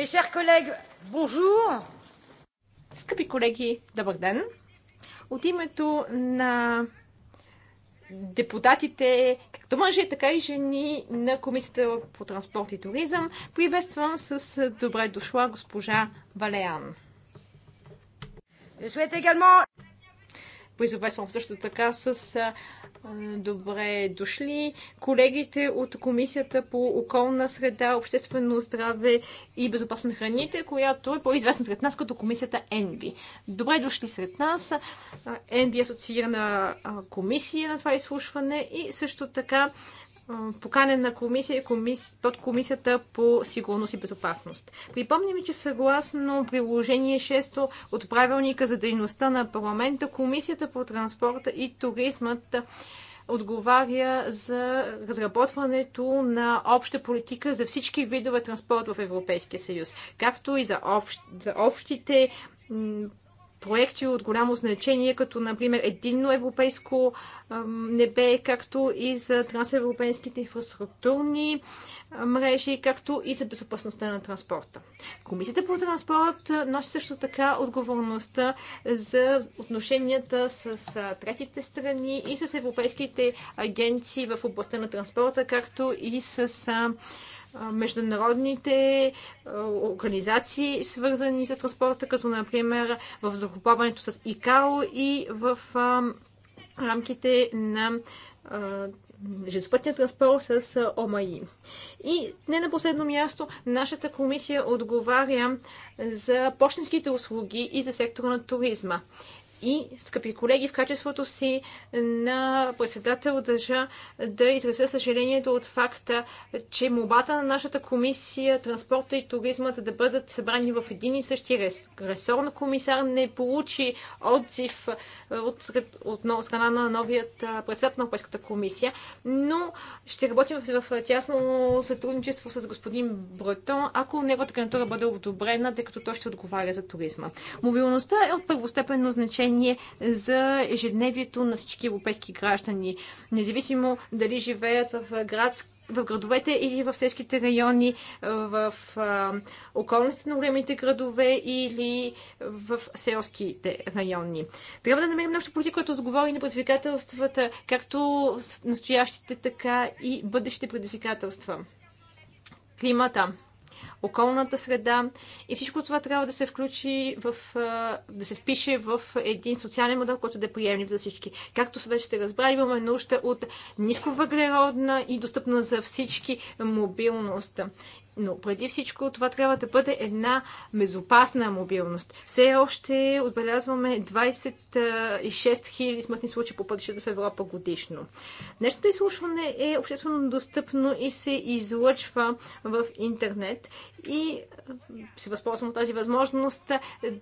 Mes chers collègues, bonjour! Скъпи колеги, добър ден! От името на депутатите, както мъже, така и жени на Комисията по транспорт и туризъм, приветствам с добре дошла госпожа Валеан. Призовествам също така с е, добре дошли колегите от Комисията по околна среда, обществено здраве и безопасност на храните, която е по-известна сред нас като Комисията ЕНВИ. Добре дошли сред нас. Е, ЕНВИ е асоциирана комисия на това изслушване и също така на комисия комис... под комисията по сигурност и безопасност. Припомним, че съгласно приложение 6 от правилника за дейността на парламента, комисията по транспорта и туризмът отговаря за разработването на обща политика за всички видове транспорт в Европейския съюз, както и за, общ, за общите проекти от голямо значение, като например единно европейско небе, както и за трансевропейските инфраструктурни мрежи, както и за безопасността на транспорта. Комисията по транспорт носи също така отговорността за отношенията с третите страни и с европейските агенции в областта на транспорта, както и с международните организации, свързани с транспорта, като например в захопаването с ИКАО и в рамките на железопътния транспорт с ОМАИ. И не на последно място, нашата комисия отговаря за почтенските услуги и за сектора на туризма. И, скъпи колеги, в качеството си на председател държа да изразя съжалението от факта, че мобата на нашата комисия транспорта и туризмата да бъдат събрани в един и същи ресор на комисар не получи отзив от, от, от страна на новият председател на Европейската комисия, но ще работим в, в тясно сътрудничество с господин Бретон, ако неговата кандидатура бъде одобрена, тъй като той ще отговаря за туризма. Мобилността е от първостепенно значение значение за ежедневието на всички европейски граждани. Независимо дали живеят в градски в градовете или в селските райони, в околностите на големите градове или в селските райони. Трябва да намерим нашата политика, която отговори на предизвикателствата, както настоящите, така и бъдещите предизвикателства. Климата околната среда и всичко това трябва да се включи в, да се впише в един социален модел, който да е приемлив за всички. Както вече сте разбрали, имаме нужда от нисковъглеродна и достъпна за всички мобилност. Но преди всичко това трябва да бъде една безопасна мобилност. Все още отбелязваме 26 000 смъртни случаи по пътищата в Европа годишно. Днешното изслушване е обществено достъпно и се излъчва в интернет и е, се възползвам от тази възможност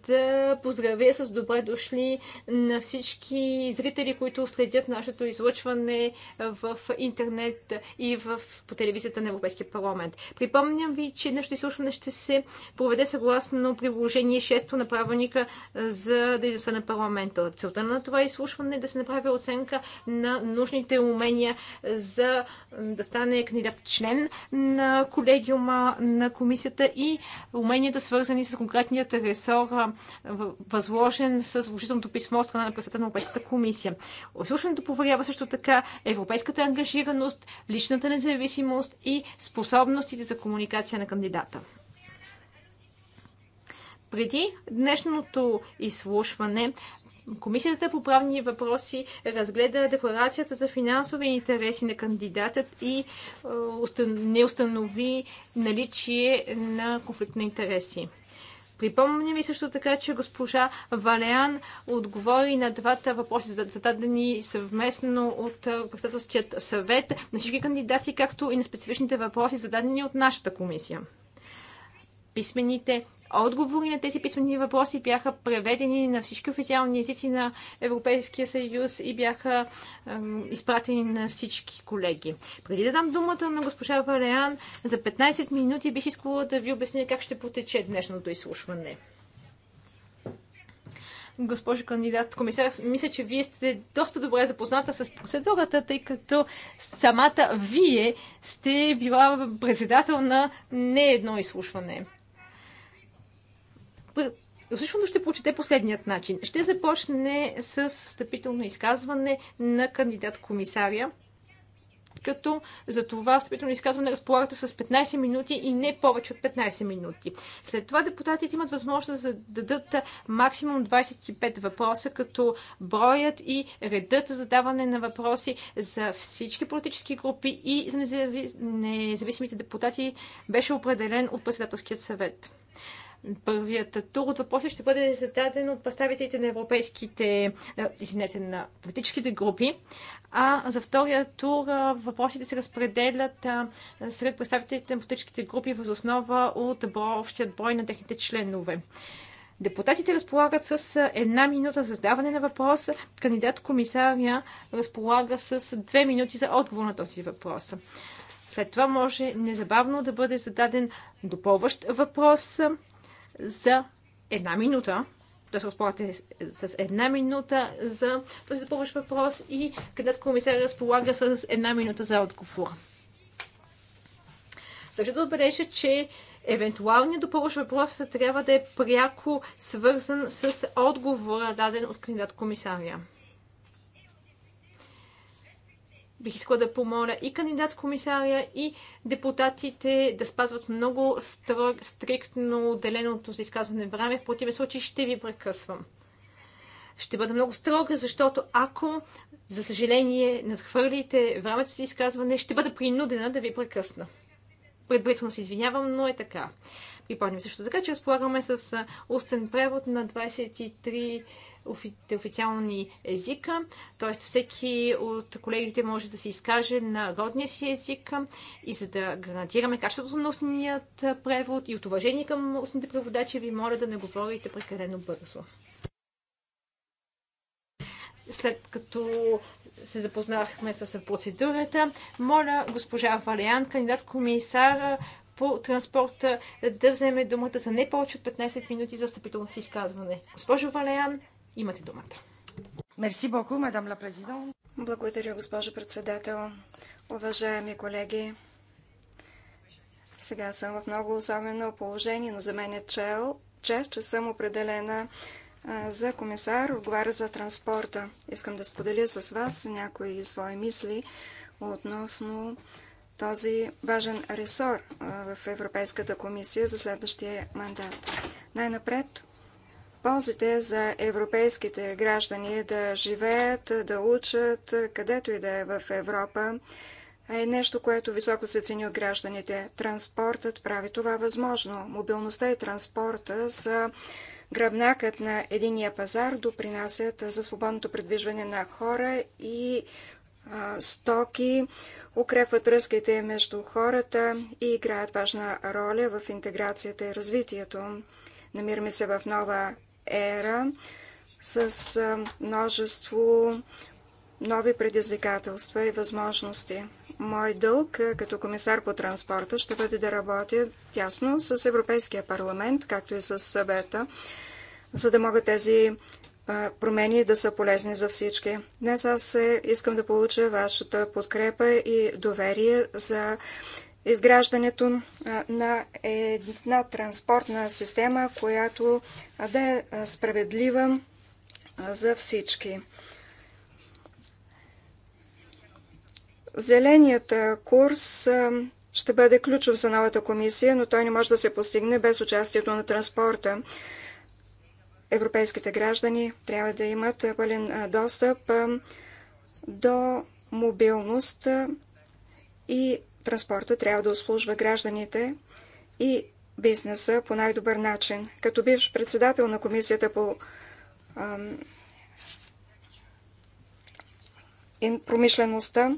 да поздравя с добре дошли на всички зрители, които следят нашето излъчване в интернет и в, по телевизията на Европейския парламент. Припомням Уверявам ви, че днешното изслушване ще се проведе съгласно приложение 6 на правилника за дейността на парламента. Целта на това изслушване е да се направи оценка на нужните умения за да стане кандидат член на колегиума на комисията и уменията свързани с конкретният ресор, възложен с вложителното писмо от страна на председателя на Европейската комисия. Изслушването проверява също така европейската ангажираност, личната независимост и способностите за комуникация квалификация на кандидата. Преди днешното изслушване Комисията по правни въпроси разгледа декларацията за финансови интереси на кандидатът и е, не установи наличие на конфликт на интереси. Припомням ви също така, че госпожа Валеан отговори на двата въпроси, зададени съвместно от председателският съвет на всички кандидати, както и на специфичните въпроси, зададени от нашата комисия. Писмените Отговори на тези писмени въпроси бяха преведени на всички официални езици на Европейския съюз и бяха изпратени на всички колеги. Преди да дам думата на госпожа Валеан, за 15 минути бих искала да ви обясня как ще потече днешното изслушване госпожо кандидат комисар, мисля, че вие сте доста добре запозната с процедурата, тъй като самата вие сте била председател на не едно изслушване всъщност ще прочете последният начин. Ще започне с встъпително изказване на кандидат-комисаря, като за това встъпително изказване разполагате с 15 минути и не повече от 15 минути. След това депутатите имат възможност да дадат максимум 25 въпроса, като броят и редът за задаване на въпроси за всички политически групи и за независимите депутати беше определен от председателският съвет. Първият тур от въпроси ще бъде зададен от представителите на европейските, извинете, на политическите групи, а за втория тур въпросите се разпределят сред представителите на политическите групи въз основа от общият брой на техните членове. Депутатите разполагат с една минута за задаване на въпрос. Кандидат-комисаря разполага с две минути за отговор на този въпрос. След това може незабавно да бъде зададен допълващ въпрос за една минута т.е. се разполагате с една минута за този допълващ въпрос и където комисария разполага с една минута за отговор. Държа да отбележа, че евентуалният допълващ въпрос трябва да е пряко свързан с отговора, даден от кандидат комисария. Бих искала да помоля и кандидат-комисаря, и депутатите да спазват много строг, стриктно отделеното за изказване време. В противен случай ще ви прекъсвам. Ще бъда много строга, защото ако, за съжаление, надхвърлите времето си изказване, ще бъда принудена да ви прекъсна. Предварително се извинявам, но е така. Припомням също така, че разполагаме с устен превод на 23 официални езика, т.е. всеки от колегите може да се изкаже на родния си език и за да гарантираме качеството на устният превод и от уважение към устните преводачи ви моля да не говорите прекалено бързо. След като се запознахме с процедурата, моля госпожа Валиан, кандидат комисар по транспорта да вземе думата за не повече от 15 минути за стъпителното си изказване. Госпожо Валеян, Имате думата. Мерси боку, мадам ла президент. Благодаря, госпожо председател. Уважаеми колеги, сега съм в много особено положение, но за мен е чел, чест, че съм определена за комисар, отговаря за транспорта. Искам да споделя с вас някои свои мисли относно този важен ресор в Европейската комисия за следващия мандат. Най-напред Ползите за европейските граждани е да живеят, да учат, където и да е в Европа, е нещо, което високо се цени от гражданите. Транспортът прави това възможно. Мобилността и транспорта са гръбнакът на единия пазар, допринасят за свободното предвижване на хора и а, стоки, укрепват връзките между хората и играят важна роля в интеграцията и развитието. Намираме се в нова ера с множество нови предизвикателства и възможности. Мой дълг като комисар по транспорта ще бъде да работя тясно с Европейския парламент, както и с съвета, за да могат тези промени да са полезни за всички. Днес аз искам да получа вашата подкрепа и доверие за изграждането на една транспортна система, която да е справедлива за всички. Зеленият курс ще бъде ключов за новата комисия, но той не може да се постигне без участието на транспорта. Европейските граждани трябва да имат пълен достъп до мобилност и Транспорта трябва да услужва гражданите и бизнеса по най-добър начин. Като бивш председател на комисията по промишлеността,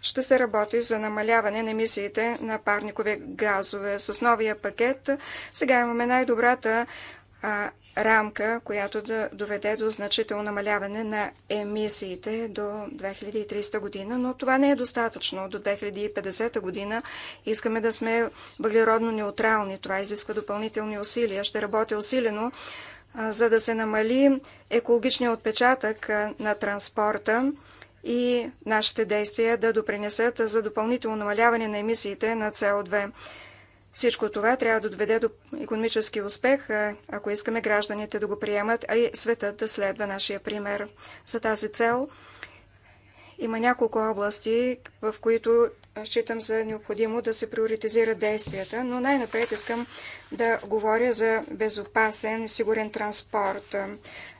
ще се работи за намаляване на емисиите на парникови газове. С новия пакет сега имаме най-добрата рамка, която да доведе до значително намаляване на емисиите до 2300 година, но това не е достатъчно. До 2050 година искаме да сме въглеродно неутрални. Това изисква допълнителни усилия. Ще работя усилено, за да се намали екологичния отпечатък на транспорта и нашите действия да допринесат за допълнително намаляване на емисиите на СО2. Всичко това трябва да доведе до економически успех, ако искаме гражданите да го приемат, а и светът да следва нашия пример. За тази цел има няколко области, в които считам за необходимо да се приоритизират действията, но най-напред искам да говоря за безопасен и сигурен транспорт.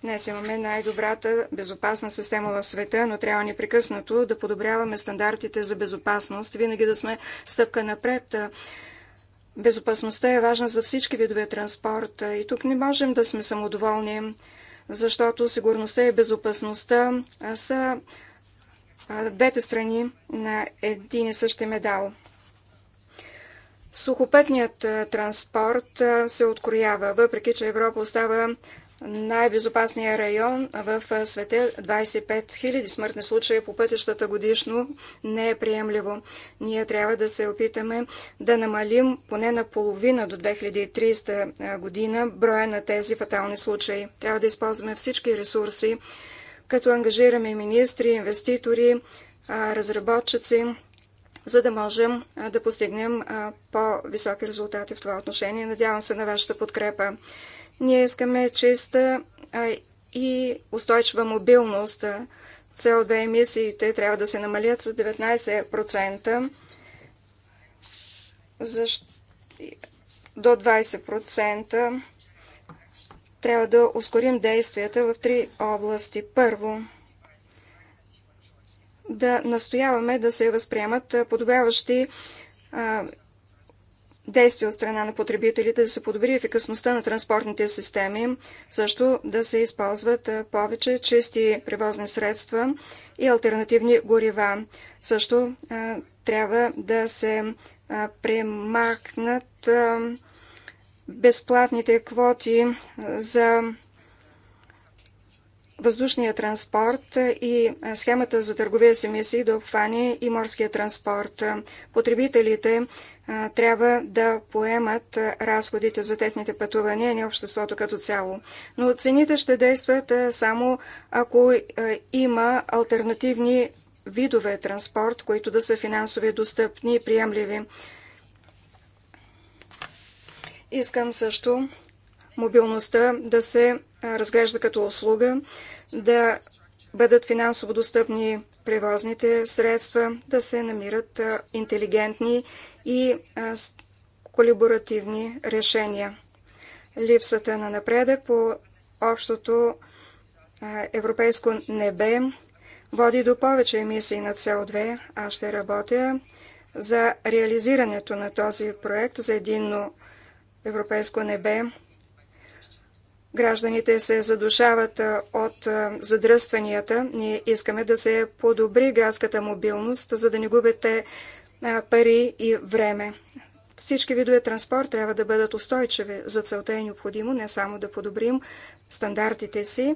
Днес имаме най-добрата безопасна система в света, но трябва непрекъснато да подобряваме стандартите за безопасност, винаги да сме стъпка напред Безопасността е важна за всички видове транспорт и тук не можем да сме самодоволни, защото сигурността и безопасността са двете страни на един и същи медал. Сухопътният транспорт се откроява, въпреки че Европа остава най-безопасния район в света. 25 000 смъртни случая по пътищата годишно не е приемливо. Ние трябва да се опитаме да намалим поне на половина до 2300 година броя на тези фатални случаи. Трябва да използваме всички ресурси, като ангажираме министри, инвеститори, разработчици, за да можем да постигнем по-високи резултати в това отношение. Надявам се на вашата подкрепа. Ние искаме чиста и устойчива мобилност. со 2 емисиите трябва да се намалят с 19% до 20%. Трябва да ускорим действията в три области. Първо, да настояваме да се възприемат подобяващи действия от страна на потребителите да се подобри ефикасността на транспортните системи, също да се използват повече чисти превозни средства и альтернативни горива. Също трябва да се премахнат безплатните квоти за въздушния транспорт и схемата за търговия с емисии да обхване и морския транспорт. Потребителите трябва да поемат разходите за техните пътувания, не обществото като цяло. Но цените ще действат само ако има альтернативни видове транспорт, които да са финансови достъпни и приемливи. Искам също мобилността да се разглежда като услуга, да бъдат финансово достъпни превозните средства, да се намират интелигентни и колаборативни решения. Липсата на напредък по общото европейско небе води до повече емисии на со 2 Аз ще работя за реализирането на този проект за единно европейско небе. Гражданите се задушават от задръстванията. Ние искаме да се подобри градската мобилност, за да не губите пари и време. Всички видове транспорт трябва да бъдат устойчиви. За целта е необходимо не само да подобрим стандартите си,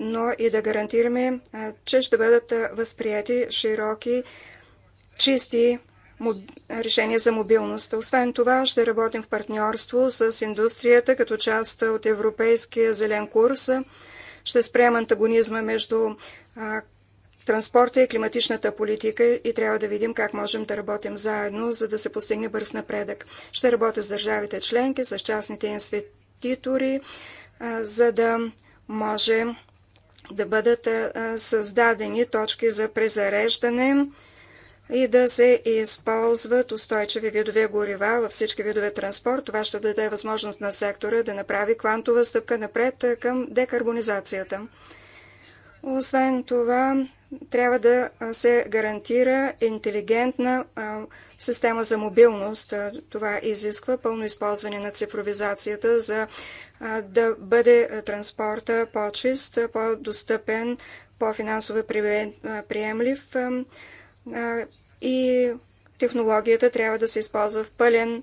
но и да гарантираме, че ще бъдат възприяти широки, чисти решения за мобилност. Освен това, ще работим в партньорство с индустрията като част от Европейския зелен курс. Ще спрем антагонизма между транспорта и климатичната политика и трябва да видим как можем да работим заедно, за да се постигне бърз напредък. Ще работя с държавите членки, с частните инвеститори, за да може да бъдат създадени точки за презареждане и да се използват устойчиви видове горива във всички видове транспорт. Това ще даде възможност на сектора да направи квантова стъпка напред към декарбонизацията. Освен това, трябва да се гарантира интелигентна система за мобилност. Това изисква пълно използване на цифровизацията, за да бъде транспорта по-чист, по-достъпен, по-финансово приемлив и технологията трябва да се използва в пълен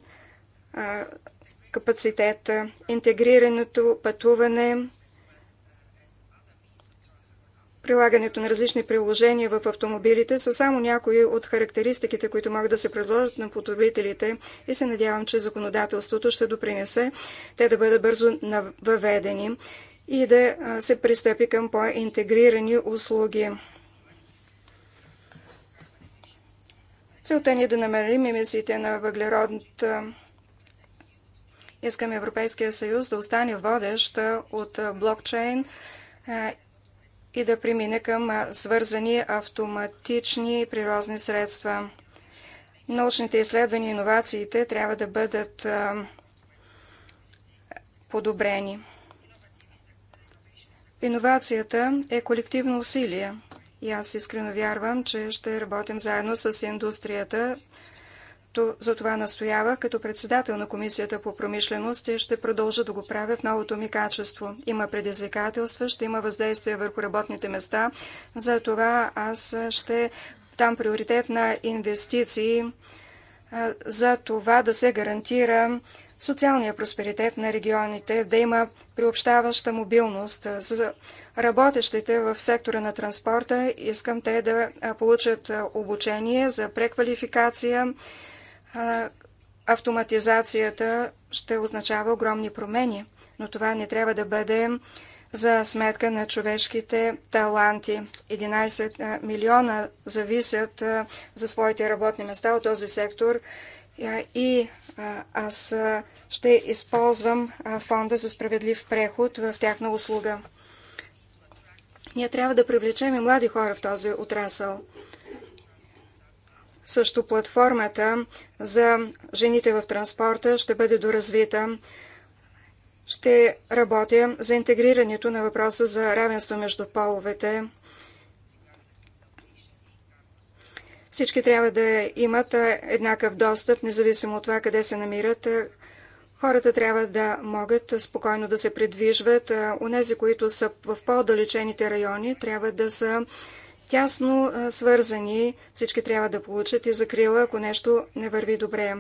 капацитет. Интегрираното пътуване прилагането на различни приложения в автомобилите са само някои от характеристиките, които могат да се предложат на потребителите и се надявам, че законодателството ще допринесе те да бъдат бързо въведени и да се пристъпи към по-интегрирани услуги. Целта ни е да намерим емисиите на въглеродната Искам Европейския съюз да остане водещ от блокчейн и да премине към свързани автоматични природни средства. Научните изследвания и иновациите трябва да бъдат подобрени. Иновацията е колективно усилие и аз искрено вярвам, че ще работим заедно с индустрията, за това настоявах като председател на Комисията по промишленост и ще продължа да го правя в новото ми качество. Има предизвикателства, ще има въздействие върху работните места, за това аз ще там приоритет на инвестиции за това да се гарантира социалния просперитет на регионите, да има приобщаваща мобилност за работещите в сектора на транспорта. Искам те да получат обучение за преквалификация, автоматизацията ще означава огромни промени, но това не трябва да бъде за сметка на човешките таланти. 11 милиона зависят за своите работни места от този сектор и аз ще използвам фонда за справедлив преход в тяхна услуга. Ние трябва да привлечем и млади хора в този отрасъл. Също платформата за жените в транспорта ще бъде доразвита. Ще работя за интегрирането на въпроса за равенство между половете. Всички трябва да имат еднакъв достъп, независимо от това къде се намират. Хората трябва да могат спокойно да се придвижват. Онези, които са в по-далечените райони, трябва да са тясно свързани. Всички трябва да получат и закрила, ако нещо не върви добре.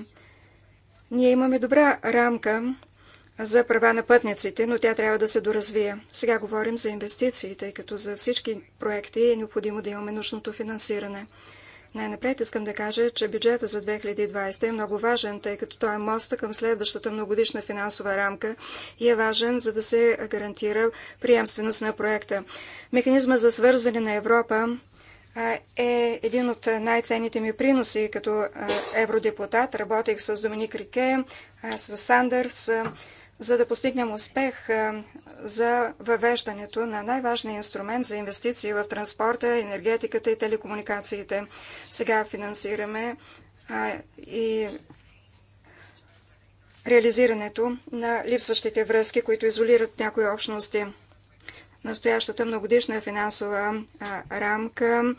Ние имаме добра рамка за права на пътниците, но тя трябва да се доразвие. Сега говорим за инвестиции, тъй като за всички проекти е необходимо да имаме нужното финансиране. Най-напред искам да кажа, че бюджета за 2020 е много важен, тъй като той е моста към следващата многодишна финансова рамка и е важен, за да се гарантира приемственост на проекта. Механизма за свързване на Европа е един от най-ценните ми приноси като евродепутат. Работех с Доминик Рике, с Сандърс, за да постигнем успех е, за въвеждането на най-важния инструмент за инвестиции в транспорта, енергетиката и телекомуникациите. Сега финансираме е, и реализирането на липсващите връзки, които изолират някои общности. Настоящата многодишна финансова е, рамка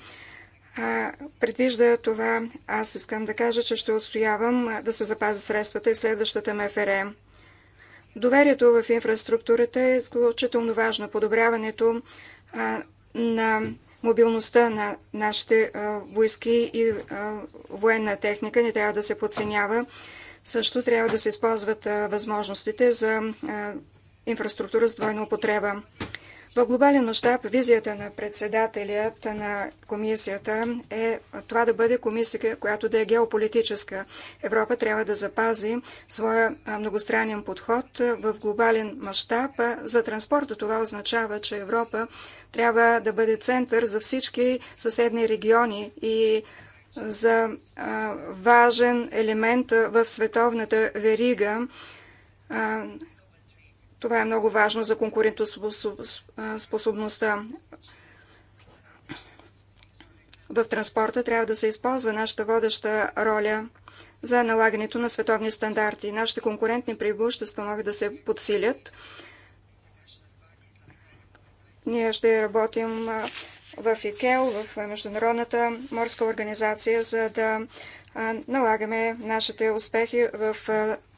предвижда това. Аз искам да кажа, че ще отстоявам да се запазят средствата и в следващата МФРМ. Доверието в инфраструктурата е изключително важно. Подобряването на мобилността на нашите войски и военна техника не трябва да се подценява. Също трябва да се използват възможностите за инфраструктура с двойна употреба. В глобален мащаб визията на председателят на комисията е това да бъде комисия, която да е геополитическа. Европа трябва да запази своя многостранен подход в глобален мащаб. За транспорта това означава, че Европа трябва да бъде център за всички съседни региони и за важен елемент в световната верига това е много важно за конкурентоспособността. В транспорта трябва да се използва нашата водеща роля за налагането на световни стандарти. Нашите конкурентни преимущества могат да се подсилят. Ние ще работим в ИКЕЛ, в Международната морска организация, за да налагаме нашите успехи в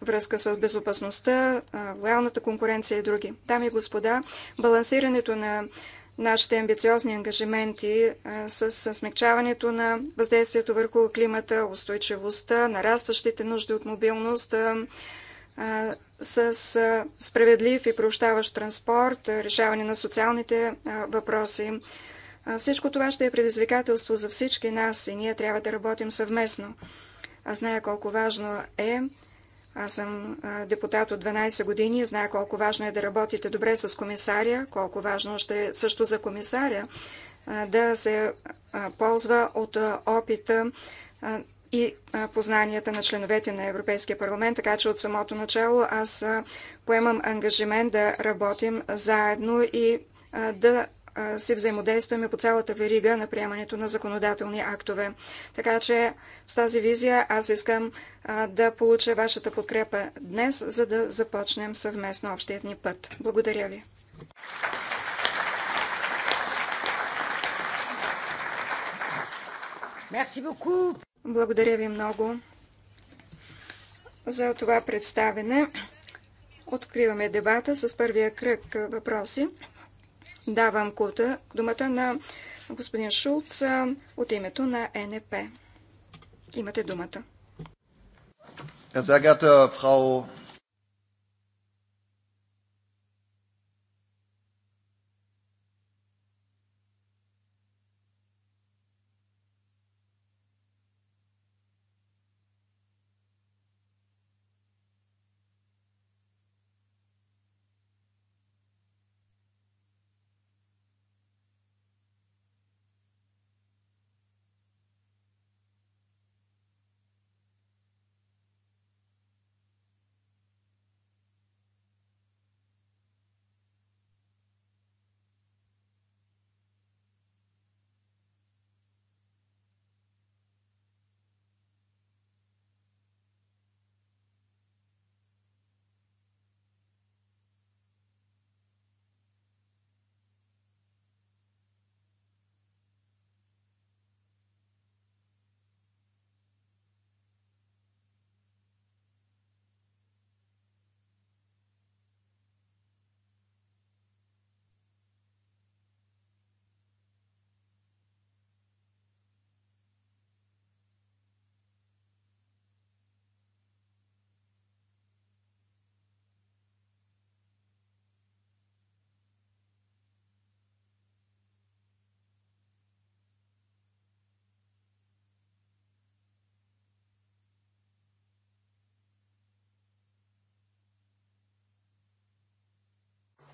връзка с безопасността, лоялната конкуренция и други. Дами и господа, балансирането на нашите амбициозни ангажименти с смягчаването на въздействието върху климата, устойчивостта, нарастващите нужди от мобилност, с справедлив и проощаващ транспорт, решаване на социалните въпроси, всичко това ще е предизвикателство за всички нас и ние трябва да работим съвместно. Аз зная колко важно е. Аз съм депутат от 12 години, зная колко важно е да работите добре с комисаря, колко важно ще е също за комисаря да се ползва от опита и познанията на членовете на Европейския парламент, така че от самото начало аз поемам ангажимент да работим заедно и да си взаимодействаме по цялата верига на приемането на законодателни актове. Така че с тази визия аз искам да получа вашата подкрепа днес, за да започнем съвместно общият ни път. Благодаря ви. Благодаря ви много за това представене. Откриваме дебата с първия кръг въпроси. Давам кута, думата на господин Шулц от името на НП. Имате думата. Sehr geehrte Frau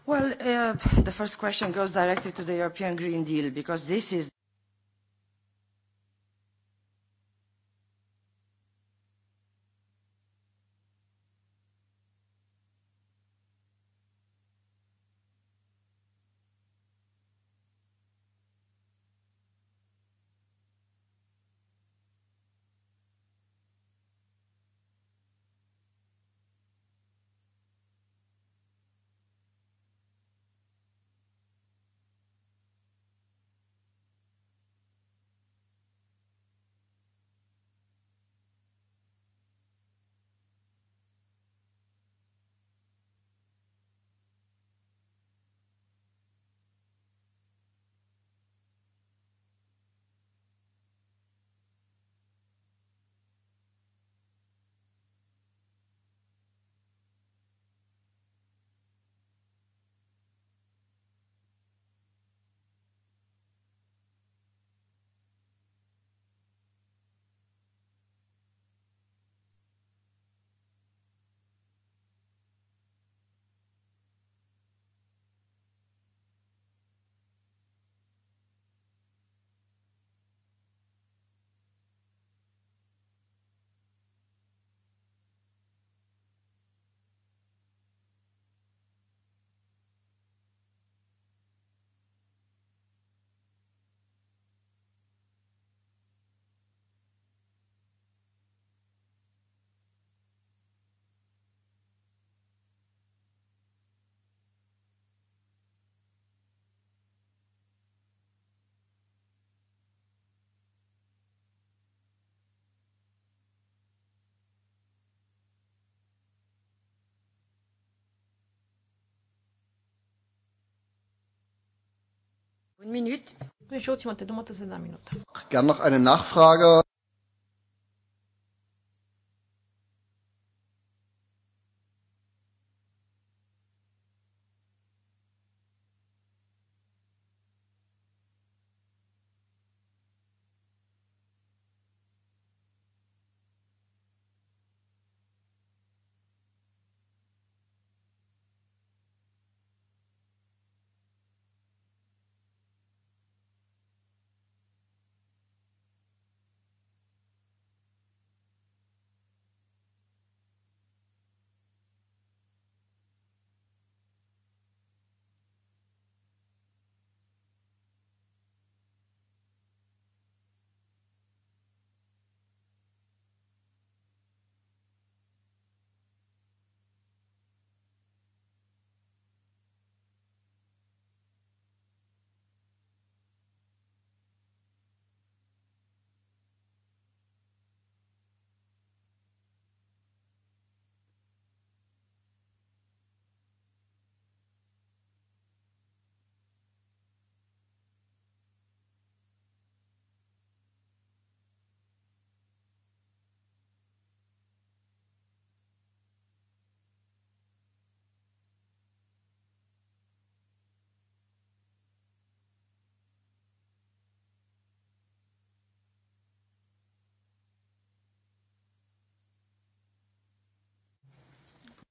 Well, uh, the first question goes directly to the European Green Deal because this is Минут. Господин Шулц, имате думата за една минута.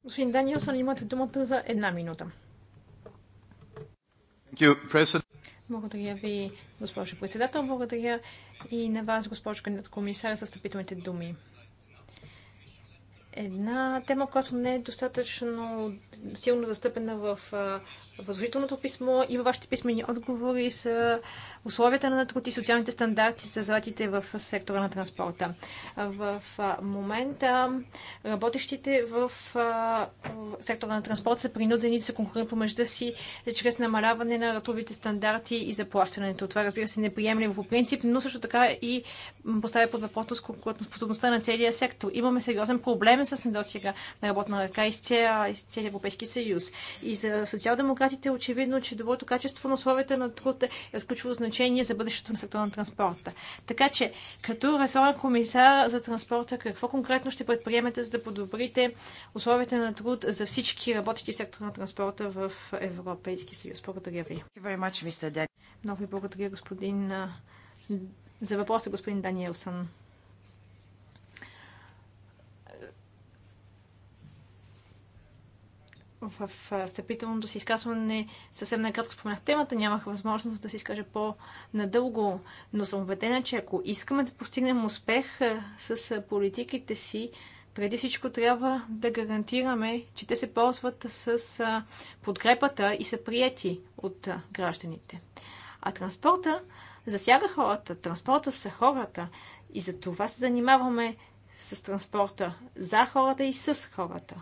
Господин Даниелсон, имате думата за една минута. Благодаря ви, госпожо председател. Благодаря и на вас, госпожо комисар, за встъпителните думи една тема, която не е достатъчно силно застъпена в възложителното писмо и във вашите писмени отговори са условията на труд и социалните стандарти за златите в сектора на транспорта. В момента работещите в сектора на транспорт са принудени да се конкурират помежду си чрез намаляване на ратовите стандарти и заплащането. Това разбира се е неприемливо по принцип, но също така и поставя под въпрос конкурентоспособността на целия сектор. Имаме сериозен проблем проблем с недостига на работна ръка из целия, из целия Европейски съюз. И за социал-демократите е очевидно, че доброто качество на условията на труд е от ключово значение за бъдещето на сектора на транспорта. Така че, като ресорен комисар за транспорта, какво конкретно ще предприемете, за да подобрите условията на труд за всички работещи в сектора на транспорта в Европейски съюз? Благодаря ви. Много ви благодаря, господин за въпроса, господин Даниелсън. в стъпителното си изказване съвсем накратко споменах темата, нямах възможност да се изкажа по-надълго, но съм убедена, че ако искаме да постигнем успех с политиките си, преди всичко трябва да гарантираме, че те се ползват с подкрепата и са прияти от гражданите. А транспорта засяга хората, транспорта са хората и за това се занимаваме с транспорта за хората и с хората.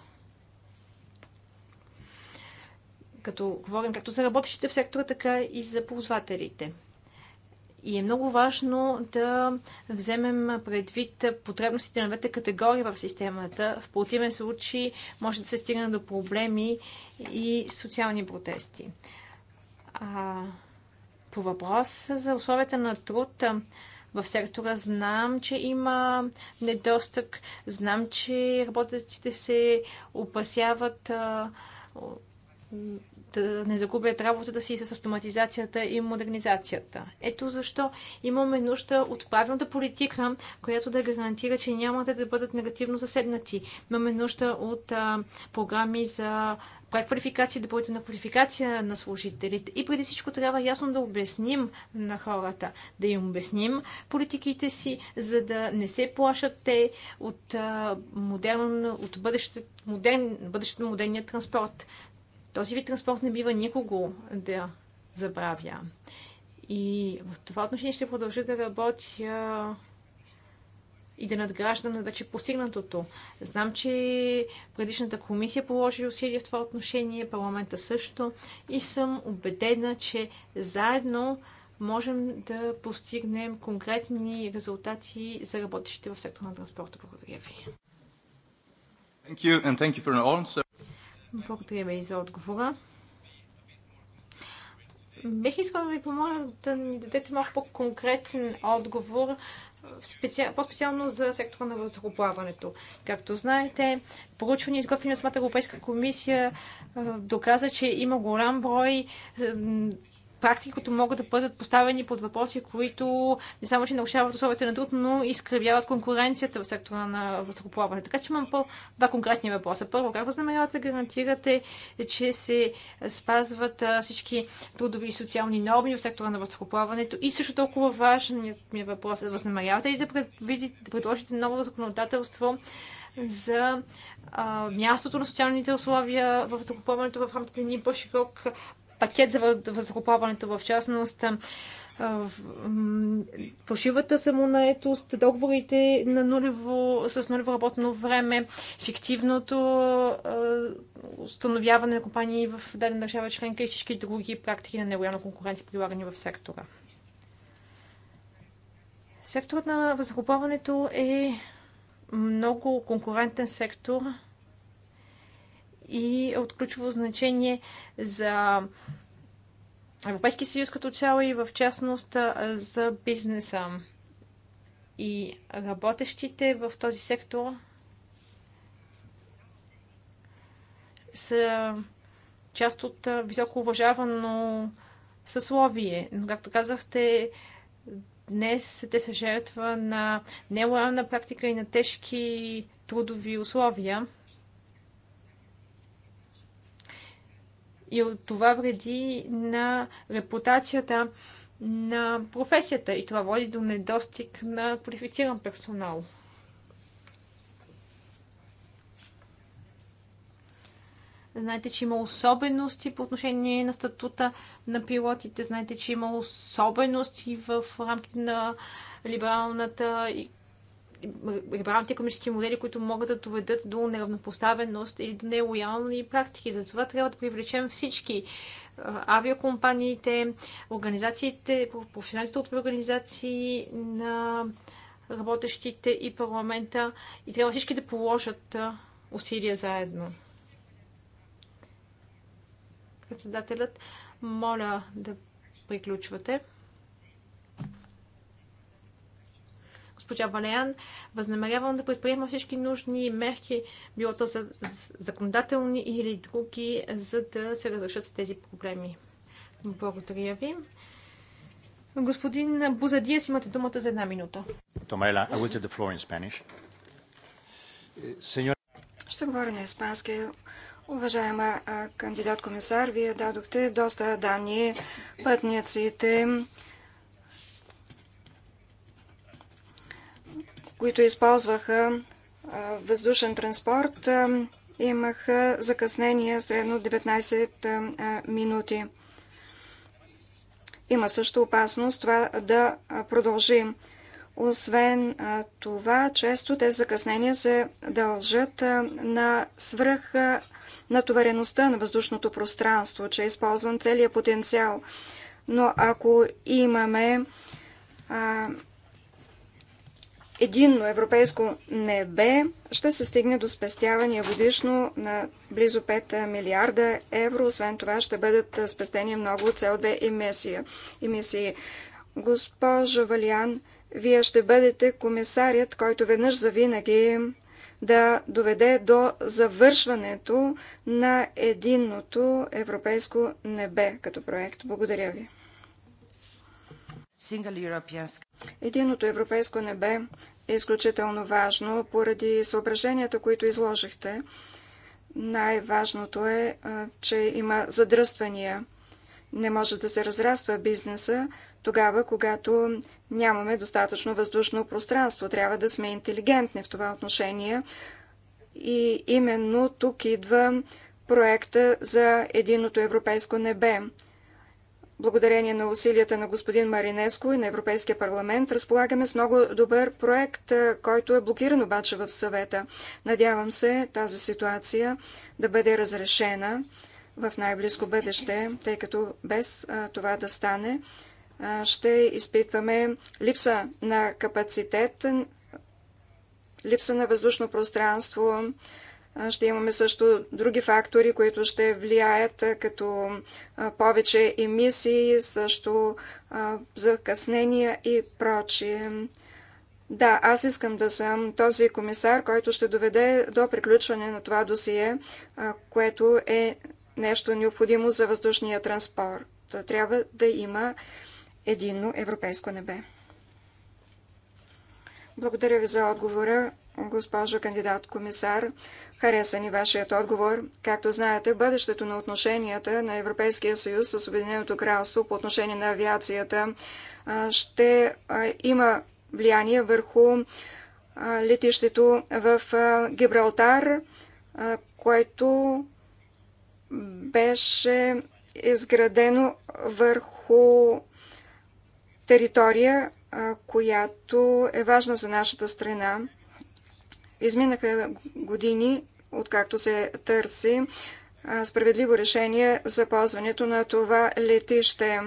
като говорим както за работещите в сектора, така и за ползвателите. И е много важно да вземем предвид потребностите на двете категории в системата. В противен случай може да се стигне до проблеми и социални протести. А, по въпрос за условията на труд в сектора знам, че има недостъг, знам, че работещите се опасяват да не загубят работата си с автоматизацията и модернизацията. Ето защо имаме нужда от правилната политика, която да гарантира, че няма да бъдат негативно заседнати. Имаме нужда от а, програми за преквалификация, допълнителна квалификация на служителите. И преди всичко трябва ясно да обясним на хората, да им обясним политиките си, за да не се плашат те от, модерн, от бъдещето, модерн, бъдещето модерния транспорт. Този вид транспорт не бива никого да забравя. И в това отношение ще продължа да работя и да надграждам на вече постигнатото. Знам, че предишната комисия положи усилия в това отношение, парламента също и съм убедена, че заедно можем да постигнем конкретни резултати за работещите в сектора на транспорта. Благодаря ви. Thank you, and thank you for an answer. Благодаря ви за отговора. Бих искала да ви помоля да ни дадете малко по-конкретен отговор, по-специално за сектора на въздухоплаването. Както знаете, проучване изготвено от самата Европейска комисия доказа, че има голям брой практики, които могат да бъдат поставени под въпроси, които не само, че нарушават условията на труд, но скривяват конкуренцията в сектора на въздухоплаване. Така че имам по два конкретни въпроса. Първо, как възнамерявате да гарантирате, че се спазват всички трудови и социални норми в сектора на въздухоплаването? И също толкова важният ми въпрос е, възнамерявате ли да, предвидите, да предложите ново законодателство за а, мястото на социалните условия в въздухоплаването в рамките на един по-широк пакет за възропаването в частност фалшивата самонаетост, договорите на нулево, с нулево работно време, фиктивното установяване на компании в дадена държава членка и всички други практики на нелоялна конкуренция, прилагани в сектора. Секторът на възрубаването е много конкурентен сектор – и от ключово значение за Европейския съюз като цяло и в частност за бизнеса. И работещите в този сектор са част от високо уважавано съсловие. Но, както казахте, днес те са жертва на нелоялна практика и на тежки трудови условия. и от това вреди на репутацията на професията и това води до недостиг на квалифициран персонал. Знаете, че има особености по отношение на статута на пилотите. Знаете, че има особености в рамките на либералната либералните економически модели, които могат да доведат до неравнопоставеност или до нелоялни практики. Затова трябва да привлечем всички авиакомпаниите, организациите, професионалите от организации на работещите и парламента и трябва всички да положат усилия заедно. Председателят, моля да приключвате. госпожа Валеян, възнамерявам да предприема всички нужни мерки, било то за законодателни или други, за да се разрешат тези проблеми. Благодаря ви. Господин Бузадиес, имате думата за една минута. Томайла, I will take the floor in Spanish. Ще говоря на испански. Уважаема кандидат-комисар, вие дадохте доста данни. Пътниците, които използваха въздушен транспорт, имаха закъснение средно 19 минути. Има също опасност това да продължи. Освен това, често тези закъснения се дължат на свръх натовареността на въздушното пространство, че е използван целият потенциал. Но ако имаме единно европейско небе ще се стигне до спестявания годишно на близо 5 милиарда евро. Освен това ще бъдат спестени много CO2 емисии. Госпожо Валиан, вие ще бъдете комисарият, който веднъж завинаги да доведе до завършването на единното европейско небе като проект. Благодаря ви. Единото европейско небе е изключително важно поради съображенията, които изложихте. Най-важното е, че има задръствания. Не може да се разраства бизнеса тогава, когато нямаме достатъчно въздушно пространство. Трябва да сме интелигентни в това отношение. И именно тук идва проекта за единото европейско небе. Благодарение на усилията на господин Маринеско и на Европейския парламент разполагаме с много добър проект, който е блокиран обаче в съвета. Надявам се тази ситуация да бъде разрешена в най-близко бъдеще, тъй като без това да стане ще изпитваме липса на капацитет, липса на въздушно пространство, ще имаме също други фактори, които ще влияят, като повече емисии, също закъснения и прочие. Да, аз искам да съм този комисар, който ще доведе до приключване на това досие, което е нещо необходимо за въздушния транспорт. Трябва да има единно европейско небе. Благодаря ви за отговора, госпожо кандидат комисар. Хареса ни вашият отговор. Както знаете, бъдещето на отношенията на Европейския съюз с Обединеното кралство по отношение на авиацията ще има влияние върху летището в Гибралтар, което беше изградено върху територия, която е важна за нашата страна. Изминаха години, откакто се търси справедливо решение за ползването на това летище,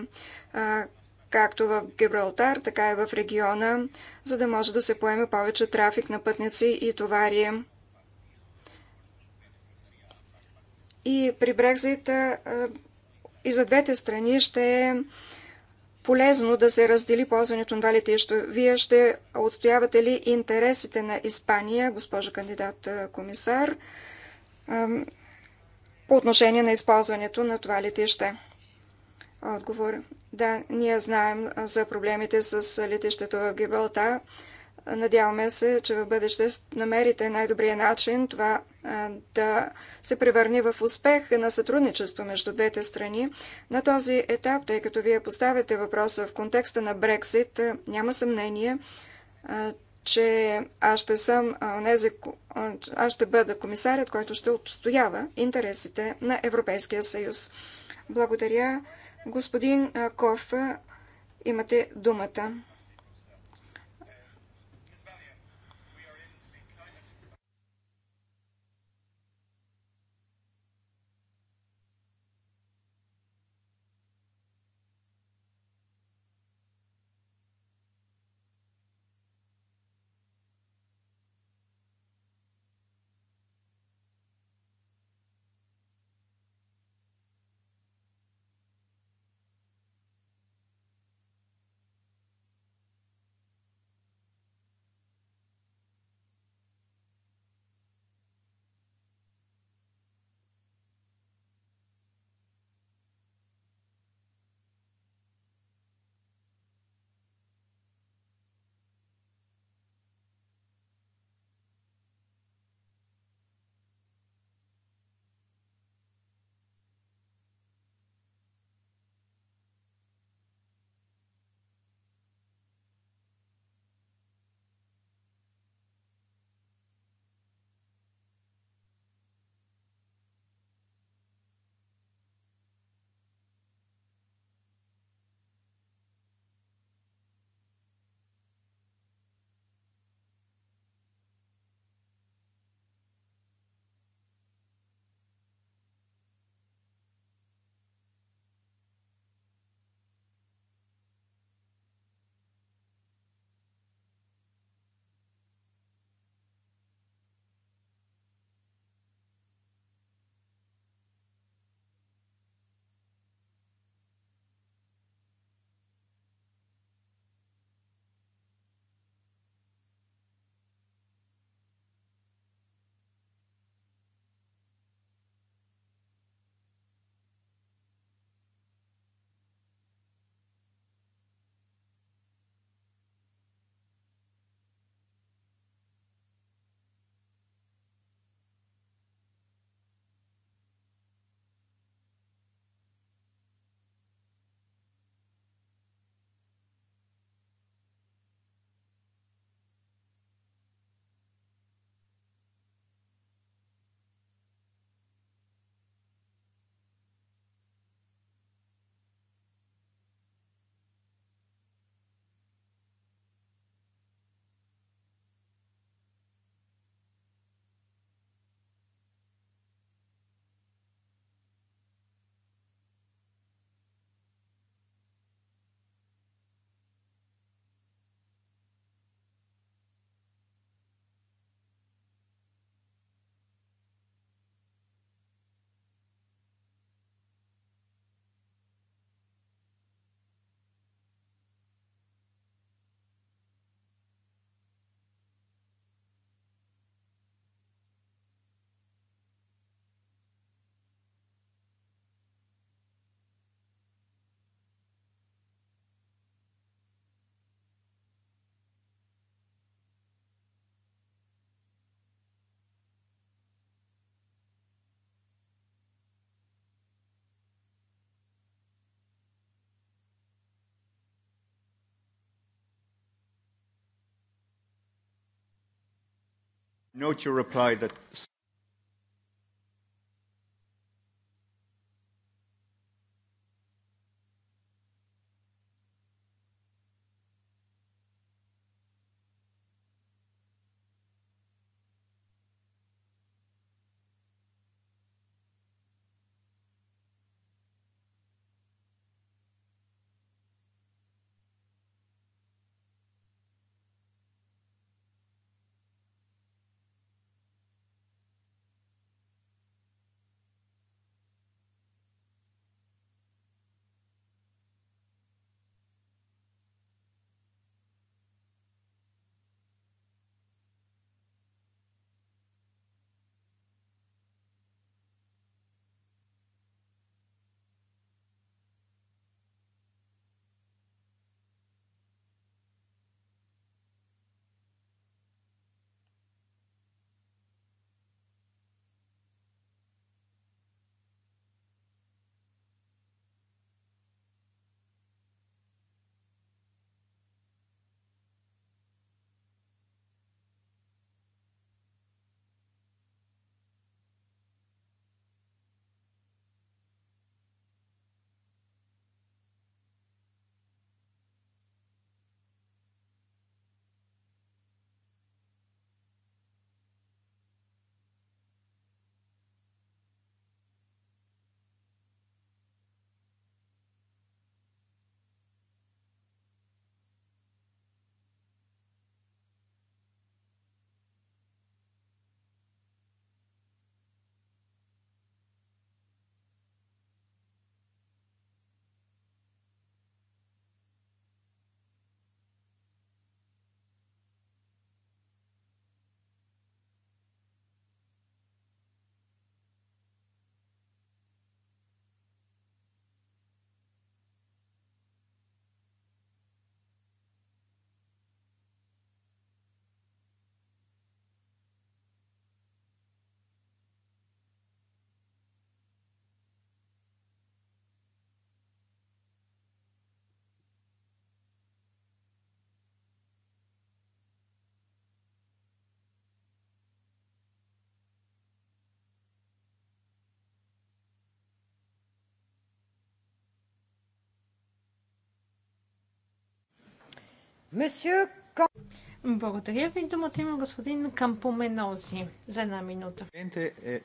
както в Гибралтар, така и в региона, за да може да се поеме повече трафик на пътници и товари. И при Брекзит и за двете страни ще е полезно да се раздели ползването на това летище. Вие ще отстоявате ли интересите на Испания, госпожа кандидат комисар, по отношение на използването на това летище? Отговор. Да, ние знаем за проблемите с летището в Гибралтар. Надяваме се, че в бъдеще намерите най-добрия начин това да се превърне в успех на сътрудничество между двете страни. На този етап, тъй като вие поставяте въпроса в контекста на Брексит, няма съмнение, че аз ще съм аз ще бъда комисарят, който ще отстоява интересите на Европейския съюз. Благодаря. Господин Ков, имате думата. Note your reply that Месье Кам... Благодаря ви. Думата има господин Кампоменози за една минута. Е,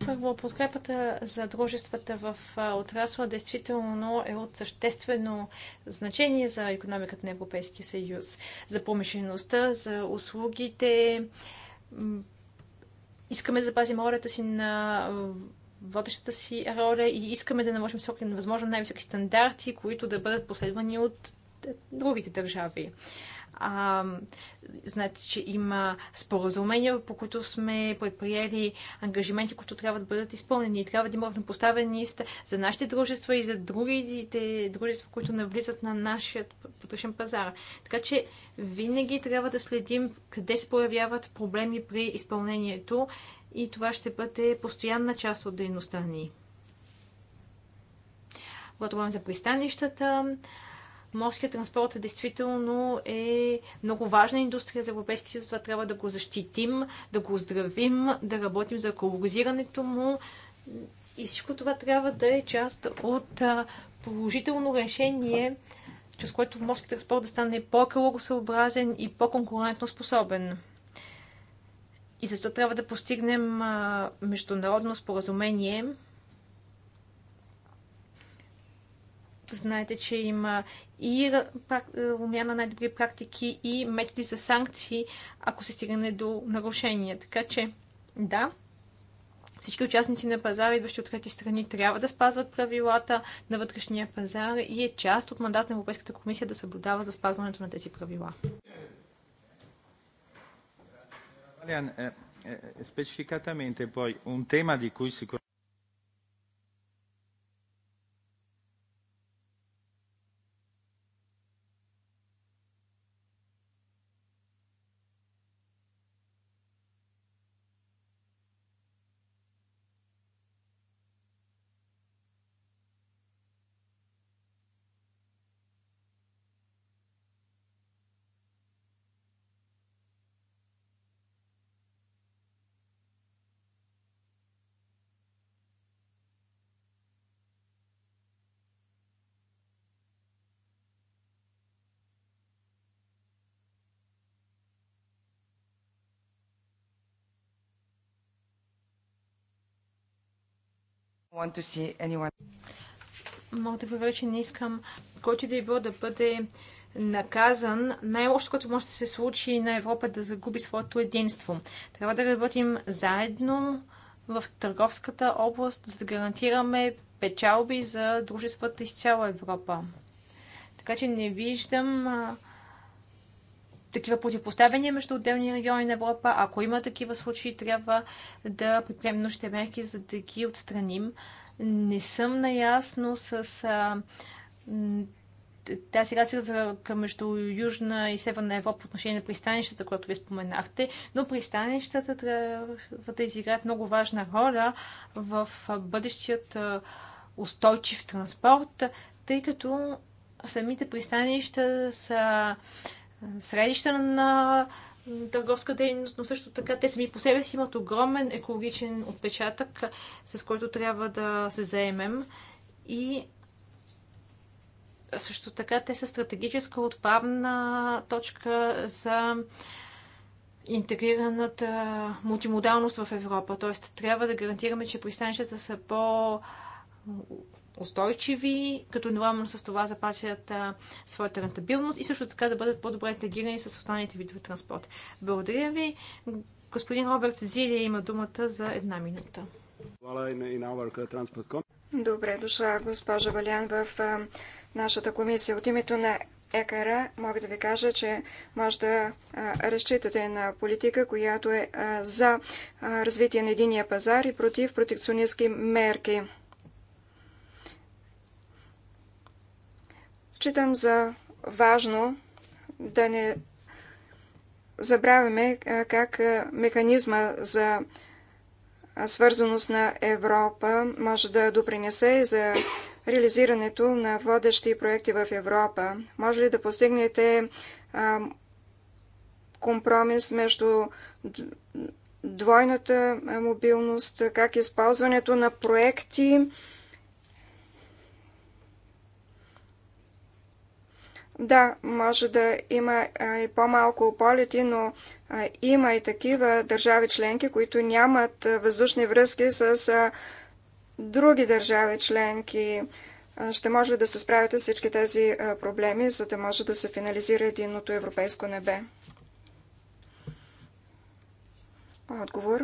Първо, подкрепата за дружествата в отрасла действително е от съществено значение за економиката на Европейския съюз, за промишлеността, за услугите. Искаме да запазим ролята си на водещата си роля и искаме да наложим високи, възможно най-високи стандарти, които да бъдат последвани от другите държави. А, знаете, че има споразумения, по които сме предприели ангажименти, които трябва да бъдат изпълнени. И Трябва да има равнопоставеност за нашите дружества и за другите дружества, които навлизат на нашия вътрешен пазар. Така че винаги трябва да следим къде се появяват проблеми при изпълнението и това ще бъде постоянна част от дейността ни. Когато говорим за пристанищата, морският транспорт действително е много важна индустрия за Европейския съюз. Това трябва да го защитим, да го оздравим, да работим за екологизирането му. И всичко това трябва да е част от положително решение, чрез което морският транспорт да стане по-екологосъобразен и по-конкурентно способен. И защо трябва да постигнем международно споразумение – Знаете, че има и умяна на добри практики и методи за санкции, ако се стигне до нарушения. Така че, да, всички участници на пазара, идващи от трети страни, трябва да спазват правилата на вътрешния пазар и е част от мандат на Европейската комисия да съблюдава за спазването на тези правила. Е, е, е, Спецификата poi un tema di cui Мога да проверя, че не искам който да е било да бъде наказан. Най-лошото, което може да се случи на Европа е да загуби своето единство. Трябва да работим заедно в търговската област, за да гарантираме печалби за дружествата из цяла Европа. Така че не виждам такива противопоставяния между отделни региони на Европа. Ако има такива случаи, трябва да предприемем нужните мерки, за да ги отстраним. Не съм наясно с а, тази разлика между Южна и Северна Европа по отношение на пристанищата, което ви споменахте, но пристанищата трябва да изиграят много важна роля в бъдещият устойчив транспорт, тъй като самите пристанища са средища на търговска дейност, но също така те сами по себе си имат огромен екологичен отпечатък, с който трябва да се заемем. И също така те са стратегическа отправна точка за интегрираната мултимодалност в Европа. Тоест трябва да гарантираме, че пристанищата са по устойчиви, като едновременно с това запазят а, своята рентабилност и също така да бъдат по-добре интегрирани с останалите видове транспорт. Благодаря ви. Господин Роберт Зилия има думата за една минута. Добре дошла, госпожа Валян, в а, нашата комисия. От името на ЕКР мога да ви кажа, че може да а, разчитате на политика, която е а, за развитие на единия пазар и против протекционистски мерки. Читам за важно да не забравяме как механизма за свързаност на Европа може да допринесе и за реализирането на водещи проекти в Европа. Може ли да постигнете компромис между двойната мобилност, как използването на проекти Да, може да има и по-малко полети, но има и такива държави членки, които нямат въздушни връзки с други държави членки. Ще може да се справите с всички тези проблеми, за да може да се финализира единното европейско небе? Отговор.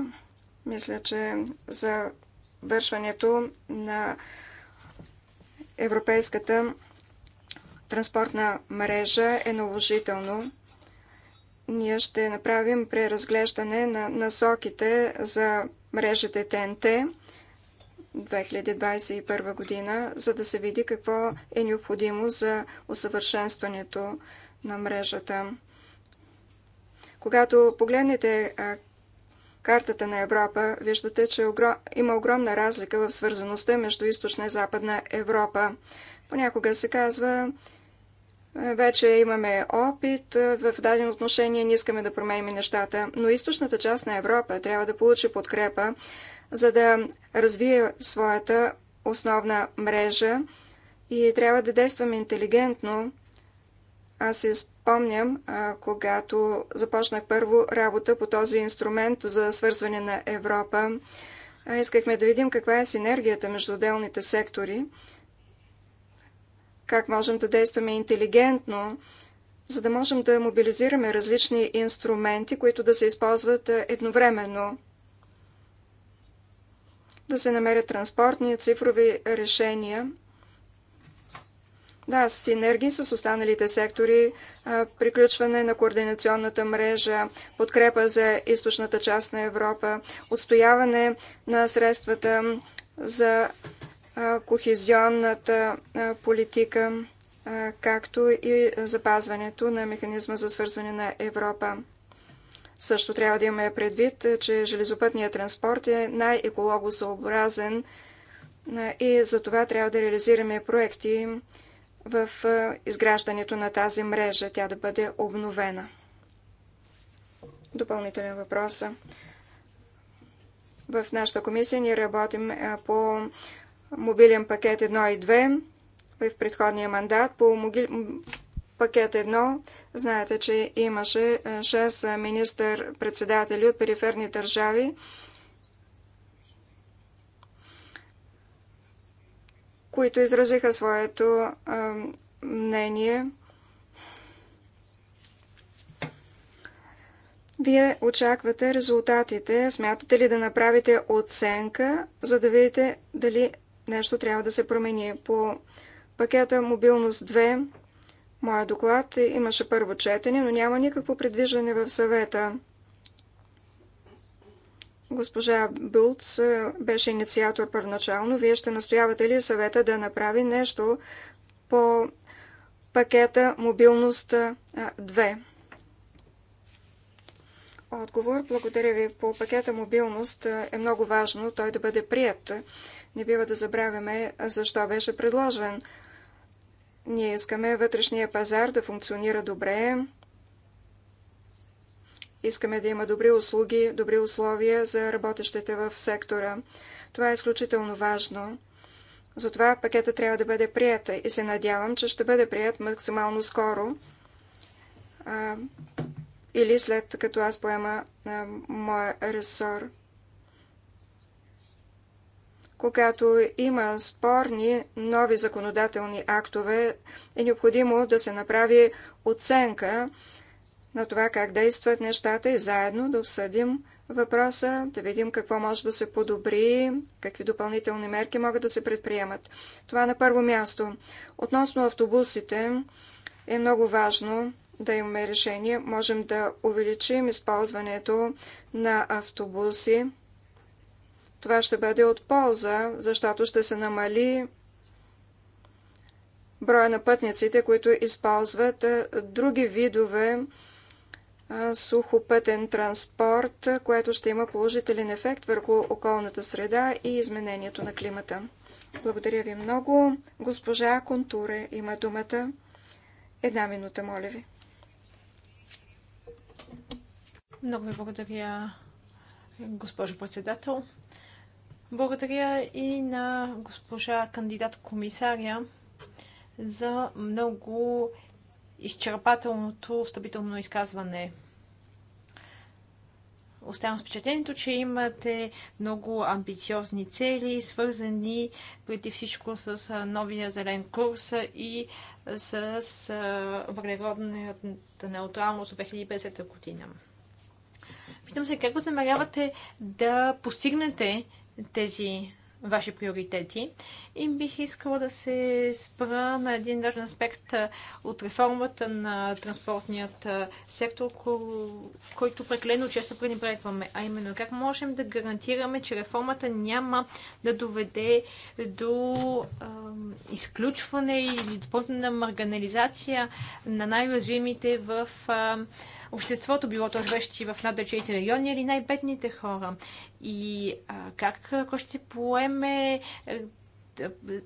Мисля, че за вършването на европейската транспортна мрежа е наложително. Ние ще направим преразглеждане на насоките за мрежите ТНТ 2021 година, за да се види какво е необходимо за усъвършенстването на мрежата. Когато погледнете картата на Европа, виждате, че има огромна разлика в свързаността между източна и западна Европа. Понякога се казва, вече имаме опит в дадено отношение, не искаме да променим нещата, но източната част на Европа трябва да получи подкрепа, за да развие своята основна мрежа и трябва да действаме интелигентно. Аз си спомням, когато започнах първо работа по този инструмент за свързване на Европа, искахме да видим каква е синергията между отделните сектори как можем да действаме интелигентно, за да можем да мобилизираме различни инструменти, които да се използват едновременно. Да се намерят транспортни цифрови решения. Да, синергии с останалите сектори, приключване на координационната мрежа, подкрепа за източната част на Европа, отстояване на средствата за кохезионната политика, както и запазването на механизма за свързване на Европа. Също трябва да имаме предвид, че железопътният транспорт е най-екологосъобразен и за това трябва да реализираме проекти в изграждането на тази мрежа, тя да бъде обновена. Допълнителен въпрос. В нашата комисия ние работим по мобилен пакет 1 и 2 в предходния мандат. По могил... пакет 1 знаете, че имаше 6 е, е, министър-председатели от периферни държави, които изразиха своето а, е, мнение. Вие очаквате резултатите. Смятате ли да направите оценка, за да видите дали нещо трябва да се промени. По пакета Мобилност 2, моя доклад, имаше първо четене, но няма никакво предвиждане в съвета. Госпожа Билц е, беше инициатор първоначално. Вие ще настоявате ли съвета да направи нещо по пакета Мобилност 2? Е, Отговор. Благодаря ви. По пакета Мобилност е, е много важно той да бъде прият не бива да забравяме защо беше предложен. Ние искаме вътрешния пазар да функционира добре. Искаме да има добри услуги, добри условия за работещите в сектора. Това е изключително важно. Затова пакета трябва да бъде прията и се надявам, че ще бъде прият максимално скоро а, или след като аз поема а, моя ресор когато има спорни нови законодателни актове, е необходимо да се направи оценка на това как действат нещата и заедно да обсъдим въпроса, да видим какво може да се подобри, какви допълнителни мерки могат да се предприемат. Това на първо място. Относно автобусите е много важно да имаме решение. Можем да увеличим използването на автобуси това ще бъде от полза, защото ще се намали броя на пътниците, които използват други видове сухопътен транспорт, което ще има положителен ефект върху околната среда и изменението на климата. Благодаря ви много. Госпожа Контуре има думата. Една минута, моля ви. Много ви благодаря, госпожо председател. Благодаря и на госпожа кандидат комисаря за много изчерпателното встъпително изказване. Оставам с впечатлението, че имате много амбициозни цели, свързани преди всичко с новия зелен курс и с въглеродната неутралност от 2050 година. Питам се как възнамерявате да постигнете тези ваши приоритети. И бих искала да се спра на един важен аспект от реформата на транспортният сектор, който преклено често пренебрегваме, а именно как можем да гарантираме, че реформата няма да доведе до а, изключване или допълнителна марганализация на най развимите в а, обществото, било то живещи в наддалечените райони или най-бедните хора. И а, как кой ще поеме е,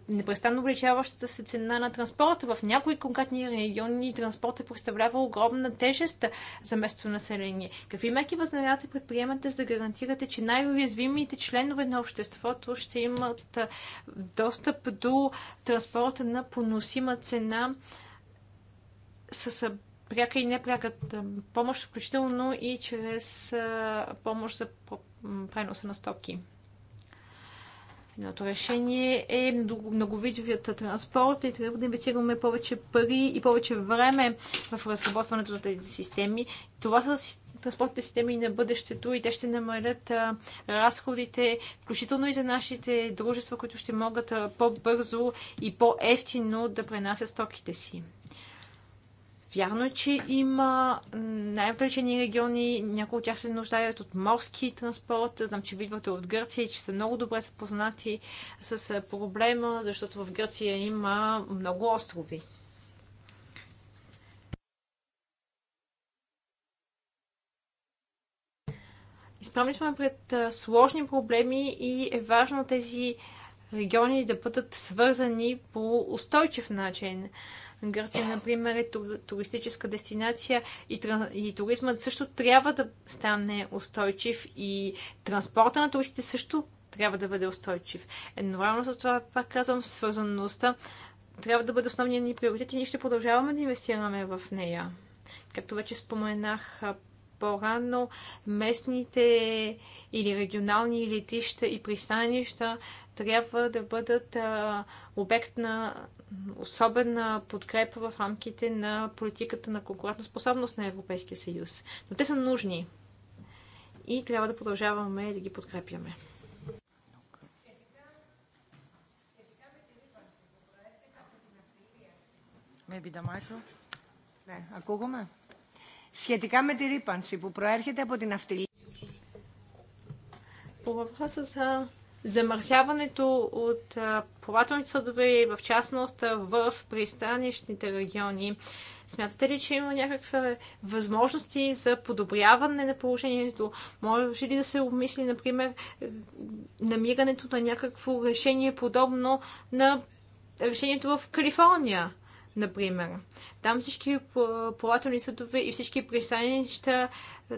непрестанно увеличаващата се цена на транспорта. В някои конкретни региони транспорта представлява огромна тежест за местото население. Какви мерки възнамерявате предприемате, за да гарантирате, че най-уязвимите членове на обществото ще имат достъп до транспорта на поносима цена с пряка и непряка помощ, включително и чрез помощ за преноса на стоки. Едното решение е многовидовият транспорт и трябва да инвестираме повече пари и повече време в разработването на тези системи. Това са транспортните системи на бъдещето и те ще намалят разходите, включително и за нашите дружества, които ще могат по-бързо и по-ефтино да пренасят стоките си. Вярно е, че има най отречени региони, някои от тях се нуждаят от морски транспорт. Знам, че видвате от Гърция и че са много добре запознати с проблема, защото в Гърция има много острови. Изправни сме пред сложни проблеми и е важно тези региони да бъдат свързани по устойчив начин. Гърция, например, е туристическа дестинация и, и туризмът също трябва да стане устойчив и транспорта на туристите също трябва да бъде устойчив. Едновременно с това, пак казвам, свързаността трябва да бъде основният ни приоритет и ние ще продължаваме да инвестираме в нея. Както вече споменах по-рано, местните или регионални летища и пристанища трябва да бъдат обект на особена подкрепа в рамките на политиката на конкурентоспособност на Европейския съюз. Но те са нужни и трябва да продължаваме да ги подкрепяме. Maybe the micro. Ναι, ακούγομαι. Σχετικά με τη ρήπανση που προέρχεται από την αυτιλία. По въпроса за замърсяването от плавателните съдове и в частност в пристанищните региони. Смятате ли, че има някакви възможности за подобряване на положението? Може ли да се обмисли, например, намирането на някакво решение подобно на решението в Калифорния? например. Там всички плавателни съдове и всички пристанища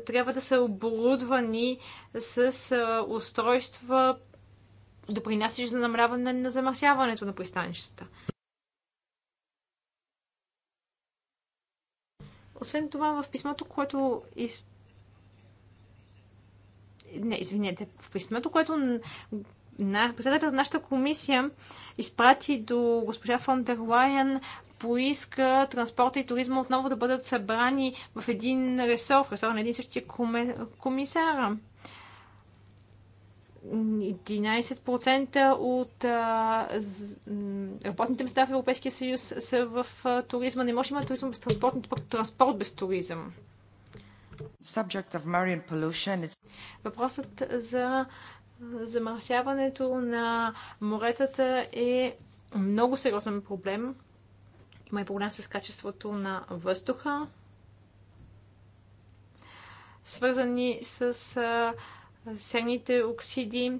трябва да са оборудвани с устройства, Допринасяш за намраване на замърсяването на пристанищата. Освен това, в писмото, което из... Не, извинете, в писмото, което на председателя на нашата комисия изпрати до госпожа фон дер Лайен, поиска транспорта и туризма отново да бъдат събрани в един ресор, в ресор на един същия комисар. 11% от а, з, работните места в Европейския съюз са в а, туризма. Не може да има туризъм без транспорт, но пък транспорт без туризъм. Въпросът за замърсяването на моретата е много сериозен проблем. Има и проблем с качеството на въздуха, свързани с а, серните оксиди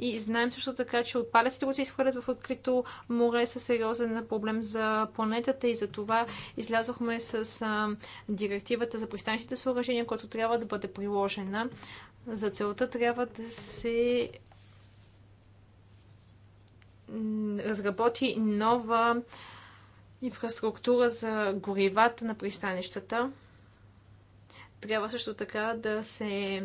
и знаем също така, че отпадъците, които се изхвърлят в открито море, са сериозен проблем за планетата и за това излязохме с а, директивата за пристанищните съоръжения, която трябва да бъде приложена. За целта трябва да се разработи нова инфраструктура за горивата на пристанищата. Трябва също така да се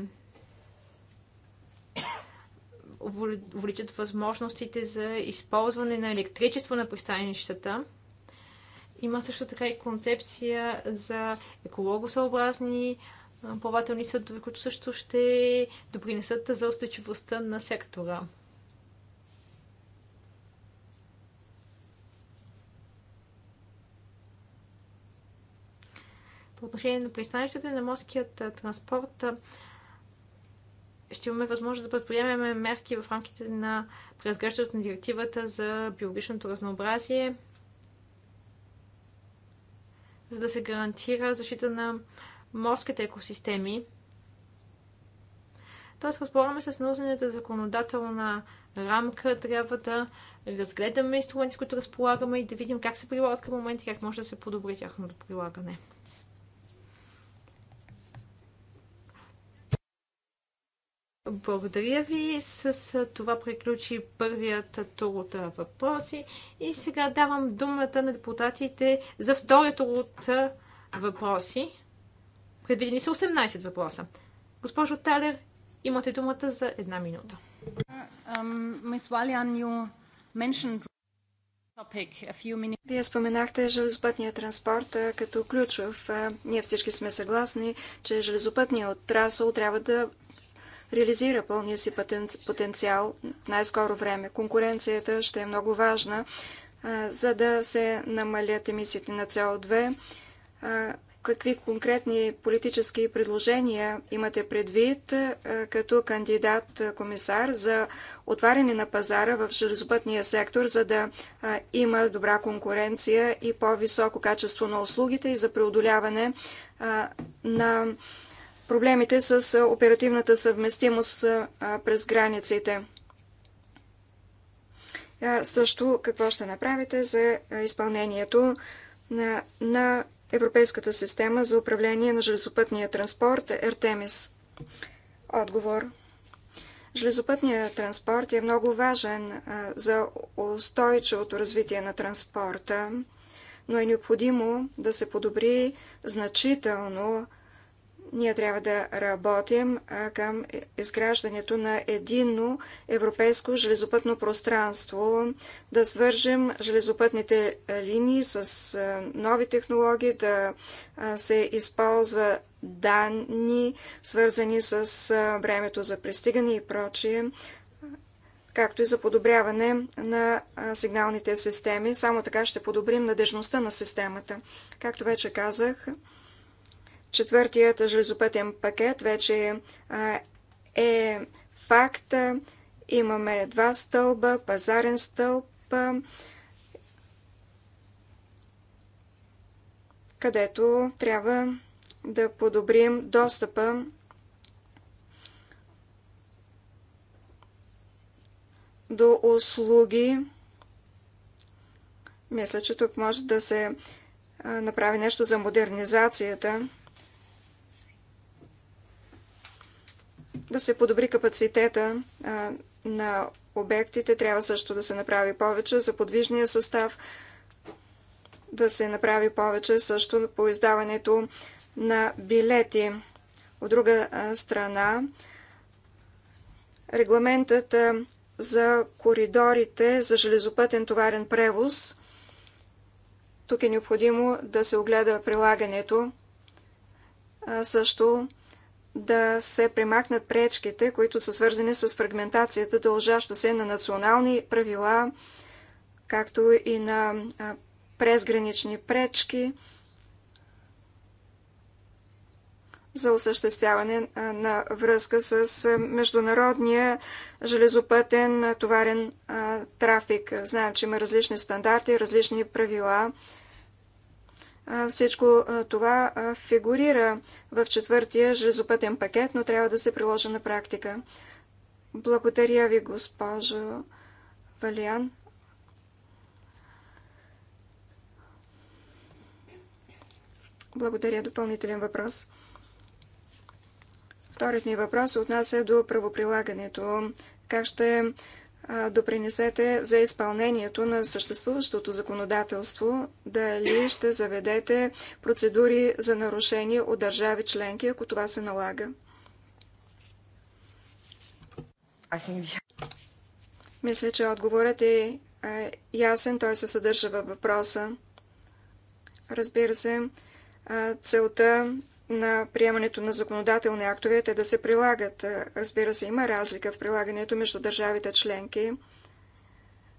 увеличат възможностите за използване на електричество на пристанищата. Има също така и концепция за екологосъобразни плавателни съдове, които също ще допринесат за устойчивостта на сектора. По отношение на пристанищата на морският транспорт ще имаме възможност да предприемем мерки в рамките на преразглеждането на директивата за биологичното разнообразие, за да се гарантира защита на морските екосистеми. Тоест, разполагаме с нужната законодателна рамка, трябва да разгледаме инструменти, с които разполагаме и да видим как се прилагат към момента и как може да се подобри тяхното прилагане. Благодаря ви. С това приключи първият тур от въпроси. И сега давам думата на депутатите за вторият тур от въпроси. Предвидени са 18 въпроса. Госпожо Талер, имате думата за една минута. Вие споменахте железопътния транспорт като ключов. Ние всички сме съгласни, че железопътният отрасъл трябва да реализира пълния си потенциал в най-скоро време. Конкуренцията ще е много важна, за да се намалят емисиите на CO2. Какви конкретни политически предложения имате предвид като кандидат-комисар за отваряне на пазара в железопътния сектор, за да има добра конкуренция и по-високо качество на услугите и за преодоляване на проблемите с оперативната съвместимост през границите. Също какво ще направите за изпълнението на, на Европейската система за управление на железопътния транспорт Ертемис? Отговор. Железопътният транспорт е много важен за устойчивото развитие на транспорта, но е необходимо да се подобри значително ние трябва да работим към изграждането на единно европейско железопътно пространство, да свържем железопътните линии с нови технологии, да се използва данни, свързани с времето за пристигане и прочие, както и за подобряване на сигналните системи. Само така ще подобрим надежността на системата. Както вече казах, Четвъртият железопътен пакет вече е факт. Имаме два стълба, пазарен стълб, където трябва да подобрим достъпа до услуги. Мисля, че тук може да се направи нещо за модернизацията. да се подобри капацитета на обектите. Трябва също да се направи повече за подвижния състав, да се направи повече също по издаването на билети. От друга страна, регламентът за коридорите за железопътен товарен превоз. Тук е необходимо да се огледа прилагането. Също да се премахнат пречките, които са свързани с фрагментацията, дължаща се на национални правила, както и на презгранични пречки за осъществяване на връзка с международния железопътен товарен трафик. Знаем, че има различни стандарти, различни правила всичко това фигурира в четвъртия железопътен пакет, но трябва да се приложи на практика. Благодаря ви, госпожо Валиан. Благодаря. Допълнителен въпрос. Вторият ми въпрос отнася до правоприлагането. Как ще допринесете за изпълнението на съществуващото законодателство, дали ще заведете процедури за нарушение от държави членки, ако това се налага. Мисля, че отговорът е ясен, той се съдържа във въпроса. Разбира се, целта на приемането на законодателни актове, те да се прилагат. Е, разбира се, има разлика в прилагането между държавите членки,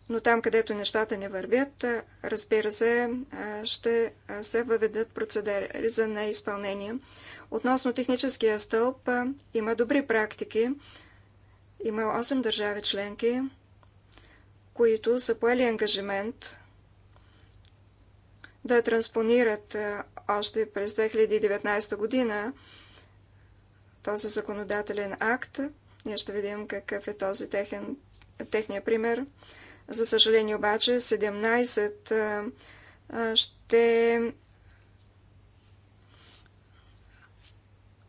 но там, където нещата не вървят, е, разбира се, е, ще се въведат процедери за неизпълнение. Относно техническия стълб, има добри практики. Има 8 държави членки, които са поели ангажимент да транспонират е, още през 2019 година този законодателен акт. Ние ще видим какъв е този техен, техния пример. За съжаление обаче 17 е, е, ще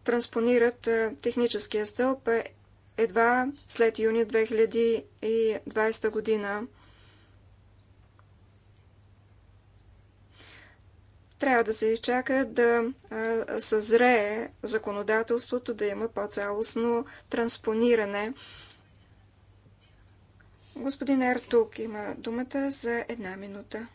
транспонират техническия стълб едва след юни 2020 година. Трябва да се изчака да съзрее законодателството, да има по-цялостно транспониране. Господин Ертук има думата за една минута.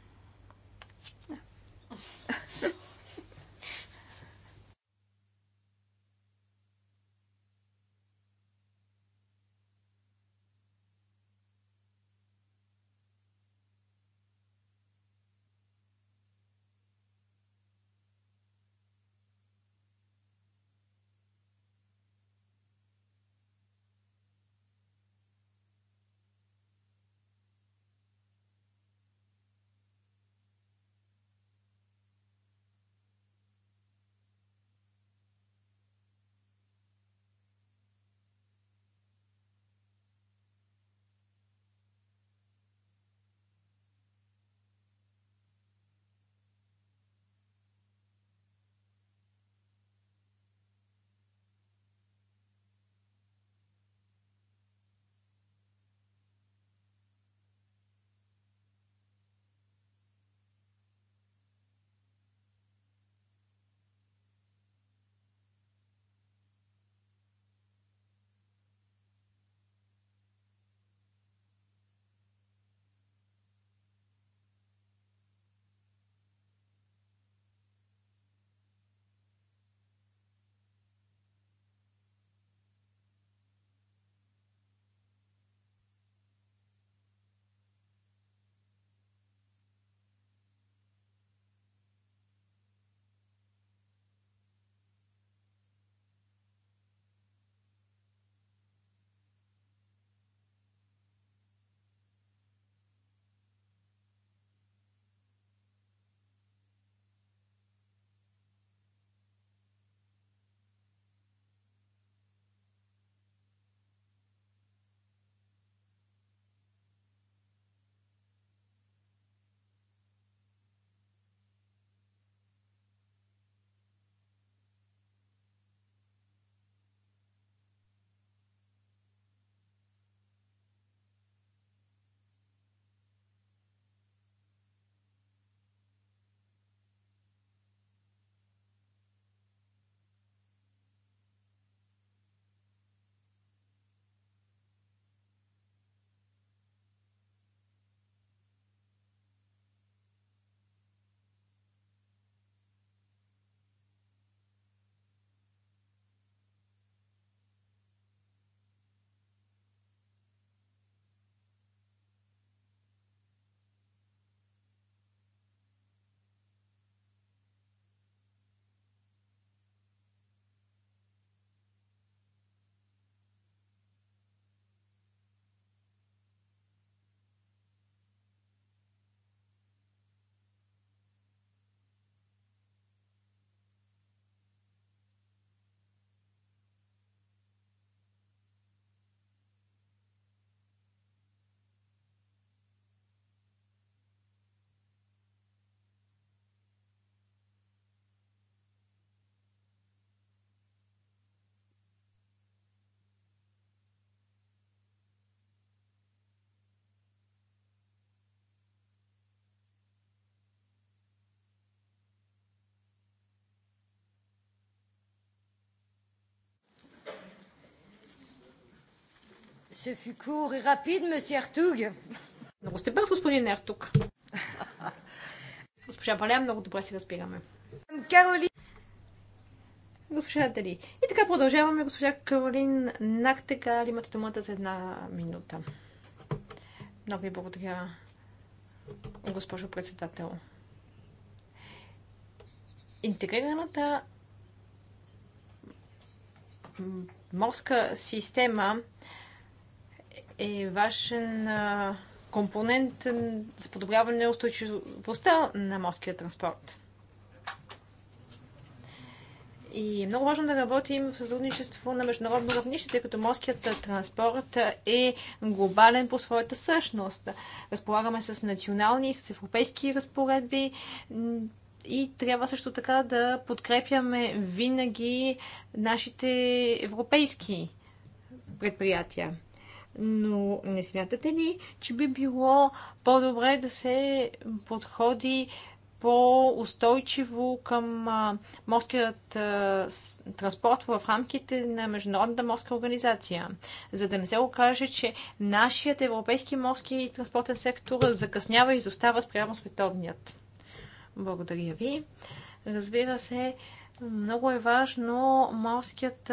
Ce fut court et rapide, monsieur Артуг. Много сте бърз, господин Ертук. Госпожа Паля, много добре си разбираме. Каролин. Госпожа Дали. И така продължаваме, госпожа Каролин Нактега Имате думата за една минута. Много ви благодаря, госпожо председател. Интегрираната морска система е важен компонент за подобряване устойчивостта на морския транспорт. И е много важно да работим в сътрудничество на международно равнище, тъй като морският транспорт е глобален по своята същност. Разполагаме с национални и с европейски разпоредби и трябва също така да подкрепяме винаги нашите европейски предприятия но не смятате ли, че би било по-добре да се подходи по-устойчиво към морският транспорт в рамките на Международната морска организация, за да не се окаже, че нашият европейски морски транспортен сектор закъснява и изостава спрямо световният. Благодаря ви. Разбира се, много е важно морският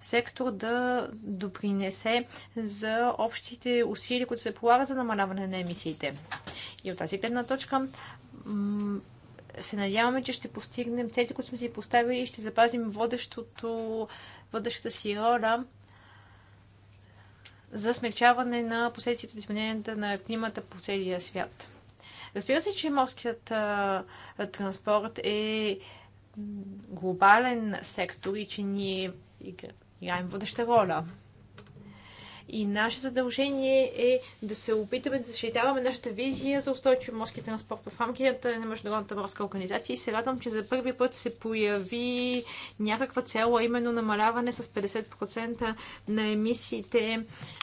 сектор да допринесе за общите усилия, които се полагат за намаляване на емисиите. И от тази гледна точка се надяваме, че ще постигнем цели, които сме си поставили и ще запазим водещото, водещата си роля за смягчаване на последствията в измененията на климата по целия свят. Разбира се, че морският а, транспорт е глобален сектор и че ние играем водеща роля. И наше задължение е да се опитаме да защитаваме нашата визия за устойчив морски транспорт в рамките на Международната морска организация. И се радвам, че за първи път се появи някаква цел, а именно намаляване с 50% на емисиите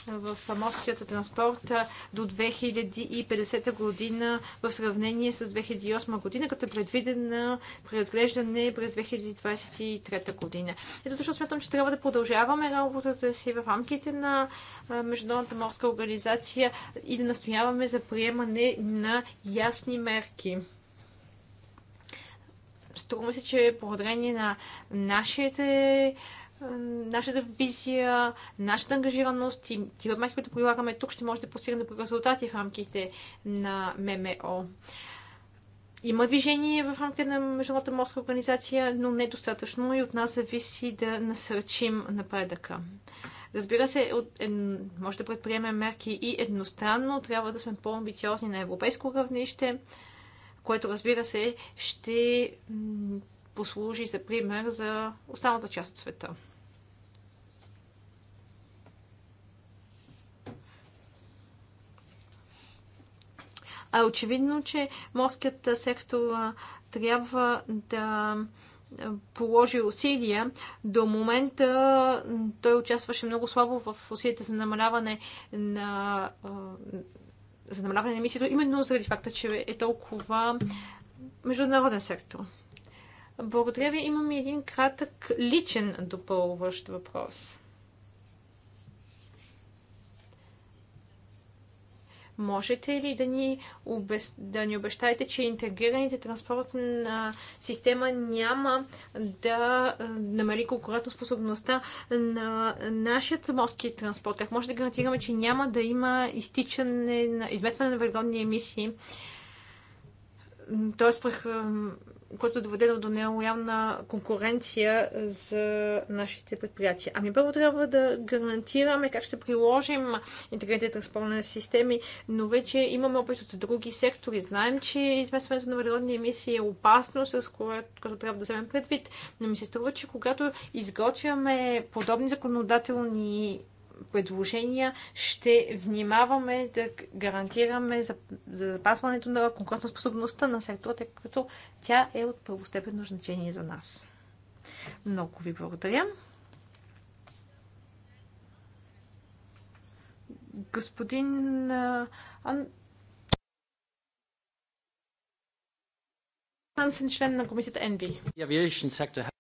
в морският транспорт до 2050 година в сравнение с 2008 година, като е предвидена преразглеждане през 2023 година. Ето защо смятам, че трябва да продължаваме работата си в рамките на Международната морска организация и да настояваме за приемане на ясни мерки. Струва се, че благодарение на нашите нашата визия, нашата ангажираност и тива мерки, които прилагаме тук, ще може да постигнем резултати в рамките на ММО. Има движение в рамките на Международната морска организация, но недостатъчно и от нас зависи да насърчим напредъка. Разбира се, от, е, може да предприемем мерки и едностранно, трябва да сме по-амбициозни на европейско равнище, което разбира се ще послужи за пример за останалата част от света. А е очевидно, че морският сектор трябва да положи усилия. До момента той участваше много слабо в усилията за намаляване на за намаляване на емисията, именно заради факта, че е толкова международен сектор. Благодаря ви. Имам един кратък личен допълващ въпрос. Можете ли да ни, обез... да ни обещаете, че интегрираните транспортна система няма да намали способността на нашия морски транспорт? Как може да гарантираме, че няма да има изтичане на изметване на въглеродни емисии? Тоест, което е доведено до нелоялна конкуренция за нашите предприятия. Ами първо трябва да гарантираме как ще приложим интегрираните транспортни системи, но вече имаме опит от други сектори. Знаем, че изместването на въглеродни емисии е опасно, с което трябва да вземем предвид, но ми се струва, че когато изготвяме подобни законодателни предложения ще внимаваме да гарантираме за, за запазването на способността на сектора, тъй като тя е от първостепенно значение за нас. Много ви благодаря. Господин Ан... Ансен, член на комисията НВ.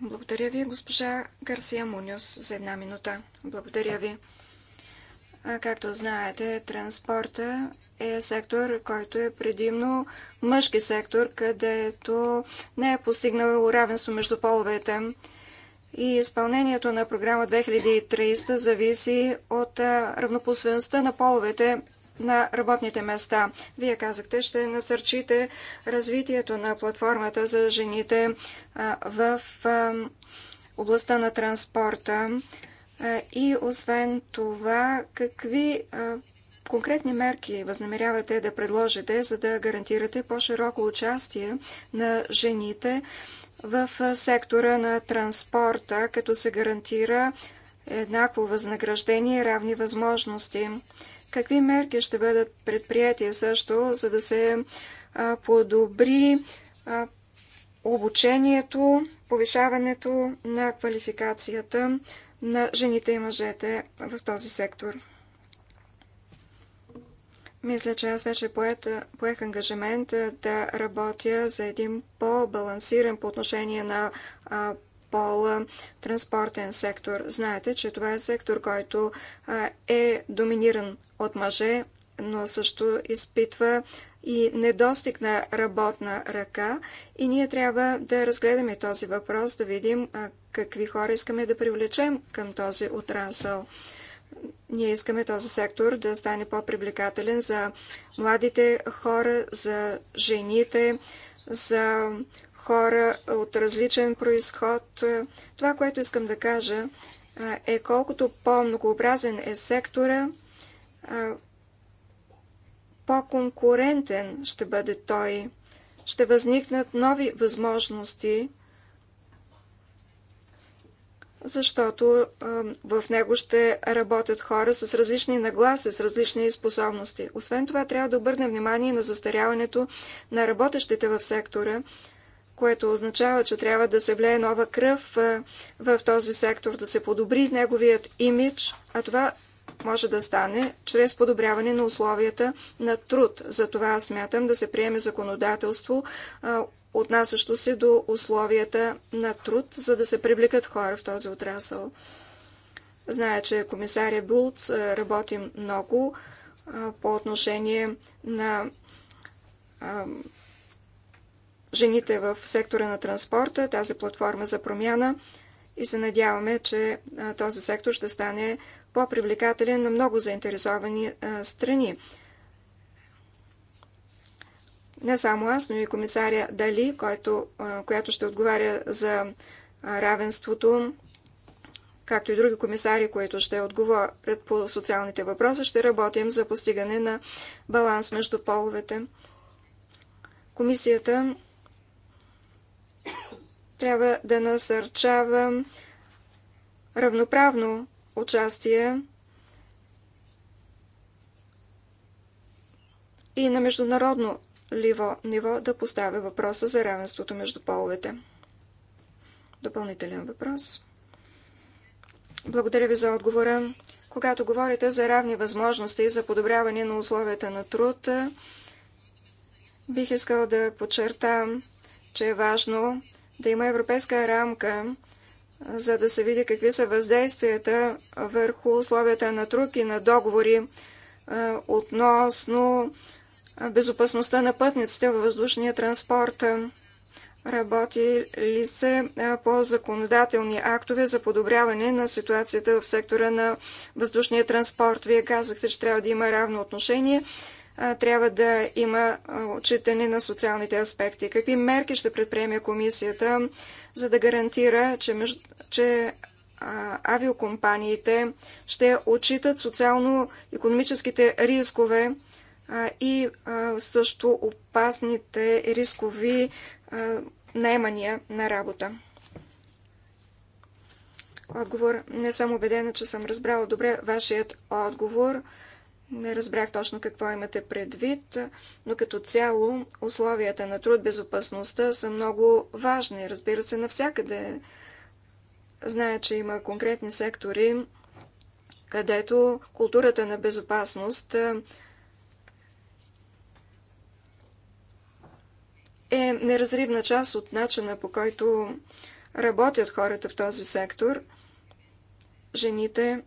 Благодаря ви, госпожа Гарсия Муниос, за една минута. Благодаря ви. Както знаете, транспорта е сектор, който е предимно мъжки сектор, където не е постигнало равенство между половете. И изпълнението на програма 2030 зависи от равнопосвенността на половете на работните места. Вие казахте, ще насърчите развитието на платформата за жените в областта на транспорта. И освен това, какви конкретни мерки възнамерявате да предложите, за да гарантирате по-широко участие на жените в сектора на транспорта, като се гарантира еднакво възнаграждение и равни възможности. Какви мерки ще бъдат предприятия също, за да се подобри обучението, повишаването на квалификацията на жените и мъжете в този сектор? Мисля, че аз вече поех ангажимент да работя за един по-балансиран по отношение на пола, транспортен сектор. Знаете, че това е сектор, който е доминиран от мъже, но също изпитва и недостиг на работна ръка. И ние трябва да разгледаме този въпрос, да видим какви хора искаме да привлечем към този отрасъл. Ние искаме този сектор да стане по-привлекателен за младите хора, за жените, за хора от различен происход. Това, което искам да кажа, е колкото по-многообразен е сектора, по-конкурентен ще бъде той. Ще възникнат нови възможности, защото в него ще работят хора с различни нагласи, с различни способности. Освен това, трябва да обърнем внимание на застаряването на работещите в сектора, което означава, че трябва да се влее нова кръв в този сектор, да се подобри неговият имидж, а това може да стане чрез подобряване на условията на труд. Затова аз смятам да се приеме законодателство, отнасящо се до условията на труд, за да се привлекат хора в този отрасъл. Зная, че комисаря Булц работи много по отношение на жените в сектора на транспорта, тази платформа за промяна и се надяваме, че този сектор ще стане по-привлекателен на много заинтересовани страни. Не само аз, но и комисаря Дали, който, която ще отговаря за равенството, както и други комисари, които ще отговорят по социалните въпроси, ще работим за постигане на баланс между половете. Комисията трябва да насърчава равноправно участие и на международно ниво, ниво да поставя въпроса за равенството между половете. Допълнителен въпрос. Благодаря ви за отговора. Когато говорите за равни възможности и за подобряване на условията на труд, бих искал да подчертам, че е важно да има европейска рамка, за да се види какви са въздействията върху условията на труд и на договори относно безопасността на пътниците във въздушния транспорт. Работи ли се по законодателни актове за подобряване на ситуацията в сектора на въздушния транспорт? Вие казахте, че трябва да има равно отношение трябва да има отчитане на социалните аспекти. Какви мерки ще предприеме комисията, за да гарантира, че, меж... че а, авиокомпаниите ще отчитат социално-економическите рискове а, и а, също опасните рискови наемания на работа? Отговор. Не съм убедена, че съм разбрала добре вашият отговор. Не разбрах точно какво имате предвид, но като цяло условията на труд, безопасността са много важни. Разбира се, навсякъде зная, че има конкретни сектори, където културата на безопасност е, е неразривна част от начина по който работят хората в този сектор. Жените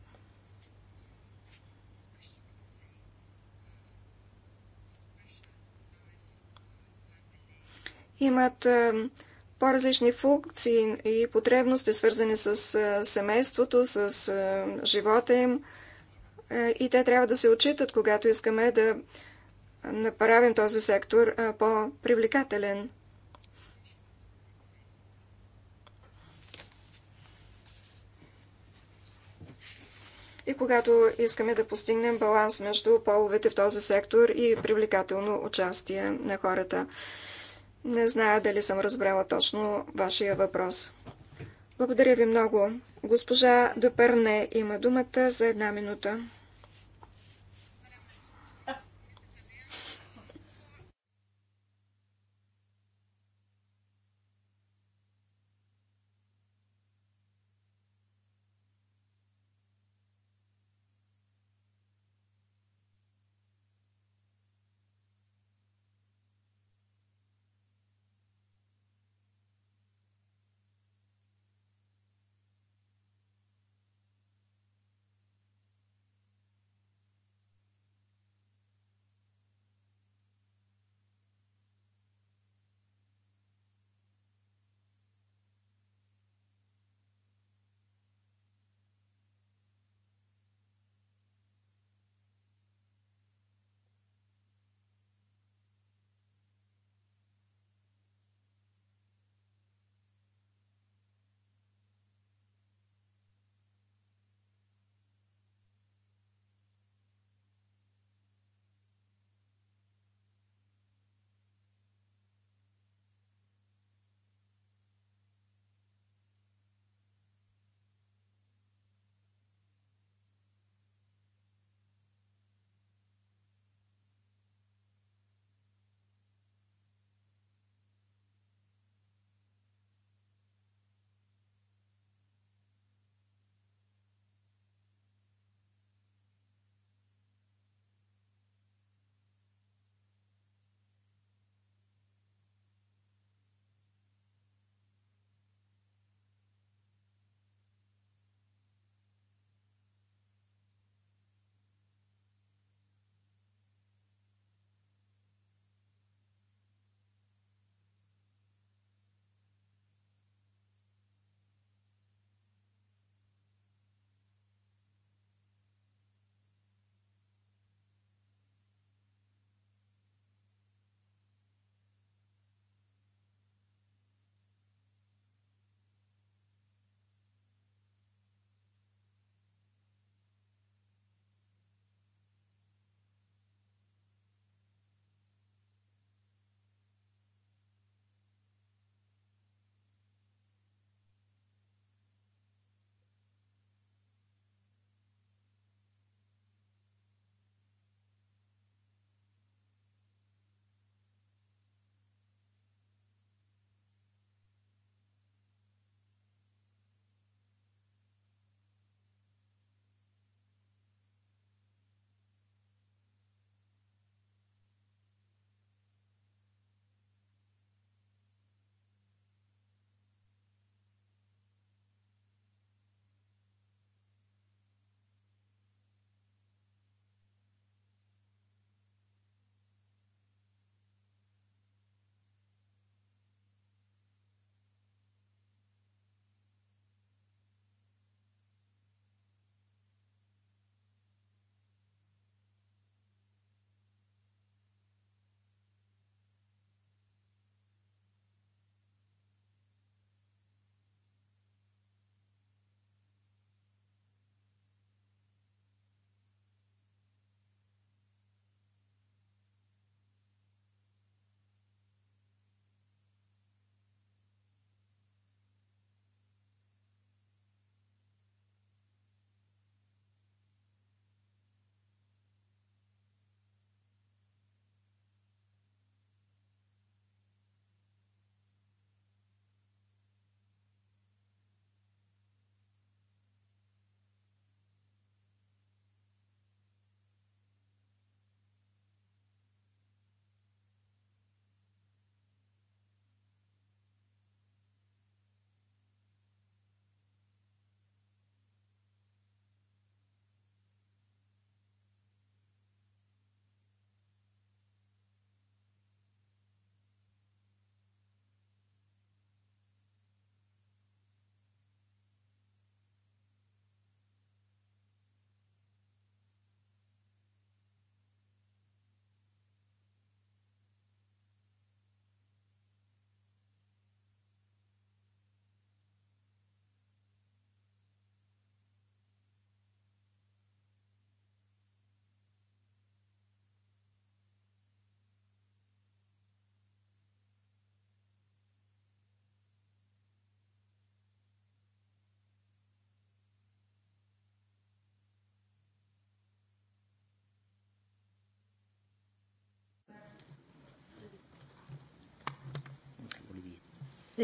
имат е, по-различни функции и потребности, свързани с е, семейството, с е, живота им. И те трябва да се отчитат, когато искаме да направим този сектор по-привлекателен. И когато искаме да постигнем баланс между половете в този сектор и привлекателно участие на хората. Не зная дали съм разбрала точно вашия въпрос. Благодаря ви много. Госпожа Доперне има думата за една минута.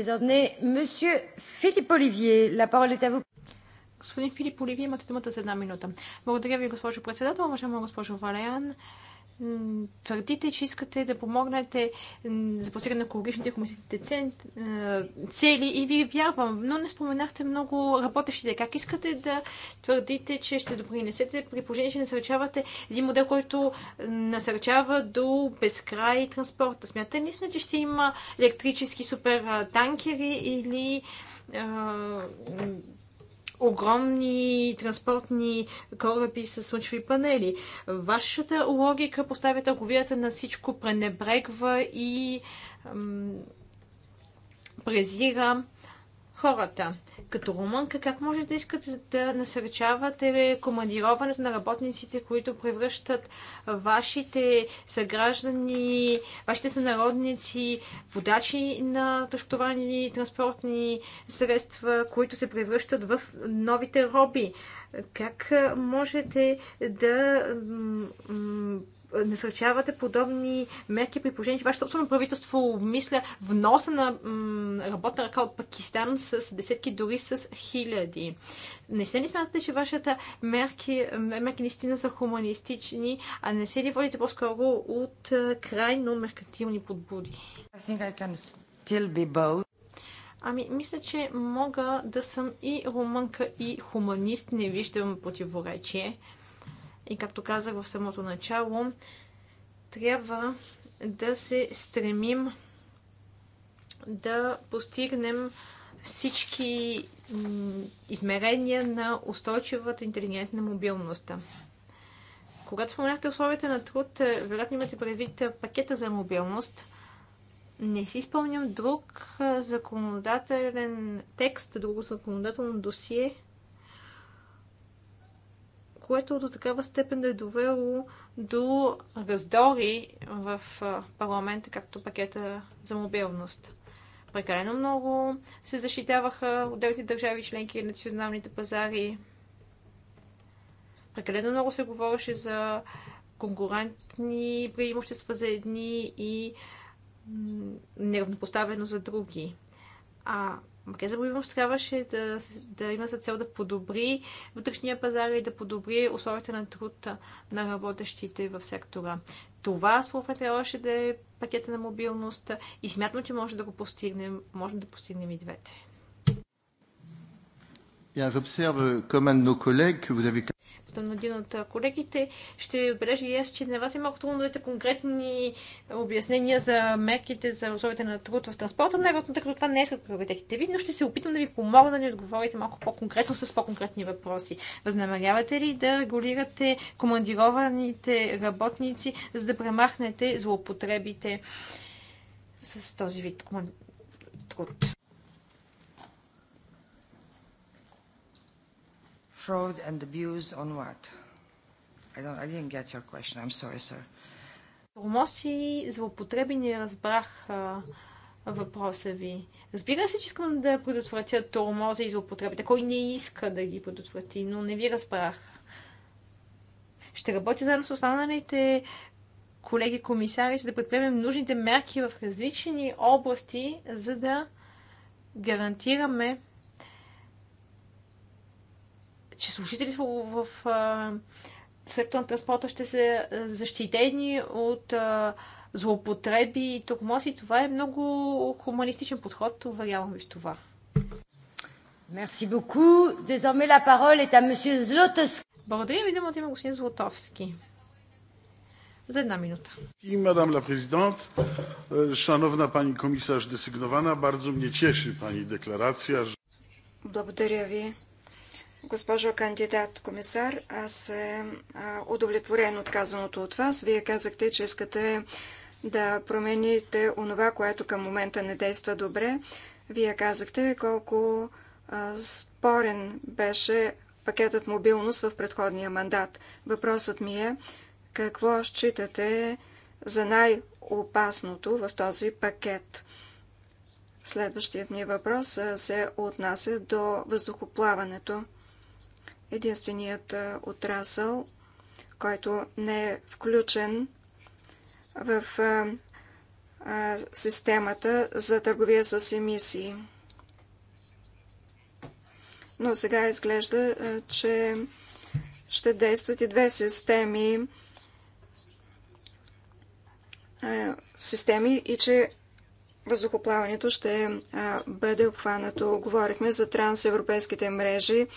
Désormais, monsieur Филип Оливие, la parole est à vous. Господин Филип Оливие, имате думата за една минута. Благодаря ви, госпожо председател, уважаема госпожо Валеян твърдите, че искате да помогнете за постигане на екологичните комисиите цели и ви вярвам, но не споменахте много работещите. Как искате да твърдите, че ще допринесете при положение, че насърчавате един модел, който насърчава до безкрай транспорта? Смятате ли, че ще има електрически супер танкери или огромни транспортни кораби с слънчеви панели. Вашата логика поставя търговията на всичко, пренебрегва и презира хората. Като румънка, как може да искате да насърчавате командироването на работниците, които превръщат вашите съграждани, вашите сънародници, водачи на тъщовани транспортни средства, които се превръщат в новите роби? Как можете да насърчавате подобни мерки при положение, че вашето собствено правителство мисля вноса на работна ръка от Пакистан с десетки, дори с хиляди. Не се ли смятате, че вашата мерки, мерки наистина са хуманистични, а не се ли водите по-скоро от крайно меркатилни подбуди? I I ами, мисля, че мога да съм и румънка, и хуманист. Не виждам противоречие. И както казах в самото начало, трябва да се стремим да постигнем всички измерения на устойчивата интелигентна мобилност. Когато споменахте условията на труд, е, вероятно имате предвид е, пакета за мобилност. Не си спомням друг е, законодателен текст, друго законодателно досие, което до такава степен да е довело до раздори в парламента, както пакета за мобилност. Прекалено много се защитаваха отделните държави, членки и националните пазари. Прекалено много се говореше за конкурентни преимущества за едни и неравнопоставено за други. А Макета за мобилност трябваше да, да има за цел да подобри вътрешния пазар и да подобри условията на труд на работещите в сектора. Това, според мен, трябваше да е пакета на мобилност и смятам, че може да го постигнем, можем да постигнем и двете. J'observe, comme un de nos collègues, que vous avez на един от колегите, ще отбележа и аз, че на вас е малко трудно да дадете конкретни обяснения за мерките за условията на труд в транспорта, най-вероятно, тъй като това не е сред приоритетите ви, но ще се опитам да ви помогна да ни отговорите малко по-конкретно с по-конкретни въпроси. Възнамерявате ли да регулирате командированите работници, за да премахнете злоупотребите с този вид труд? fraud and abuse on what? I, don't, I didn't get your question. I'm sorry, sir. Промоси, злоупотреби не разбрах а, въпроса ви. Разбира се, че искам да предотвратя тормоза и злоупотребите. Кой не иска да ги предотврати, но не ви разбрах. Ще работя заедно с останалите колеги комисари, за да предприемем нужните мерки в различни области, за да гарантираме че служителите в, в, в сектора на транспорта ще се защитени от а, злоупотреби и токмоси. Това е много хуманистичен подход, уверявам ви в това. Merci beaucoup. Désormais, la parole est à monsieur Zlotowski. Благодаря ви, думата има господин Злотовски. За една минута. И мадам ла президент, е, шановна пани комисар десигнована, бързо ме теши пани декларация. Благодаря ви. Госпожо кандидат комисар, аз се удовлетворен от казаното от вас. Вие казахте, че искате да промените онова, което към момента не действа добре. Вие казахте колко спорен беше пакетът мобилност в предходния мандат. Въпросът ми е какво считате за най-опасното в този пакет? Следващият ми въпрос се отнася до въздухоплаването единственият отрасъл, който не е включен в системата за търговия с емисии. Но сега изглежда, че ще действат и две системи, системи и че въздухоплаването ще бъде обхванато. Говорихме за трансевропейските мрежи,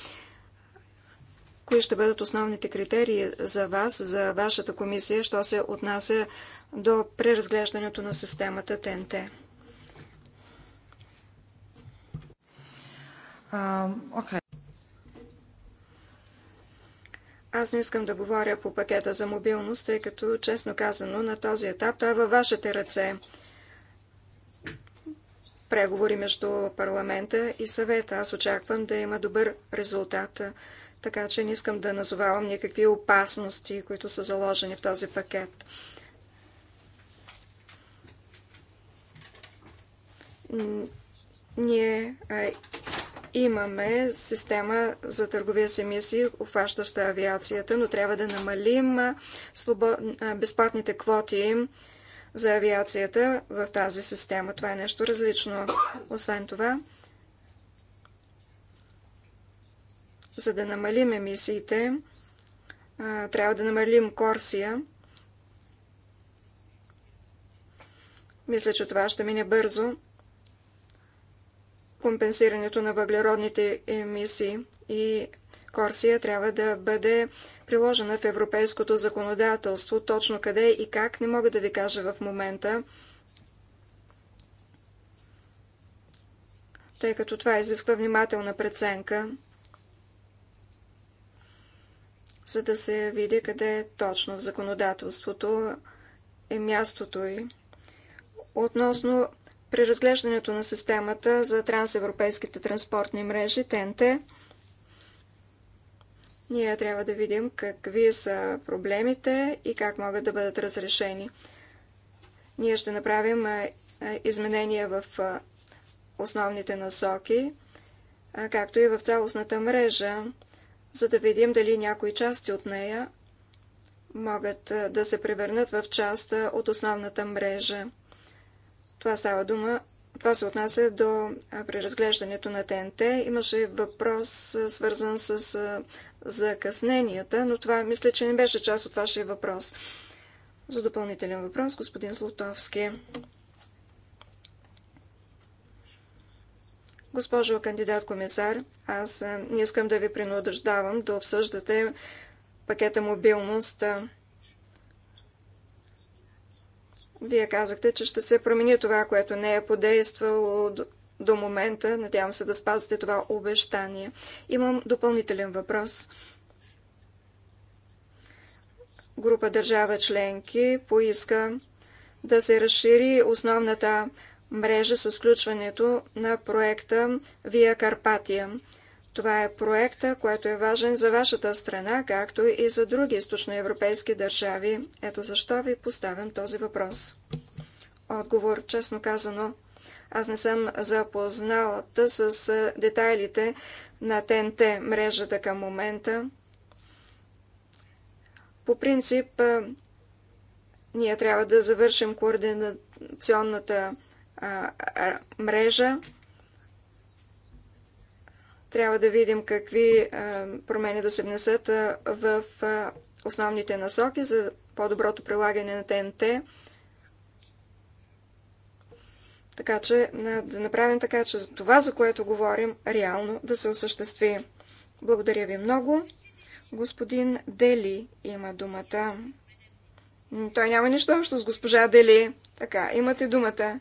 кои ще бъдат основните критерии за вас, за вашата комисия, що се отнася до преразглеждането на системата ТНТ? Um, okay. Аз не искам да говоря по пакета за мобилност, тъй като, честно казано, на този етап той е във вашите ръце. Преговори между парламента и съвета. Аз очаквам да има добър резултат така че не искам да назовавам никакви опасности, които са заложени в този пакет. Ние имаме система за търговия с емисии, обхващаща авиацията, но трябва да намалим безплатните квоти за авиацията в тази система. Това е нещо различно. Освен това, За да намалим емисиите, трябва да намалим Корсия. Мисля, че това ще мине бързо. Компенсирането на въглеродните емисии и Корсия трябва да бъде приложена в европейското законодателство. Точно къде и как не мога да ви кажа в момента, тъй като това изисква внимателна преценка за да се види къде точно в законодателството е мястото й. Относно преразглеждането на системата за трансевропейските транспортни мрежи, ТНТ, ние трябва да видим какви са проблемите и как могат да бъдат разрешени. Ние ще направим изменения в основните насоки, както и в цялостната мрежа за да видим дали някои части от нея могат да се превърнат в част от основната мрежа. Това става дума. Това се отнася до преразглеждането на ТНТ. Имаше въпрос, свързан с закъсненията, но това мисля, че не беше част от вашия въпрос. За допълнителен въпрос, господин Слотовски. Госпожо кандидат-комисар, аз не искам да ви принуждавам да обсъждате пакета мобилност. Вие казахте, че ще се промени това, което не е подействало до момента. Надявам се да спазите това обещание. Имам допълнителен въпрос. Група държава членки поиска да се разшири основната мрежа с включването на проекта Вия Карпатия. Това е проекта, който е важен за вашата страна, както и за други източноевропейски държави. Ето защо ви поставям този въпрос. Отговор, честно казано, аз не съм запозналата с детайлите на ТНТ мрежата към момента. По принцип, ние трябва да завършим координационната мрежа. Трябва да видим какви промени да се внесат в основните насоки за по-доброто прилагане на ТНТ. Така че да направим така, че това, за което говорим, реално да се осъществи. Благодаря ви много. Господин Дели има думата. Той няма нищо общо с госпожа Дели. Така, имате думата.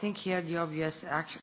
think here the obvious action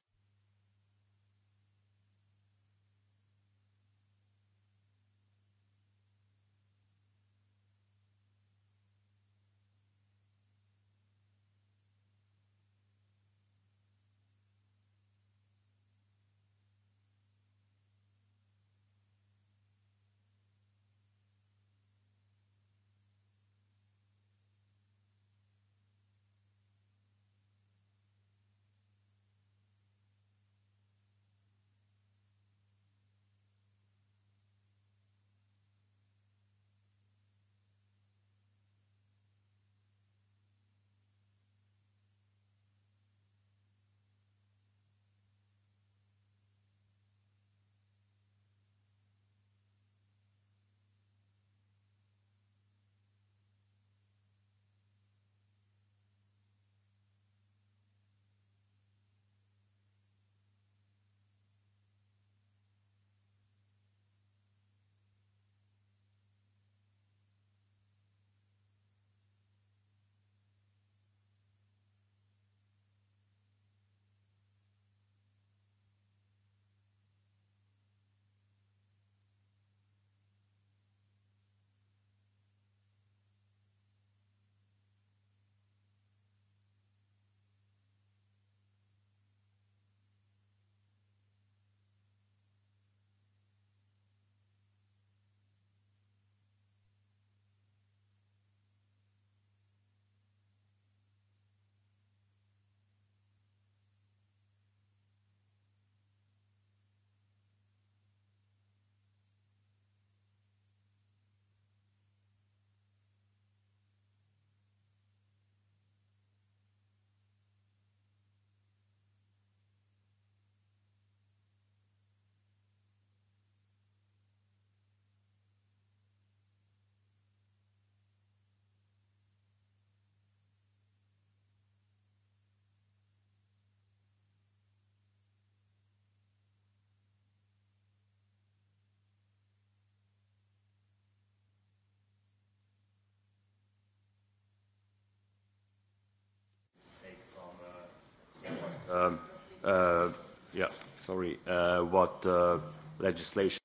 Yeah, sorry. Uh, what uh, legislation?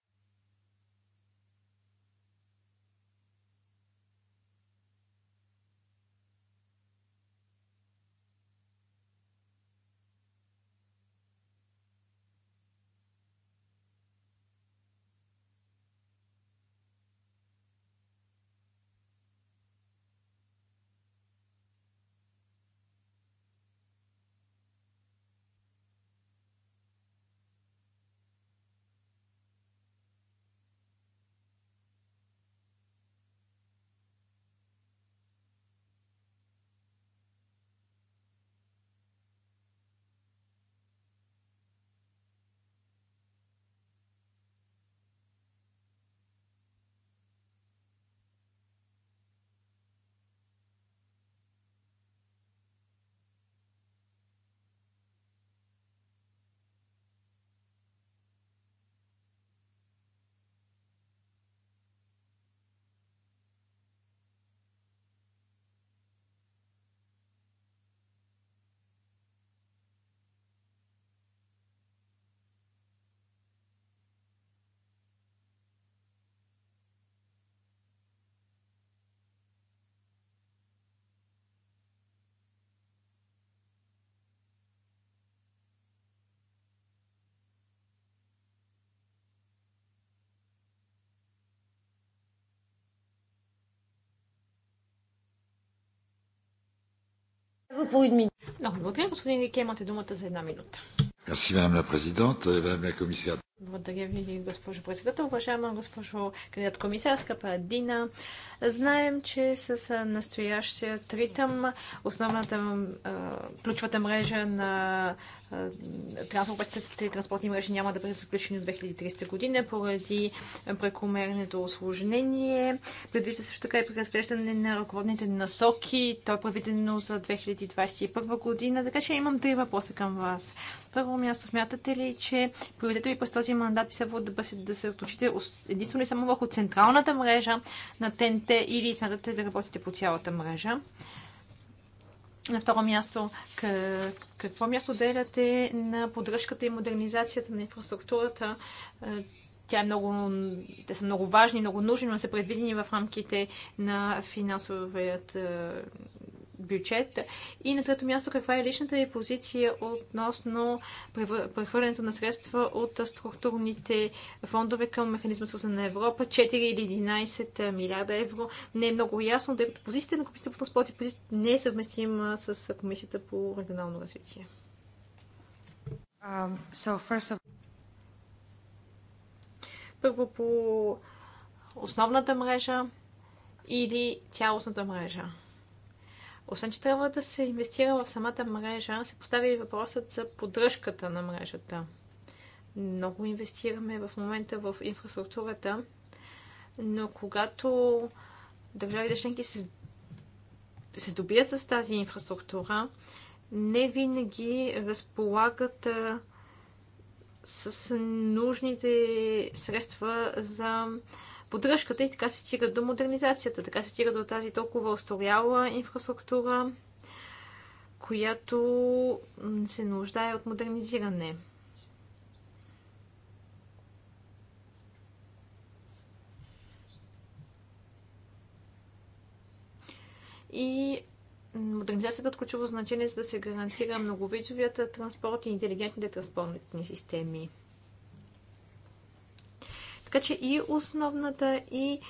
Много ви благодаря, господин Рике. Имате думата за една минута. Мерси, мадам ла президент, мадам ла комисия. Благодаря ви, госпожо председател. Уважаема госпожо кандидат скъпа Дина. знаем, че с настоящия ритъм основната а, ключвата мрежа на трансевропейските транспортни мрежи няма да бъдат включени от 2300 година поради прекомерното осложнение. Предвижда също така и преразглеждане на ръководните насоки. То е проведено за 2021 година. Така че имам три въпроса към вас. Първо място, смятате ли, че приоритета ви през този мандат би следвало да, да се отключите единствено и само върху централната мрежа на ТНТ или смятате да работите по цялата мрежа? На второ място, как какво място отделяте на поддръжката и модернизацията на инфраструктурата? Е, тя е много, те са много важни, много нужни, но са предвидени в рамките на финансовият е, бюджет? И на трето място, каква е личната ви позиция относно прехвърлянето на средства от структурните фондове към механизма свързан на Европа? 4 или 11 милиарда евро? Не е много ясно, тъй като позицията на Комисията по транспорт и позицията не е съвместима с Комисията по регионално развитие. Um, so of... Първо по основната мрежа или цялостната мрежа. Освен, че трябва да се инвестира в самата мрежа, се постави въпросът за поддръжката на мрежата. Много инвестираме в момента в инфраструктурата, но когато държавите членки се, се здобият с тази инфраструктура, не винаги разполагат с нужните средства за поддръжката и така се стига до модернизацията, така се стига до тази толкова устаряла инфраструктура, която се нуждае от модернизиране. И модернизацията е от ключово значение, за да се гарантира многовидовият транспорт и интелигентните транспортни системи. Така че и основната, и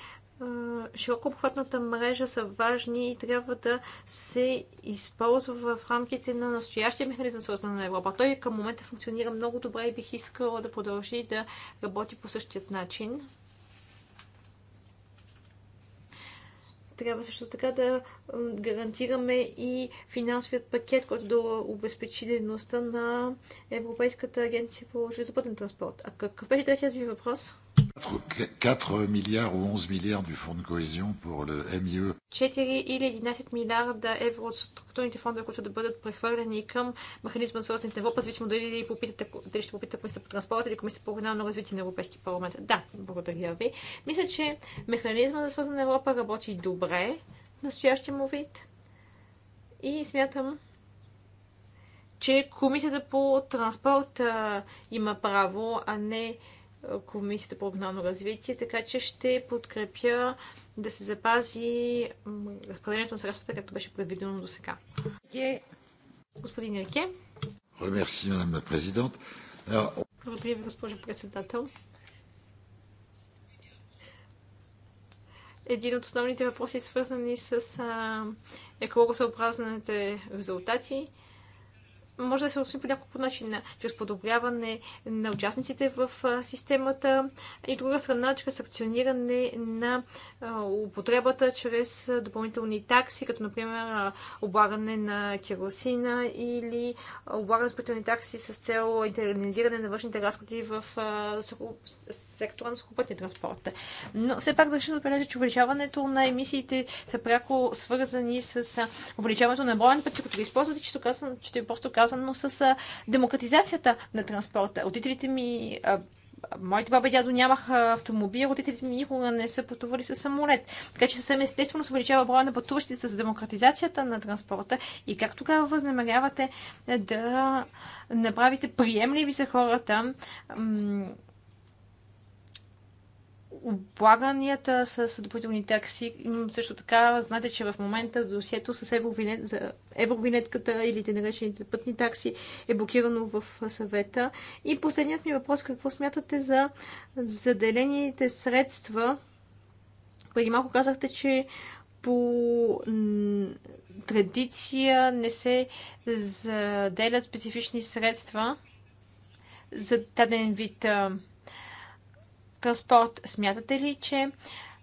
широко обхватната мрежа са важни и трябва да се използва в рамките на настоящия механизъм свързан на Европа. Той към момента функционира много добре и бих искала да продължи да работи по същият начин. Трябва също така да гарантираме и финансовият пакет, който да обезпечи дейността на Европейската агенция по железопътен транспорт. А какъв беше третият ви въпрос? 4 милиарда или 11 милиарда фонд Cohesion pour le MIE. 4 или 11 милиарда евро от структурните фондове, които да бъдат прехвърлени към механизма за свързаните Европа, зависимо дали, попитате, дали ще попитате Комисията по транспорт или Комисията по регионално развитие на Европейски парламент. Да, благодаря ви. Мисля, че механизма за свързана Европа работи добре в настоящия му вид. И смятам, че комисията по транспорт а, има право, а не Комисията по регионално развитие, така че ще подкрепя да се запази разпределението на средствата, както беше предвидено до сега. Господин Ерке. Remercie, Благодаря ви, госпожо председател. Един от основните въпроси, свързани с екологосъобразните резултати, може да се осъществи по няколко начина. Чрез подобряване на участниците в системата и друга страна, чрез санкциониране на употребата, чрез допълнителни такси, като например облагане на керосина или облагане на допълнителни такси с цел интернализиране на външните разходи в сектора на сухопътния транспорт. Но все пак държа да отбележа, че увеличаването на емисиите са пряко свързани с увеличаването на броя на пъти, като използват и чисто казвам, че просто казвам, свързано с демократизацията на транспорта. Родителите ми моите баба и дядо нямаха автомобил, родителите ми никога не са пътували с самолет. Така че съвсем естествено се увеличава броя на пътуващи с демократизацията на транспорта и как тогава възнамерявате да направите приемливи за хората облаганията с допълнителни такси. Също така, знаете, че в момента досието с евровинет, за евровинетката или те наречените пътни такси е блокирано в съвета. И последният ми въпрос, какво смятате за заделените средства? Преди малко казахте, че по традиция не се заделят специфични средства за даден вид транспорт. Смятате ли, че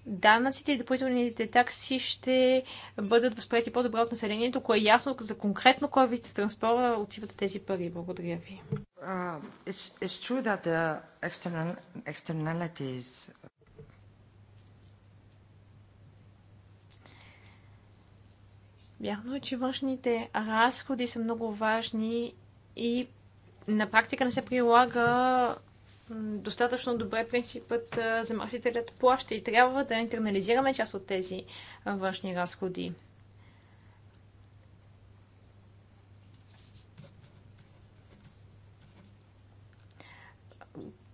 данъците и допълнителните такси ще бъдат възприяти по-добре от населението, кое е ясно за конкретно кой вид транспорта отиват тези пари. Благодаря ви. Вярно uh, е, че външните разходи са много важни и на практика не се прилага достатъчно добре принципът замърсителят плаща и трябва да интернализираме част от тези външни разходи.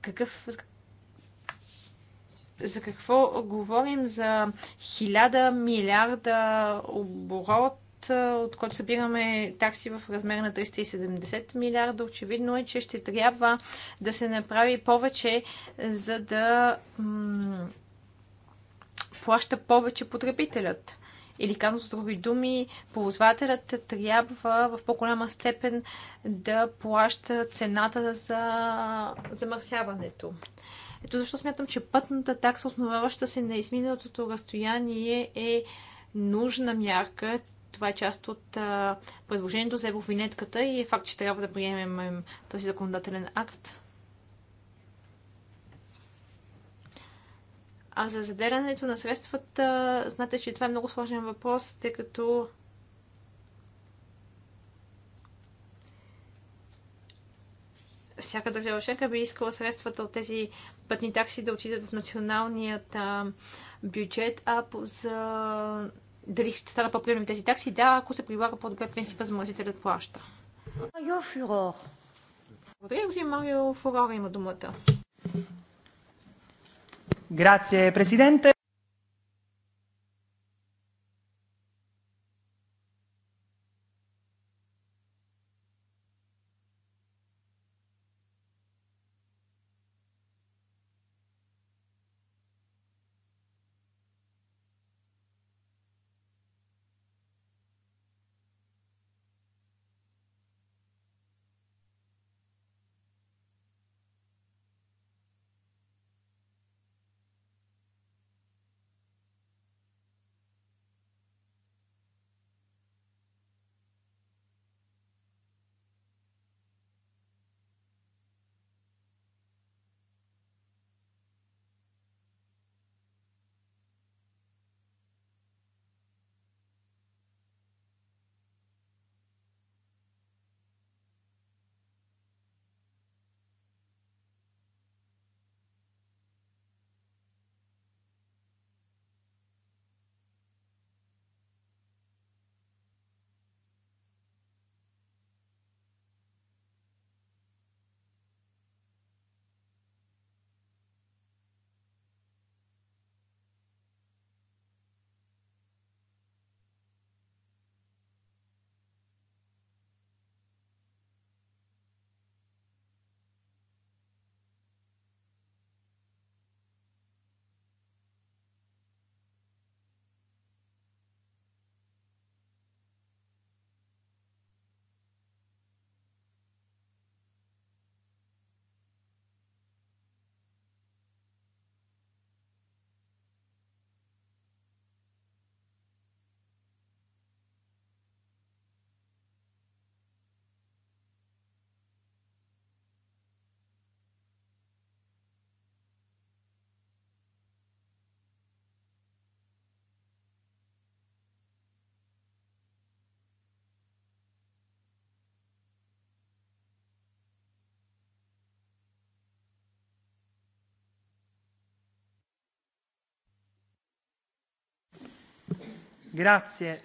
Какъв, за какво говорим? За хиляда, милиарда оборот от който събираме такси в размер на 370 милиарда, очевидно е, че ще трябва да се направи повече, за да плаща повече потребителят. Или казано с други думи, ползвателят трябва в по-голяма степен да плаща цената за замърсяването. Ето защо смятам, че пътната такса, основаваща се на изминатото разстояние, е нужна мярка. Това е част от а, предложението за евровинетката и е факт, че трябва да приемем този законодателен акт. А за заделянето на средствата, знаете, че това е много сложен въпрос, тъй като всяка държава членка би искала средствата от тези пътни такси да отидат в националният а, бюджет, а за дали ще стана по-приемни тези такси? Да, ако се прилага по-добре принципа за да плаща. Марио Фурор. Благодаря, господин Марио Фурор има думата. Грация, президенте. Grazie.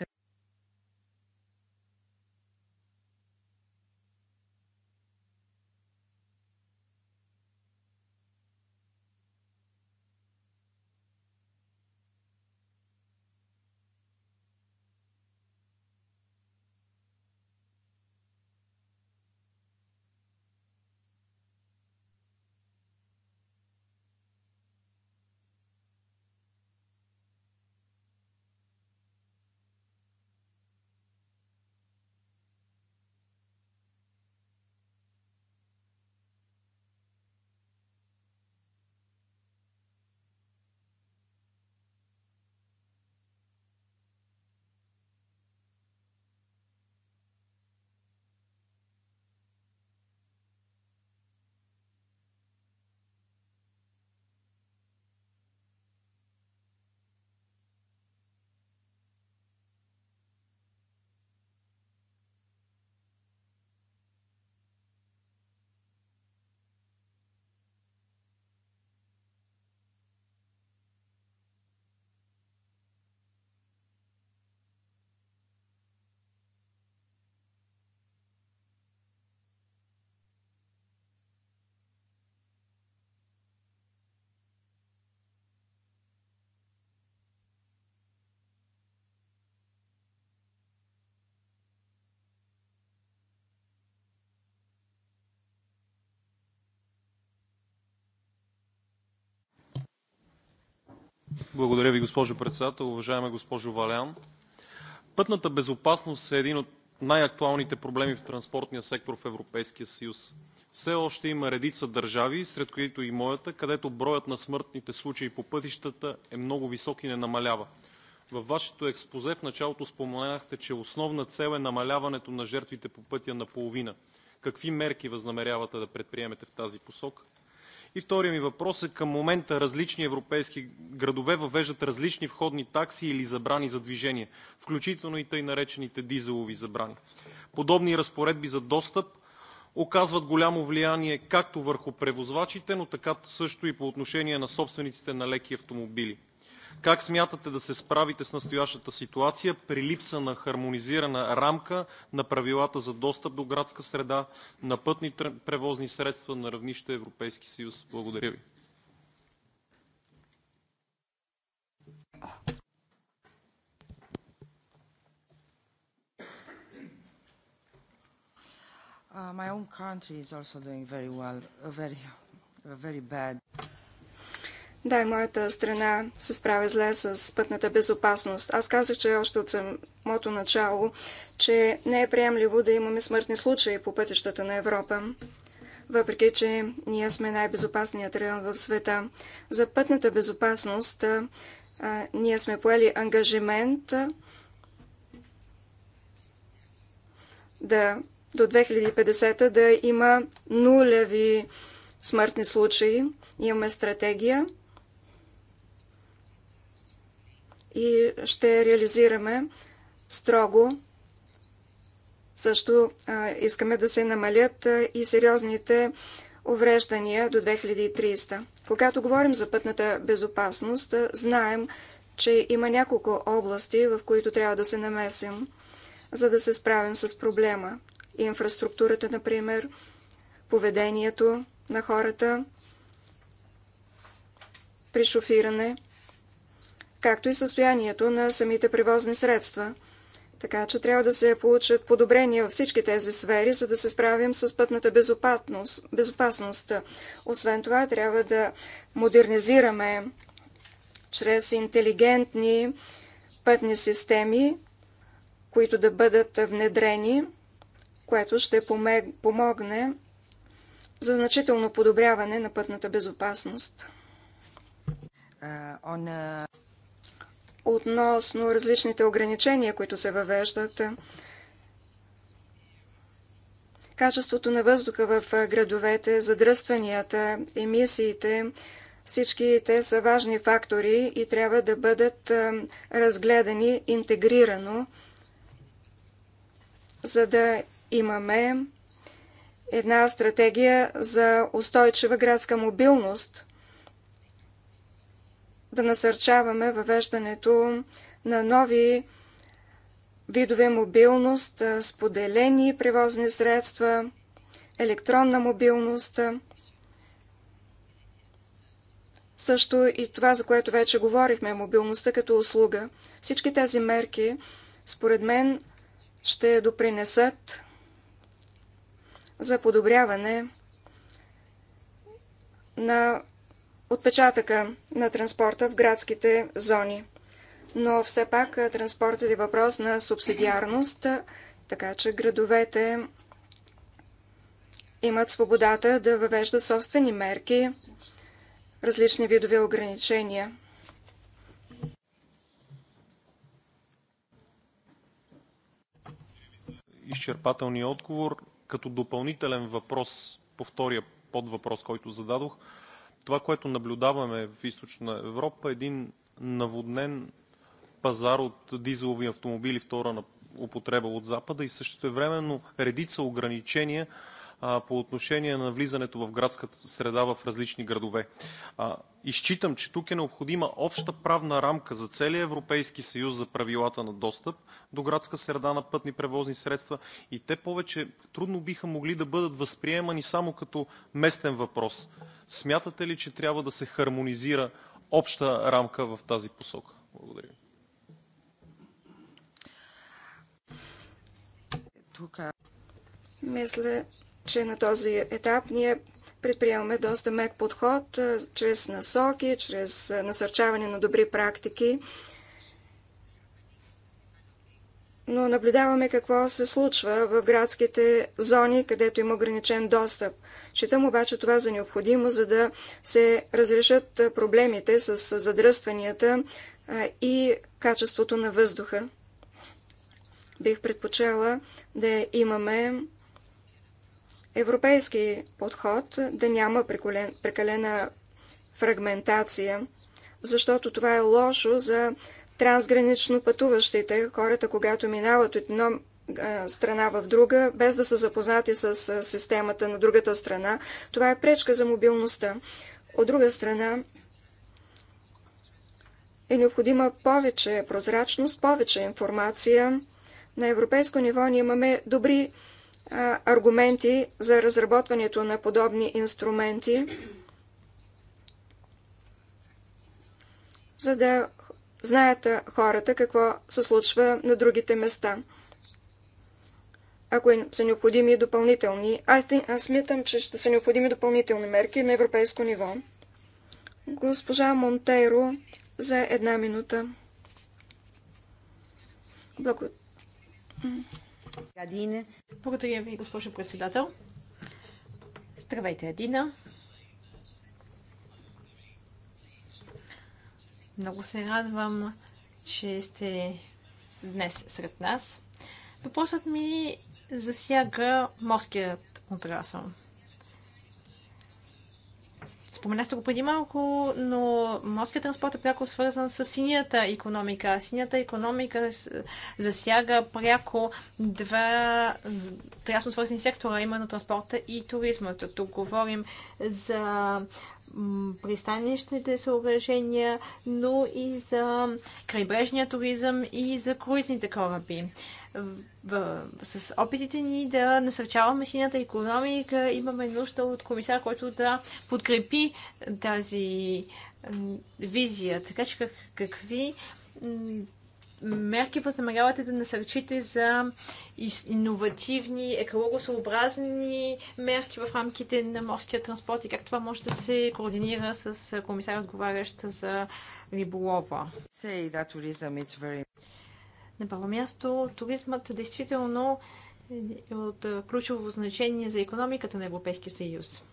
Благодаря Ви, госпожо председател. Уважаема госпожо Валян, пътната безопасност е един от най-актуалните проблеми в транспортния сектор в Европейския съюз. Все още има редица държави, сред които и моята, където броят на смъртните случаи по пътищата е много висок и не намалява. Във вашето експозе в началото споменахте, че основна цел е намаляването на жертвите по пътя на половина. Какви мерки възнамерявате да предприемете в тази посока? И втория ми въпрос е към момента различни европейски градове въвеждат различни входни такси или забрани за движение, включително и тъй наречените дизелови забрани. Подобни разпоредби за достъп оказват голямо влияние както върху превозвачите, но така също и по отношение на собствениците на леки автомобили. Как смятате да се справите с настоящата ситуация при липса на хармонизирана рамка на правилата за достъп до градска среда на пътни превозни средства на равнище Европейски съюз? Благодаря Ви. Uh, my own country is also doing very well, very, very bad. Да, и моята страна се справя зле с пътната безопасност. Аз казах, че още от самото начало, че не е приемливо да имаме смъртни случаи по пътищата на Европа. Въпреки, че ние сме най-безопасният район в света. За пътната безопасност а, ние сме поели ангажимент да, до 2050 да има нулеви смъртни случаи. Имаме стратегия – и ще реализираме строго. Също искаме да се намалят и сериозните увреждания до 2300. Когато говорим за пътната безопасност, знаем, че има няколко области, в които трябва да се намесим, за да се справим с проблема. Инфраструктурата, например, поведението на хората при шофиране – както и състоянието на самите превозни средства. Така че трябва да се получат подобрения във всички тези сфери, за да се справим с пътната безопасност. Освен това, трябва да модернизираме чрез интелигентни пътни системи, които да бъдат внедрени, което ще помогне за значително подобряване на пътната безопасност. Uh, on, uh относно различните ограничения, които се въвеждат. Качеството на въздуха в градовете, задръстванията, емисиите, всички те са важни фактори и трябва да бъдат разгледани интегрирано, за да имаме една стратегия за устойчива градска мобилност – да насърчаваме въвеждането на нови видове мобилност, споделени превозни средства, електронна мобилност. Също и това, за което вече говорихме, мобилността като услуга. Всички тези мерки, според мен, ще допринесат за подобряване на отпечатъка на транспорта в градските зони. Но все пак транспортът е въпрос на субсидиарност, така че градовете имат свободата да въвеждат собствени мерки, различни видове ограничения. Изчерпателния отговор. Като допълнителен въпрос по втория подвъпрос, който зададох, това, което наблюдаваме в източна Европа, е един наводнен пазар от дизелови автомобили втора на употреба от Запада и същото времено редица ограничения а, по отношение на влизането в градската среда в различни градове. А, изчитам, че тук е необходима обща правна рамка за целия Европейски съюз за правилата на достъп до градска среда на пътни превозни средства и те повече трудно биха могли да бъдат възприемани само като местен въпрос. Смятате ли, че трябва да се хармонизира обща рамка в тази посока? Благодаря. Мисля, че на този етап ние предприемаме доста мек подход чрез насоки, чрез насърчаване на добри практики но наблюдаваме какво се случва в градските зони, където има ограничен достъп. Считам обаче това за необходимо, за да се разрешат проблемите с задръстванията и качеството на въздуха. Бих предпочела да имаме европейски подход, да няма прекалена фрагментация, защото това е лошо за трансгранично пътуващите, хората, когато минават от една страна в друга, без да са запознати с системата на другата страна. Това е пречка за мобилността. От друга страна, е необходима повече прозрачност, повече информация. На европейско ниво ние имаме добри а, аргументи за разработването на подобни инструменти, за да знаят хората какво се случва на другите места. Ако са необходими допълнителни... Аз, аз смятам, че ще са необходими допълнителни мерки на европейско ниво. Госпожа Монтейро за една минута. Благодаря. Благодаря ви, госпожо председател. Здравейте, Адина. Много се радвам, че сте днес сред нас. Въпросът ми засяга морският отрасъл. Споменахте го преди малко, но морският транспорт е пряко свързан с синята економика. Синята економика засяга пряко два трясно свързани сектора, именно транспорта и туризмата. Тук говорим за пристанищните съоръжения, но и за крайбрежния туризъм и за круизните кораби. В, в, с опитите ни да насърчаваме синята економика имаме нужда от комисар, който да подкрепи тази визия. Така че как, какви мерки възнамерявате да насърчите за иновативни, екологосъобразни мерки в рамките на морския транспорт и как това може да се координира с комисаря отговарящ за риболова? Very... На първо място, туризмът действително е от ключово значение за економиката на Европейския съюз.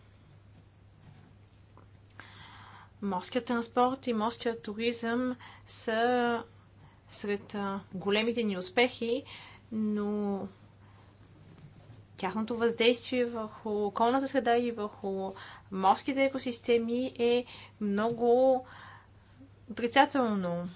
Морският транспорт и морският туризъм са сред големите ни успехи, но тяхното въздействие върху околната среда и върху морските екосистеми е много отрицателно.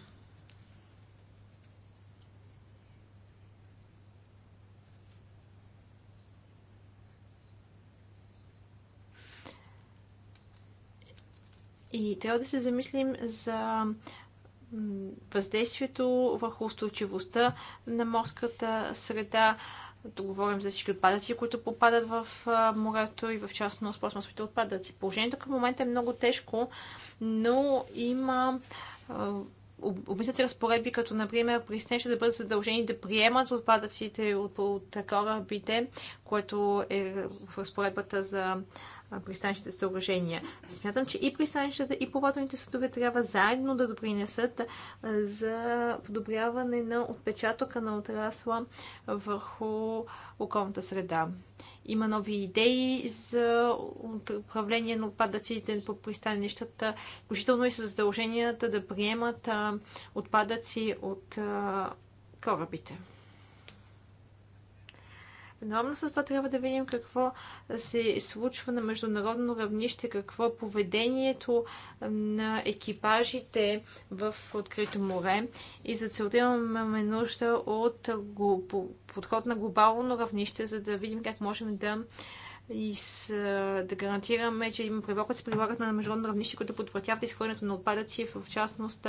И трябва да се замислим за въздействието върху устойчивостта на морската среда. Тук говорим за всички отпадъци, които попадат в морето и в частност пластмасовите отпадъци. Положението към момента е много тежко, но има обмислят се разпоредби, като например пристанища да бъдат задължени да приемат отпадъците от, от корабите, което е в разпоредбата за пристанищните съоръжения. Смятам, че и пристанищата, и плавателните съдове трябва заедно да допринесат за подобряване на отпечатъка на отрасла върху околната среда. Има нови идеи за управление на отпадъците по пристанищата, включително и с задълженията да приемат отпадъци от корабите. Едновременно с това трябва да видим какво се случва на международно равнище, какво е поведението на екипажите в открито море. И за целта имаме нужда от подход на глобално равнище, за да видим как можем да и с, да гарантираме, че има превокът се прилагат на международно равнище, които подвратяват изхвърлянето на отпадъци, в частност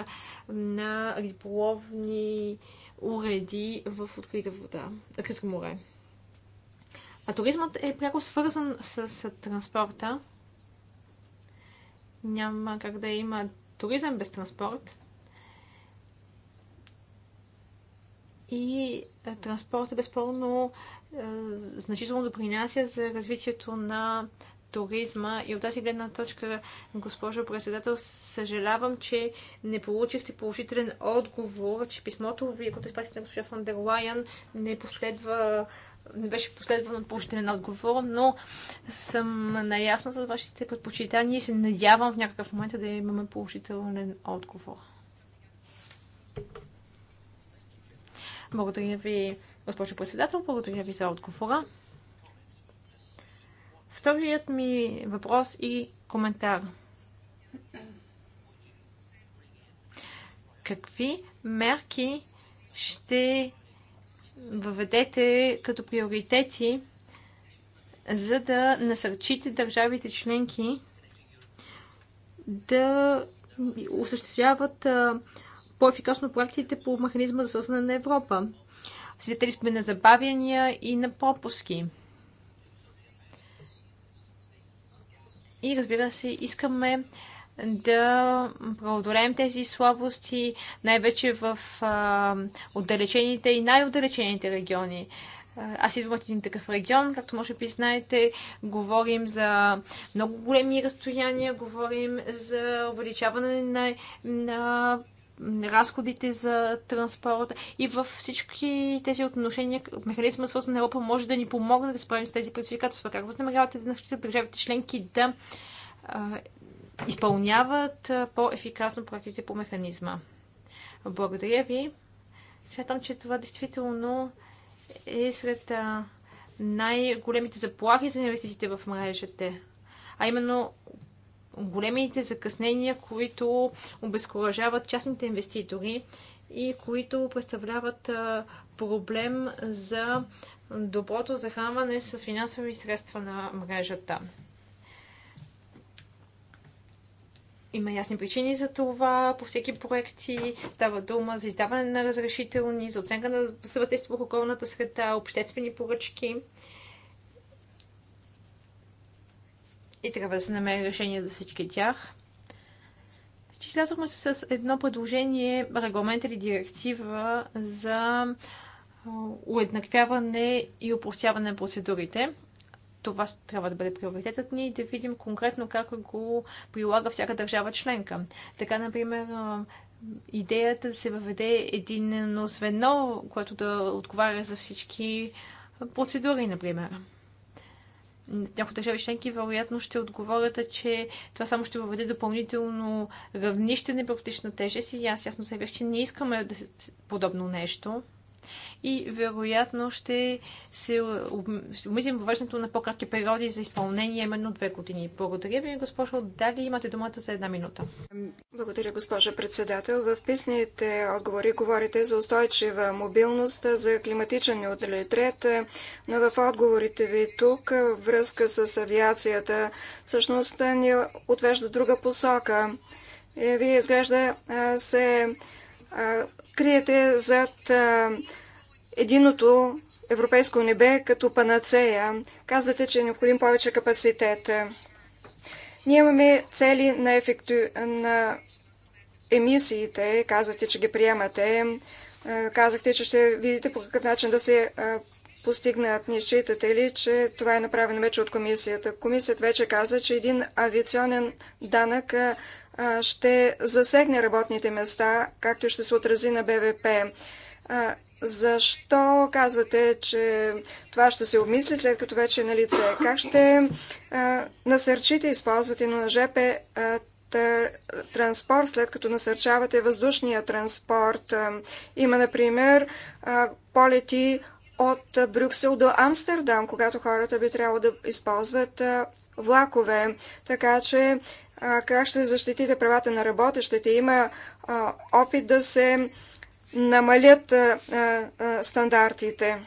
на риболовни уреди в открита вода, открито море. А туризмът е пряко свързан с транспорта. Няма как да има туризъм без транспорт. И е, транспортът е безспорно е, значително допринася за развитието на туризма. И от тази гледна точка, госпожо председател, съжалявам, че не получихте положителен отговор, че писмото ви, което изпратихте на госпожа Фандерлайен, не последва не беше последвано от положителен отговор, но съм наясна с вашите предпочитания и се надявам в някакъв момент да имаме положителен отговор. Благодаря ви, госпожо председател, благодаря ви за отговора. Вторият ми въпрос и коментар. Какви мерки ще въведете като приоритети, за да насърчите държавите членки да осъществяват по-ефикасно проектите по механизма за свързване на Европа. Свидетели сме на забавяния и на пропуски. И разбира се, искаме да преодолеем тези слабости, най-вече в а, отдалечените и най-отдалечените региони. Аз идвам от един такъв регион, както може би знаете, говорим за много големи разстояния, говорим за увеличаване на, на разходите за транспорта и във всички тези отношения механизма свързан на Европа може да ни помогне да справим с тези предизвикателства. Как възнамерявате да насочите държавите членки да изпълняват по-ефикасно проектите по механизма. Благодаря ви. Смятам, че това действително е сред най-големите заплахи за инвестициите в мрежите. А именно големите закъснения, които обезкуражават частните инвеститори и които представляват проблем за доброто захранване с финансови средства на мрежата. Има ясни причини за това. По всеки проекти става дума за издаване на разрешителни, за оценка на съвъздействие в околната света, обществени поръчки. И трябва да се намери решение за всички тях. Че се с едно предложение, регламент или директива за уеднаквяване и упростяване на процедурите това трябва да бъде приоритетът ни и да видим конкретно как го прилага всяка държава членка. Така, например, идеята да се въведе единно звено, което да отговаря за всички процедури, например. Някои държави членки вероятно ще отговорят, че това само ще въведе допълнително равнище на бюрократична тежест и аз ясно заявих, че не искаме да подобно нещо и вероятно ще се обмислим вършенето на по-кратки периоди за изпълнение, именно две години. Благодаря ви, госпожо Дали, имате думата за една минута. Благодаря, госпожа председател. В писните отговори говорите за устойчива мобилност, за климатичен неутралитет, но в отговорите ви тук връзка с авиацията всъщност ни отвежда друга посока. Е, вие изглежда се криете зад единото европейско небе като панацея. Казвате, че е необходим повече капацитет. Ние имаме цели на, ефекту... на емисиите. Казахте, че ги приемате. Казахте, че ще видите по какъв начин да се постигнат. Не считате ли, че това е направено вече от комисията? Комисията вече каза, че един авиационен данък ще засегне работните места, както ще се отрази на БВП. Защо казвате, че това ще се обмисли след като вече е на лице? Как ще насърчите използвате на ЖП транспорт, след като насърчавате въздушния транспорт? Има, например, полети от Брюксел до Амстердам, когато хората би трябвало да използват влакове. Така че как ще защитите правата на работещите. Има опит да се намалят стандартите,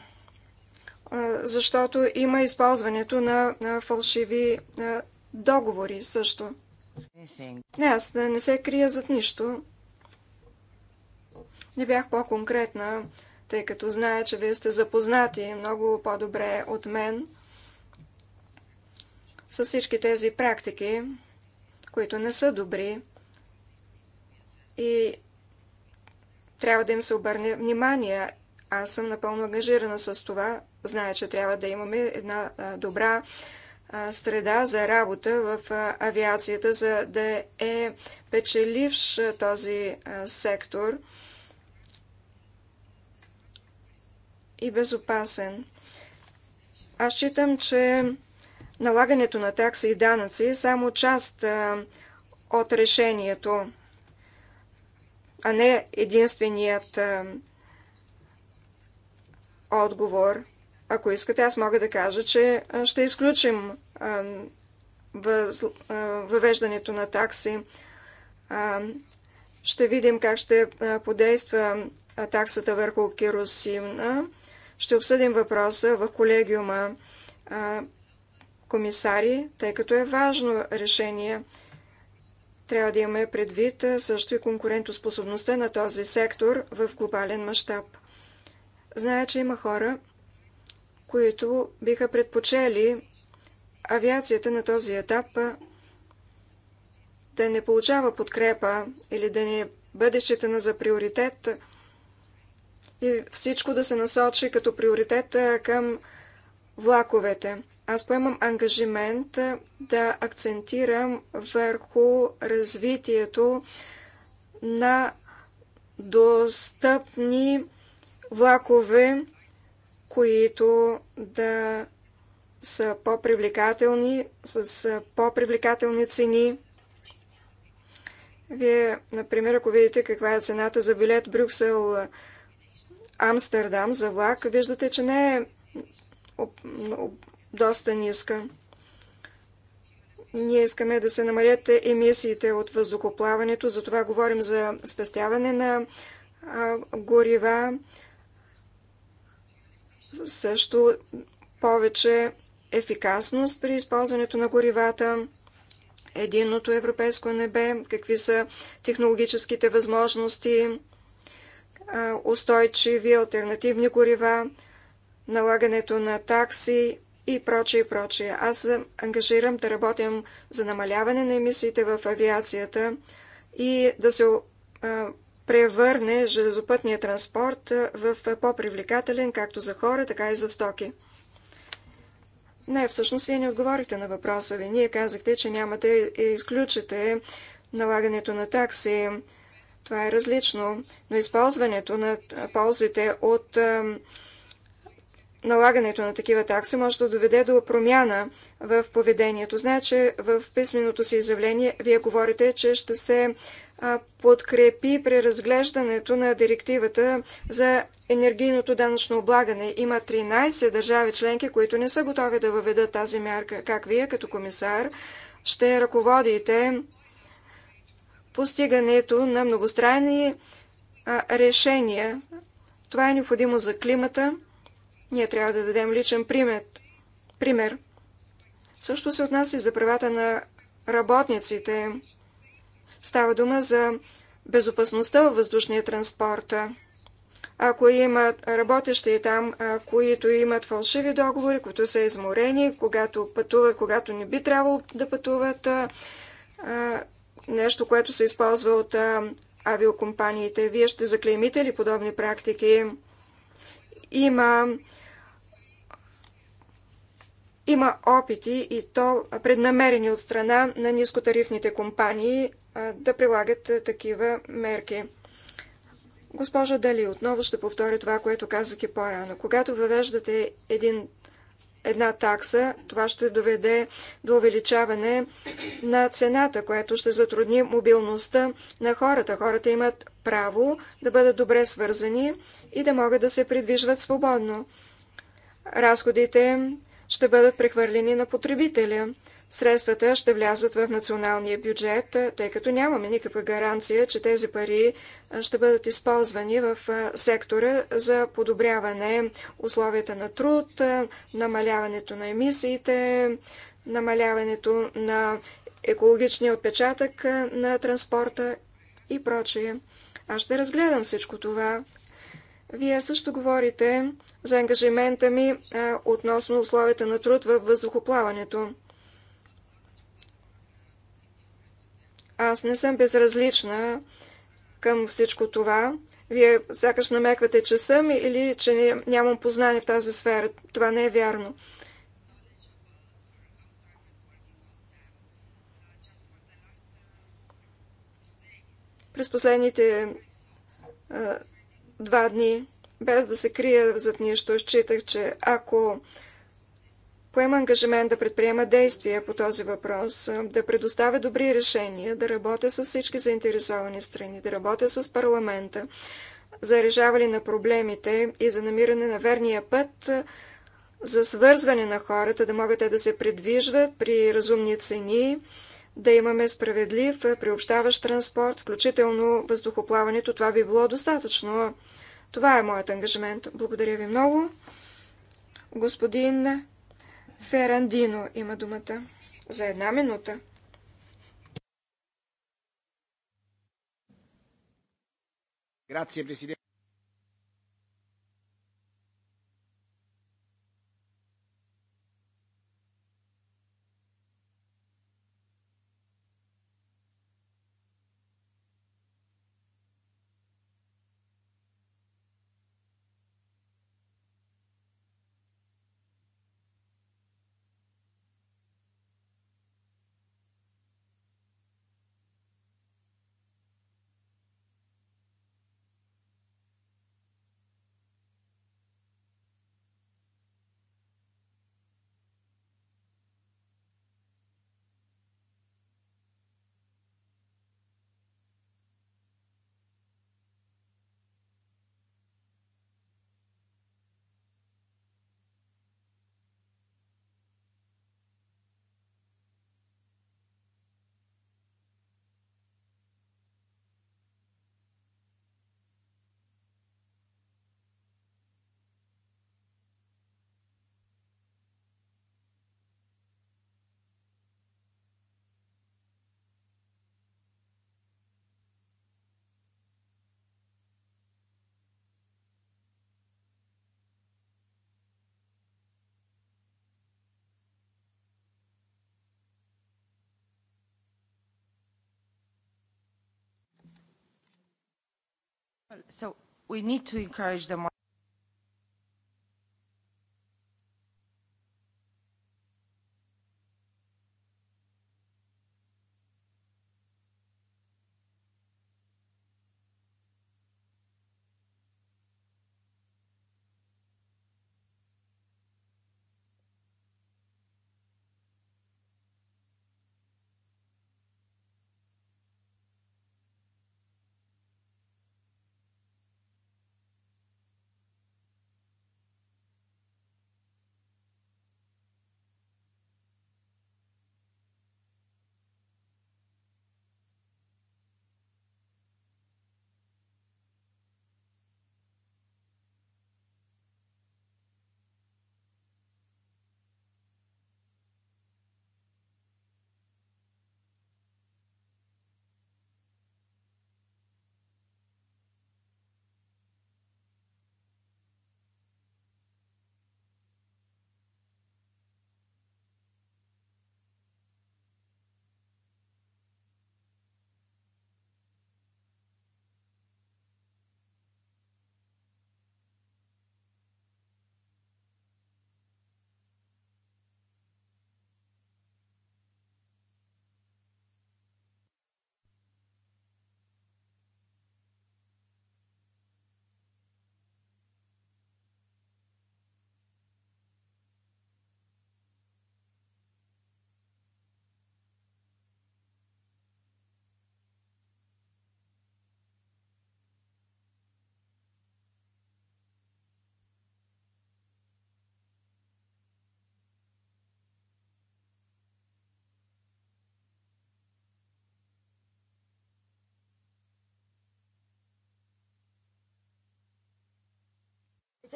защото има използването на фалшиви договори също. Не, аз не се крия зад нищо. Не бях по-конкретна, тъй като зная, че вие сте запознати много по-добре от мен с всички тези практики, които не са добри и трябва да им се обърне внимание. Аз съм напълно ангажирана с това. Зная, че трябва да имаме една добра среда за работа в авиацията, за да е печеливш този сектор и безопасен. Аз считам, че налагането на такси и данъци е само част от решението, а не единственият отговор. Ако искате, аз мога да кажа, че ще изключим въвеждането на такси. Ще видим как ще подейства таксата върху керосина. Ще обсъдим въпроса в колегиума комисари, тъй като е важно решение. Трябва да имаме предвид също и конкурентоспособността на този сектор в глобален мащаб. Зная, че има хора, които биха предпочели авиацията на този етап да не получава подкрепа или да не бъде считана за приоритет и всичко да се насочи като приоритет към влаковете. Аз поемам ангажимент да акцентирам върху развитието на достъпни влакове, които да са по-привлекателни, с по-привлекателни цени. Вие, например, ако видите каква е цената за билет Брюксел Амстердам за влак, виждате, че не е доста ниска. Ние искаме да се намалят емисиите от въздухоплаването, затова говорим за спестяване на горива, също повече ефикасност при използването на горивата, единното европейско небе, какви са технологическите възможности, устойчиви альтернативни горива, налагането на такси и прочее, и прочее. Аз се ангажирам да работим за намаляване на емисиите в авиацията и да се превърне железопътния транспорт в по-привлекателен както за хора, така и за стоки. Не, всъщност вие не отговорихте на въпроса ви. Ние казахте, че няма да изключите налагането на такси. Това е различно, но използването на ползите от налагането на такива такси може да доведе до промяна в поведението. Значи, в писменото си изявление вие говорите, че ще се подкрепи преразглеждането на директивата за енергийното данъчно облагане. Има 13 държави членки, които не са готови да въведат тази мярка. Как вие като комисар ще ръководите постигането на многостранни решения? Това е необходимо за климата, ние трябва да дадем личен пример. пример. Също се отнася и за правата на работниците. Става дума за безопасността във въздушния транспорт. Ако има работещи там, които имат фалшиви договори, които са изморени, когато пътуват, когато не би трябвало да пътуват, нещо, което се използва от авиокомпаниите, вие ще заклеймите ли подобни практики? Има има опити и то преднамерени от страна на нискотарифните компании да прилагат такива мерки. Госпожа Дали, отново ще повторя това, което казах и по-рано. Когато въвеждате един, една такса, това ще доведе до увеличаване на цената, което ще затрудни мобилността на хората. Хората имат право да бъдат добре свързани и да могат да се придвижват свободно. Разходите ще бъдат прехвърлени на потребителя. Средствата ще влязат в националния бюджет, тъй като нямаме никаква гаранция, че тези пари ще бъдат използвани в сектора за подобряване условията на труд, намаляването на емисиите, намаляването на екологичния отпечатък на транспорта и прочие. Аз ще разгледам всичко това вие също говорите за ангажимента ми относно условията на труд във въздухоплаването. Аз не съм безразлична към всичко това. Вие сякаш намеквате, че съм или че нямам познание в тази сфера. Това не е вярно. През последните два дни, без да се крия зад нищо, считах, че ако поема ангажимент да предприема действия по този въпрос, да предоставя добри решения, да работя с всички заинтересовани страни, да работя с парламента за решаване на проблемите и за намиране на верния път, за свързване на хората, да могат те да се придвижват при разумни цени, да имаме справедлив е, приобщаващ транспорт, включително въздухоплаването. Това би било достатъчно. Това е моят ангажимент. Благодаря ви много. Господин Ферандино има думата за една минута. Grazie, Presidente. So we need to encourage them.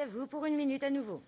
à vous pour une minute à nouveau.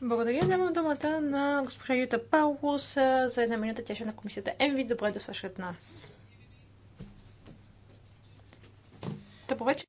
Благодаря. Давам думата на госпожа Юта Паулус за една минута. Тя ще е на комисията ЕМВИ. Добре да сред нас. Та повече.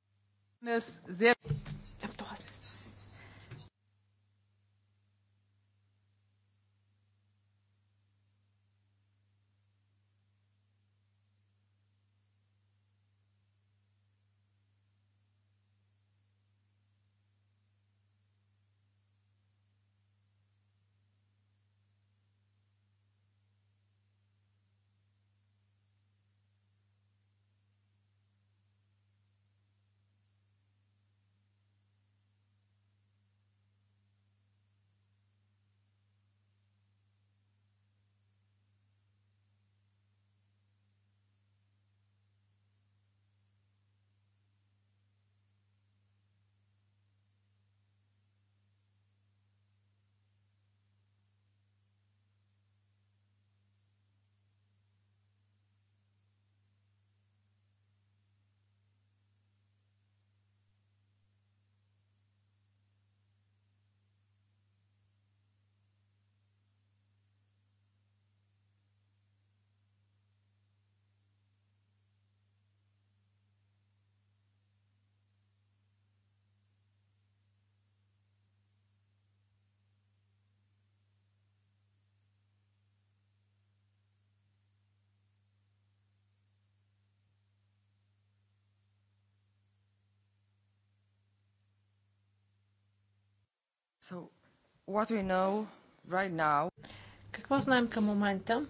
Какво знаем към момента?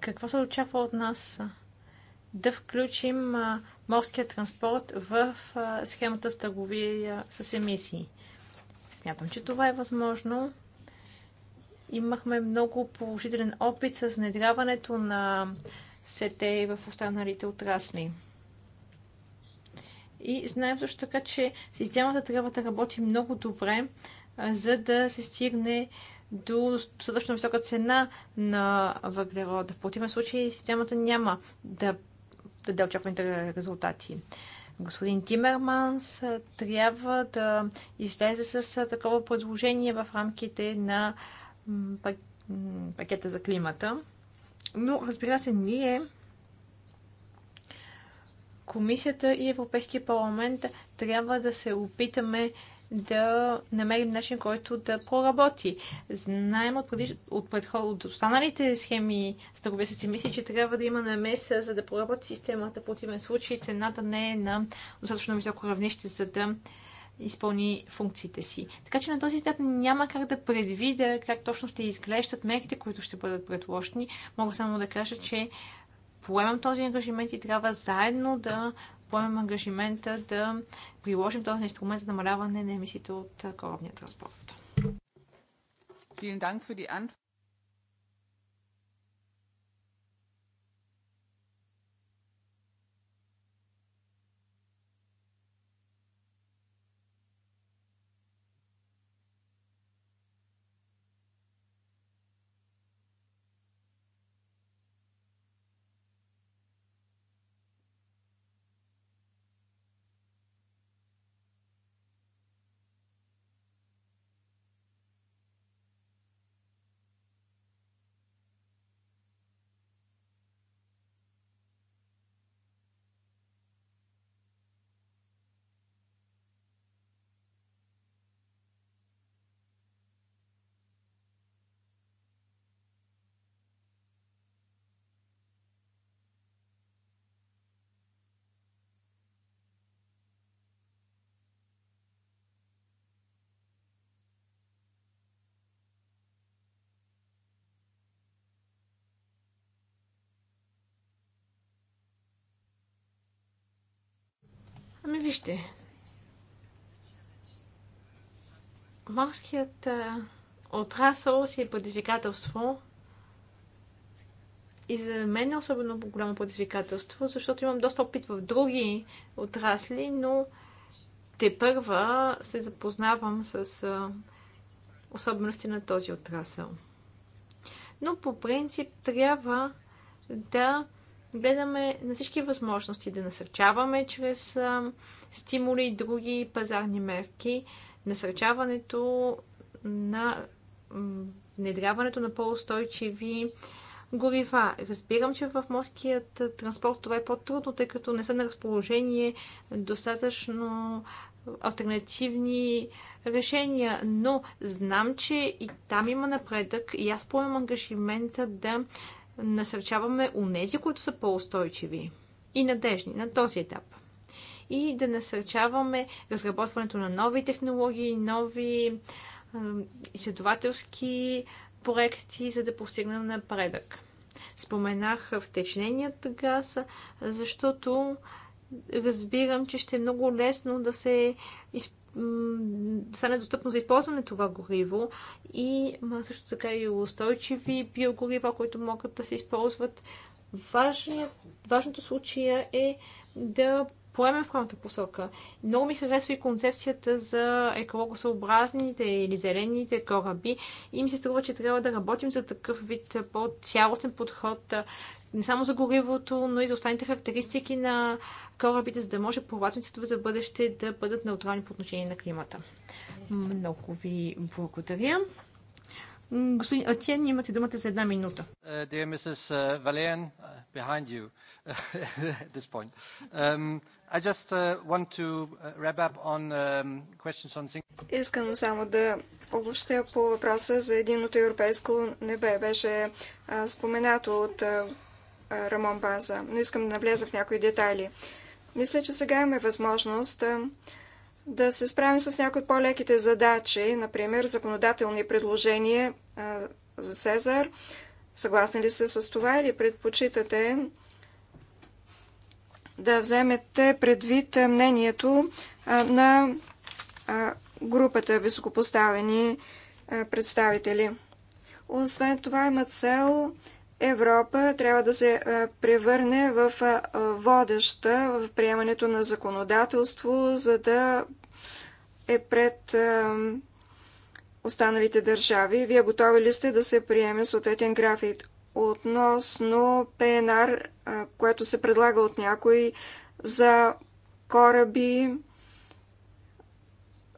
Какво се очаква от нас да включим морския транспорт в схемата с търговия с емисии? Смятам, че това е възможно. Имахме много положителен опит с внедряването на сете в останалите отрасли. И знаем също така, че системата трябва да работи много добре, за да се стигне до достатъчно висока цена на въглерода. В противен случай системата няма да даде очакваните резултати. Господин Тимерманс трябва да излезе с такова предложение в рамките на пакета за климата. Но, разбира се, ние Комисията и Европейския парламент трябва да се опитаме да намерим начин, който да проработи. Знаем от, предиш... от, предход... от останалите схеми с търговия с емисии, че трябва да има намеса, за да проработи системата. В противен случай цената не е на достатъчно високо равнище, за да изпълни функциите си. Така че на този етап няма как да предвидя как точно ще изглеждат мерките, които ще бъдат предложени. Мога само да кажа, че поемам този ангажимент и трябва заедно да поемем ангажимента да приложим този инструмент за намаляване на емисиите от корабния транспорт. Ами вижте. Морският отрасъл си е предизвикателство и за мен е особено голямо предизвикателство, защото имам доста опит в други отрасли, но те първа се запознавам с особености на този отрасъл. Но по принцип трябва да гледаме на всички възможности да насърчаваме чрез стимули и други пазарни мерки, насърчаването на внедряването на по-устойчиви горива. Разбирам, че в морският транспорт това е по-трудно, тъй като не са на разположение достатъчно альтернативни решения, но знам, че и там има напредък и аз поемам ангажимента да насърчаваме унези, които са по-устойчиви и надежни на този етап. И да насърчаваме разработването на нови технологии, нови изследователски проекти, за да постигнем напредък. Споменах втечненият газ, защото разбирам, че ще е много лесно да се използва стане достъпно за използване това гориво и също така и устойчиви биогорива, които могат да се използват. Важният, важното случая е да поемем в правилната посока. Много ми харесва и концепцията за екологосъобразните или зелените кораби и ми се струва, че трябва да работим за такъв вид по-цялостен подход не само за горивото, но и за останалите характеристики на корабите, за да може плавателниците за бъдеще да бъдат неутрални по отношение на климата. Много ви благодаря. Господин Атиен, имате думата за една минута. Uh, dear Mrs. Uh, Valen, uh, behind you at this point. Um, I just uh, want to uh, wrap up on um, questions on Singapore. Искам само да обобщя по въпроса за единото европейско небе. Беше uh, споменато от uh, Рамон База, но искам да навлеза в някои детайли. Мисля, че сега имаме възможност да се справим с някои от по-леките задачи, например законодателни предложения за Сезар. Съгласни ли се с това или предпочитате да вземете предвид мнението на групата високопоставени представители? Освен това има цел Европа трябва да се превърне в водеща в приемането на законодателство, за да е пред останалите държави. Вие готови ли сте да се приеме съответен график относно ПНР, което се предлага от някой за кораби,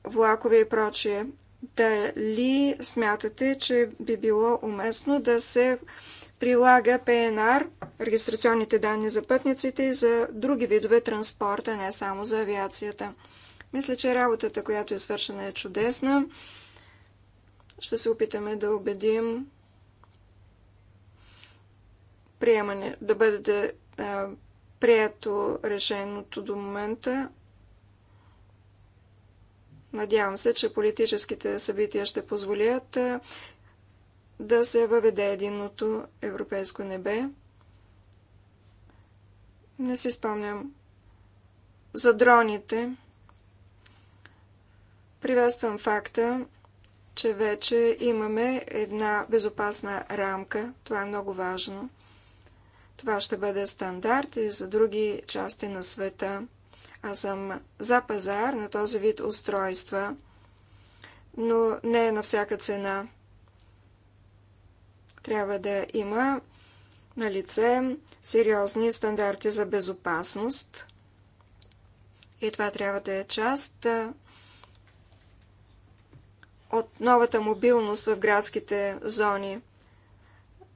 влакове и прочие? Дали смятате, че би било уместно да се прилага ПНР, регистрационните данни за пътниците и за други видове транспорта, не само за авиацията. Мисля, че работата, която е свършена, е чудесна. Ще се опитаме да убедим приемане, да бъде а, прието решеното до момента. Надявам се, че политическите събития ще позволят да се въведе единното европейско небе. Не си спомням за дроните. Приветствам факта, че вече имаме една безопасна рамка. Това е много важно. Това ще бъде стандарт и за други части на света. Аз съм за пазар на този вид устройства, но не на всяка цена – трябва да има на лице сериозни стандарти за безопасност. И това трябва да е част от новата мобилност в градските зони.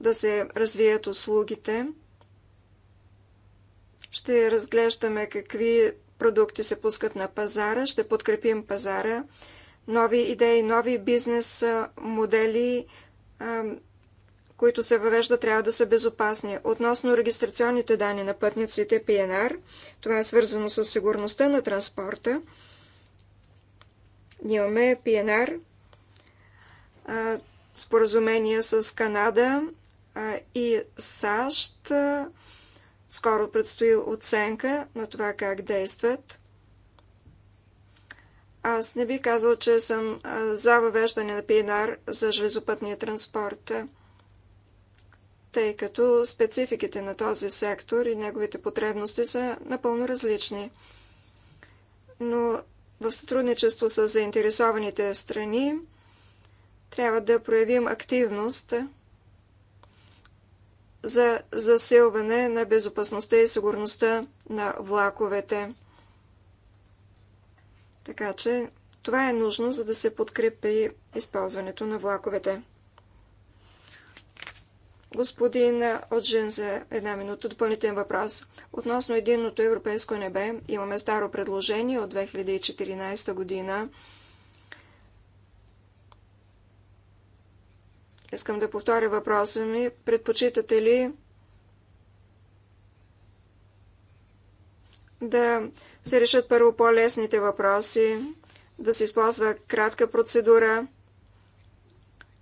Да се развият услугите. Ще разглеждаме какви продукти се пускат на пазара. Ще подкрепим пазара. Нови идеи, нови бизнес модели които се въвеждат, трябва да са безопасни. Относно регистрационните данни на пътниците ПНР, това е свързано с сигурността на транспорта. Ние имаме ПНР, споразумение с Канада и САЩ. Скоро предстои оценка на това как действат. Аз не би казал, че съм за въвеждане на ПНР за железопътния транспорт тъй като спецификите на този сектор и неговите потребности са напълно различни. Но в сътрудничество с заинтересованите страни трябва да проявим активност за засилване на безопасността и сигурността на влаковете. Така че това е нужно, за да се подкрепи използването на влаковете. Господин Оджин за една минута допълнителен въпрос. Относно единното европейско небе имаме старо предложение от 2014 година. Искам да повторя въпроса ми. Предпочитате ли да се решат първо по-лесните въпроси, да се използва кратка процедура,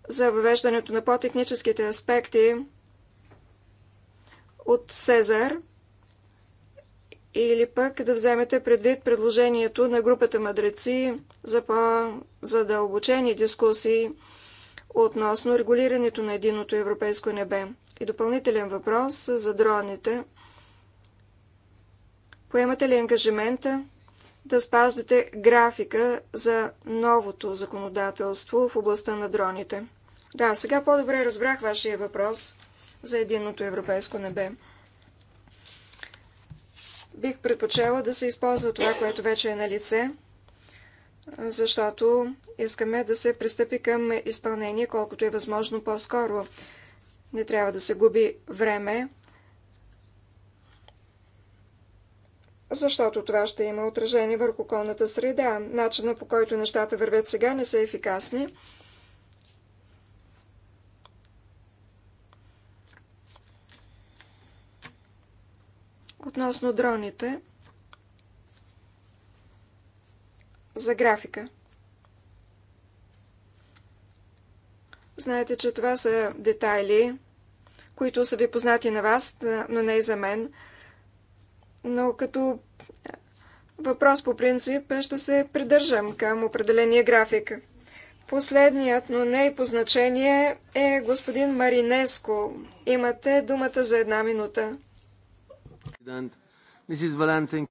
за въвеждането на по-техническите аспекти от Сезар или пък да вземете предвид предложението на групата мъдреци за по-задълбочени дискусии относно регулирането на единото европейско небе. И допълнителен въпрос за дроните. Поемате ли ангажимента да спазвате графика за новото законодателство в областта на дроните. Да, сега по-добре разбрах вашия въпрос за единното европейско небе. Бих предпочела да се използва това, което вече е на лице, защото искаме да се пристъпи към изпълнение колкото е възможно по-скоро. Не трябва да се губи време защото това ще има отражение върху околната среда. Начина по който нещата вървят сега не са ефикасни. Относно дроните, за графика. Знаете, че това са детайли, които са ви познати на вас, но не и за мен – но като въпрос по принцип ще се придържам към определения график. Последният, но не и по значение, е господин Маринеско. Имате думата за една минута. Валентин,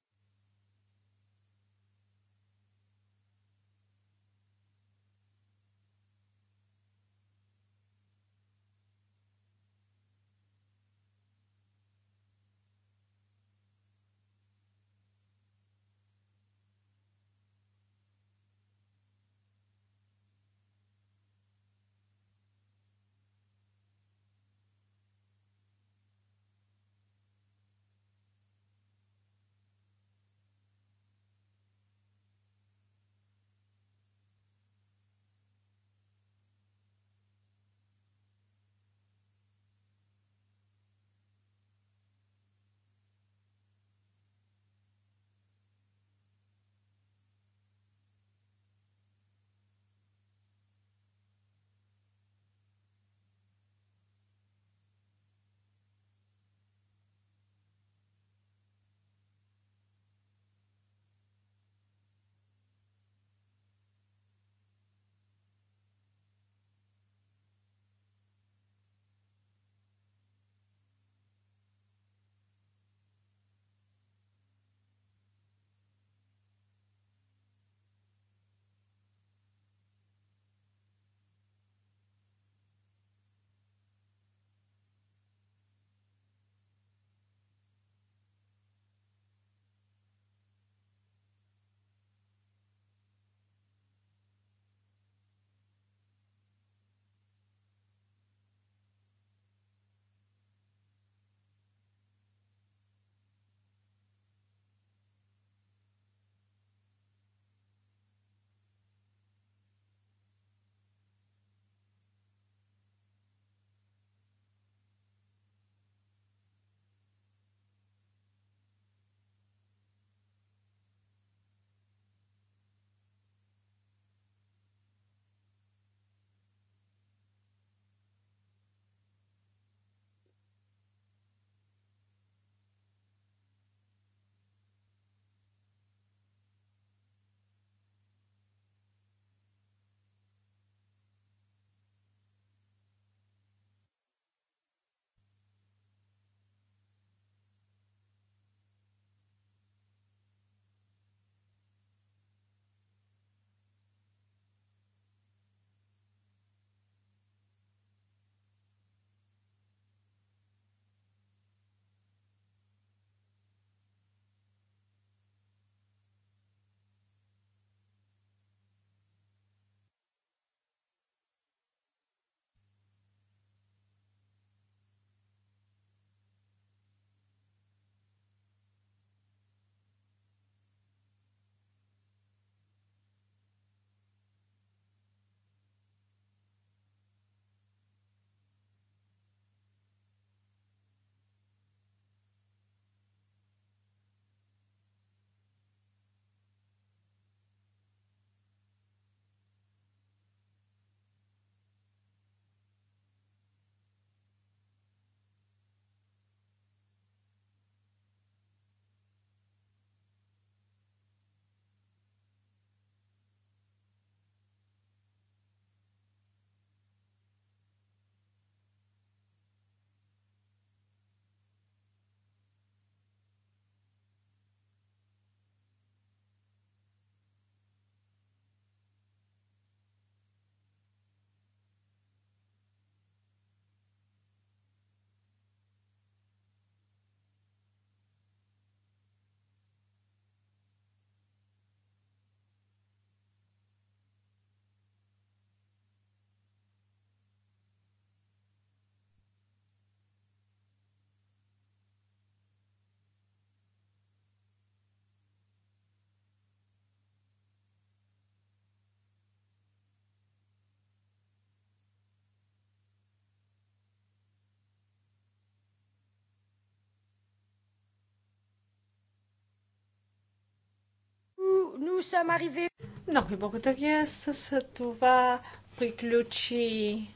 Много ви благодаря. С това приключи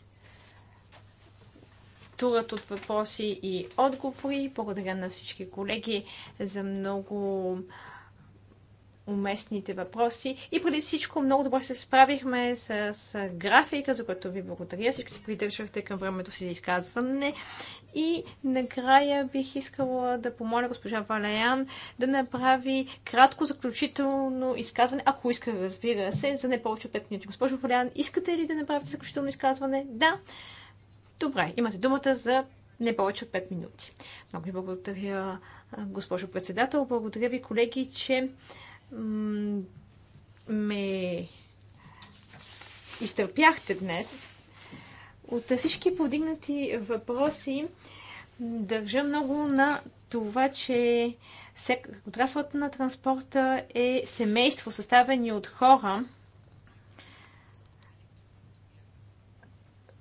турът от въпроси и отговори. Благодаря на всички колеги за много уместните въпроси. И преди всичко много добре се справихме с, графика, за което ви благодаря. Всички се придържахте към времето си за изказване. И накрая бих искала да помоля госпожа Валеян да направи кратко заключително изказване, ако иска, разбира се, за не повече от 5 минути. Госпожо Валеян, искате ли да направите заключително изказване? Да. Добре, имате думата за не повече от 5 минути. Много ви благодаря, госпожо председател. Благодаря ви, колеги, че ме изтърпяхте днес. От всички повдигнати въпроси държа много на това, че отрасълът на транспорта е семейство, съставени от хора,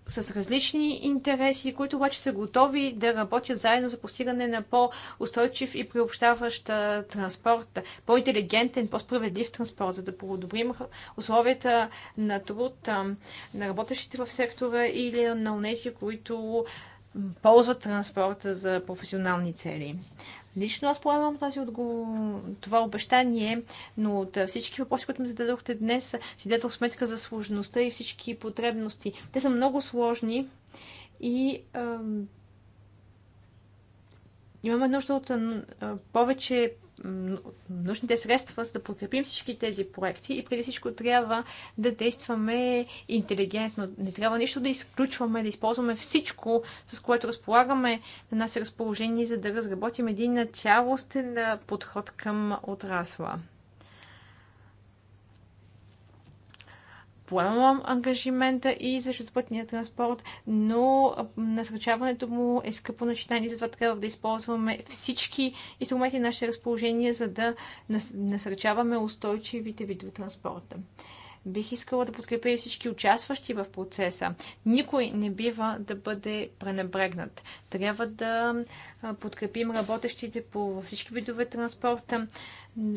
с различни интереси, които обаче са готови да работят заедно за постигане на по-устойчив и приобщаващ транспорт, по-интелигентен, по-справедлив транспорт, за да подобрим условията на труд на работещите в сектора или на унези, които ползват транспорта за професионални цели. Лично аз поемам тази отговор... това обещание, но от всички въпроси, които ми зададохте днес, си дадох сметка за сложността и всички потребности. Те са много сложни и а, имаме нужда от повече нужните средства, за да подкрепим всички тези проекти и преди всичко трябва да действаме интелигентно. Не трябва нищо да изключваме, да използваме всичко, с което разполагаме на нас разположение, за да разработим един цялостен подход към отрасла. поемам ангажимента и за шестопътния транспорт, но насърчаването му е скъпо начинание, затова трябва да използваме всички инструменти на наше разположение, за да насърчаваме устойчивите видове транспорта. Бих искала да подкрепя и всички участващи в процеса. Никой не бива да бъде пренебрегнат. Трябва да подкрепим работещите по всички видове транспорта,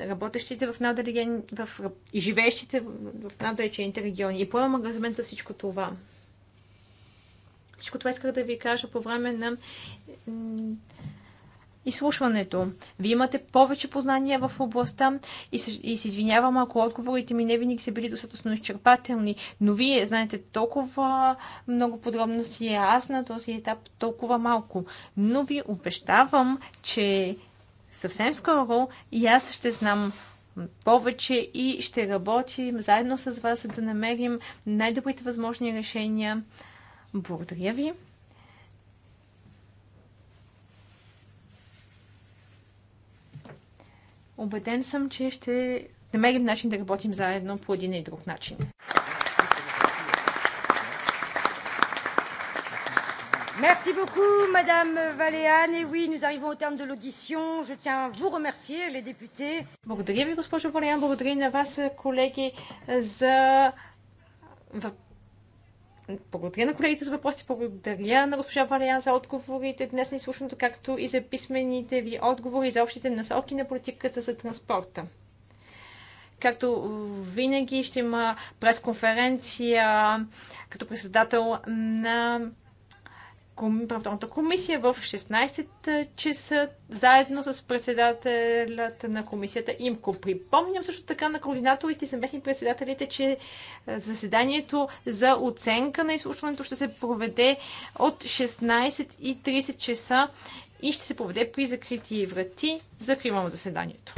работещите в, надалеген, в и живеещите в надалечените региони. И поемам ангажимент за всичко това. Всичко това исках да ви кажа по време на изслушването. Вие имате повече познания в областта и се, и се извинявам, ако отговорите ми не винаги са били достатъчно изчерпателни, но вие знаете толкова много подробности, е аз на този етап толкова малко. Но ви обещавам, че съвсем скоро и аз ще знам повече и ще работим заедно с вас, за да намерим най-добрите възможни решения. Благодаря ви. Обеден съм, че ще намерим начин да работим заедно по един и друг начин. Merci beaucoup, Madame Valéane. Et oui, nous arrivons au terme de l'audition. Je tiens à vous remercier, les députés. Merci, ви, госпожо Валиан. Благодаря и на вас, благодаря на колегите за въпроси, благодаря на госпожа Валиан за отговорите днес на изслушването, както и за писмените ви отговори за общите насоки на политиката за транспорта. Както винаги ще има пресконференция като председател на правителната комисия в 16 часа, заедно с председателят на комисията Имко. Припомням също така на координаторите и съместни председателите, че е, заседанието за оценка на изслушването ще се проведе от 16.30 часа и ще се проведе при закрити врати. Закривам заседанието.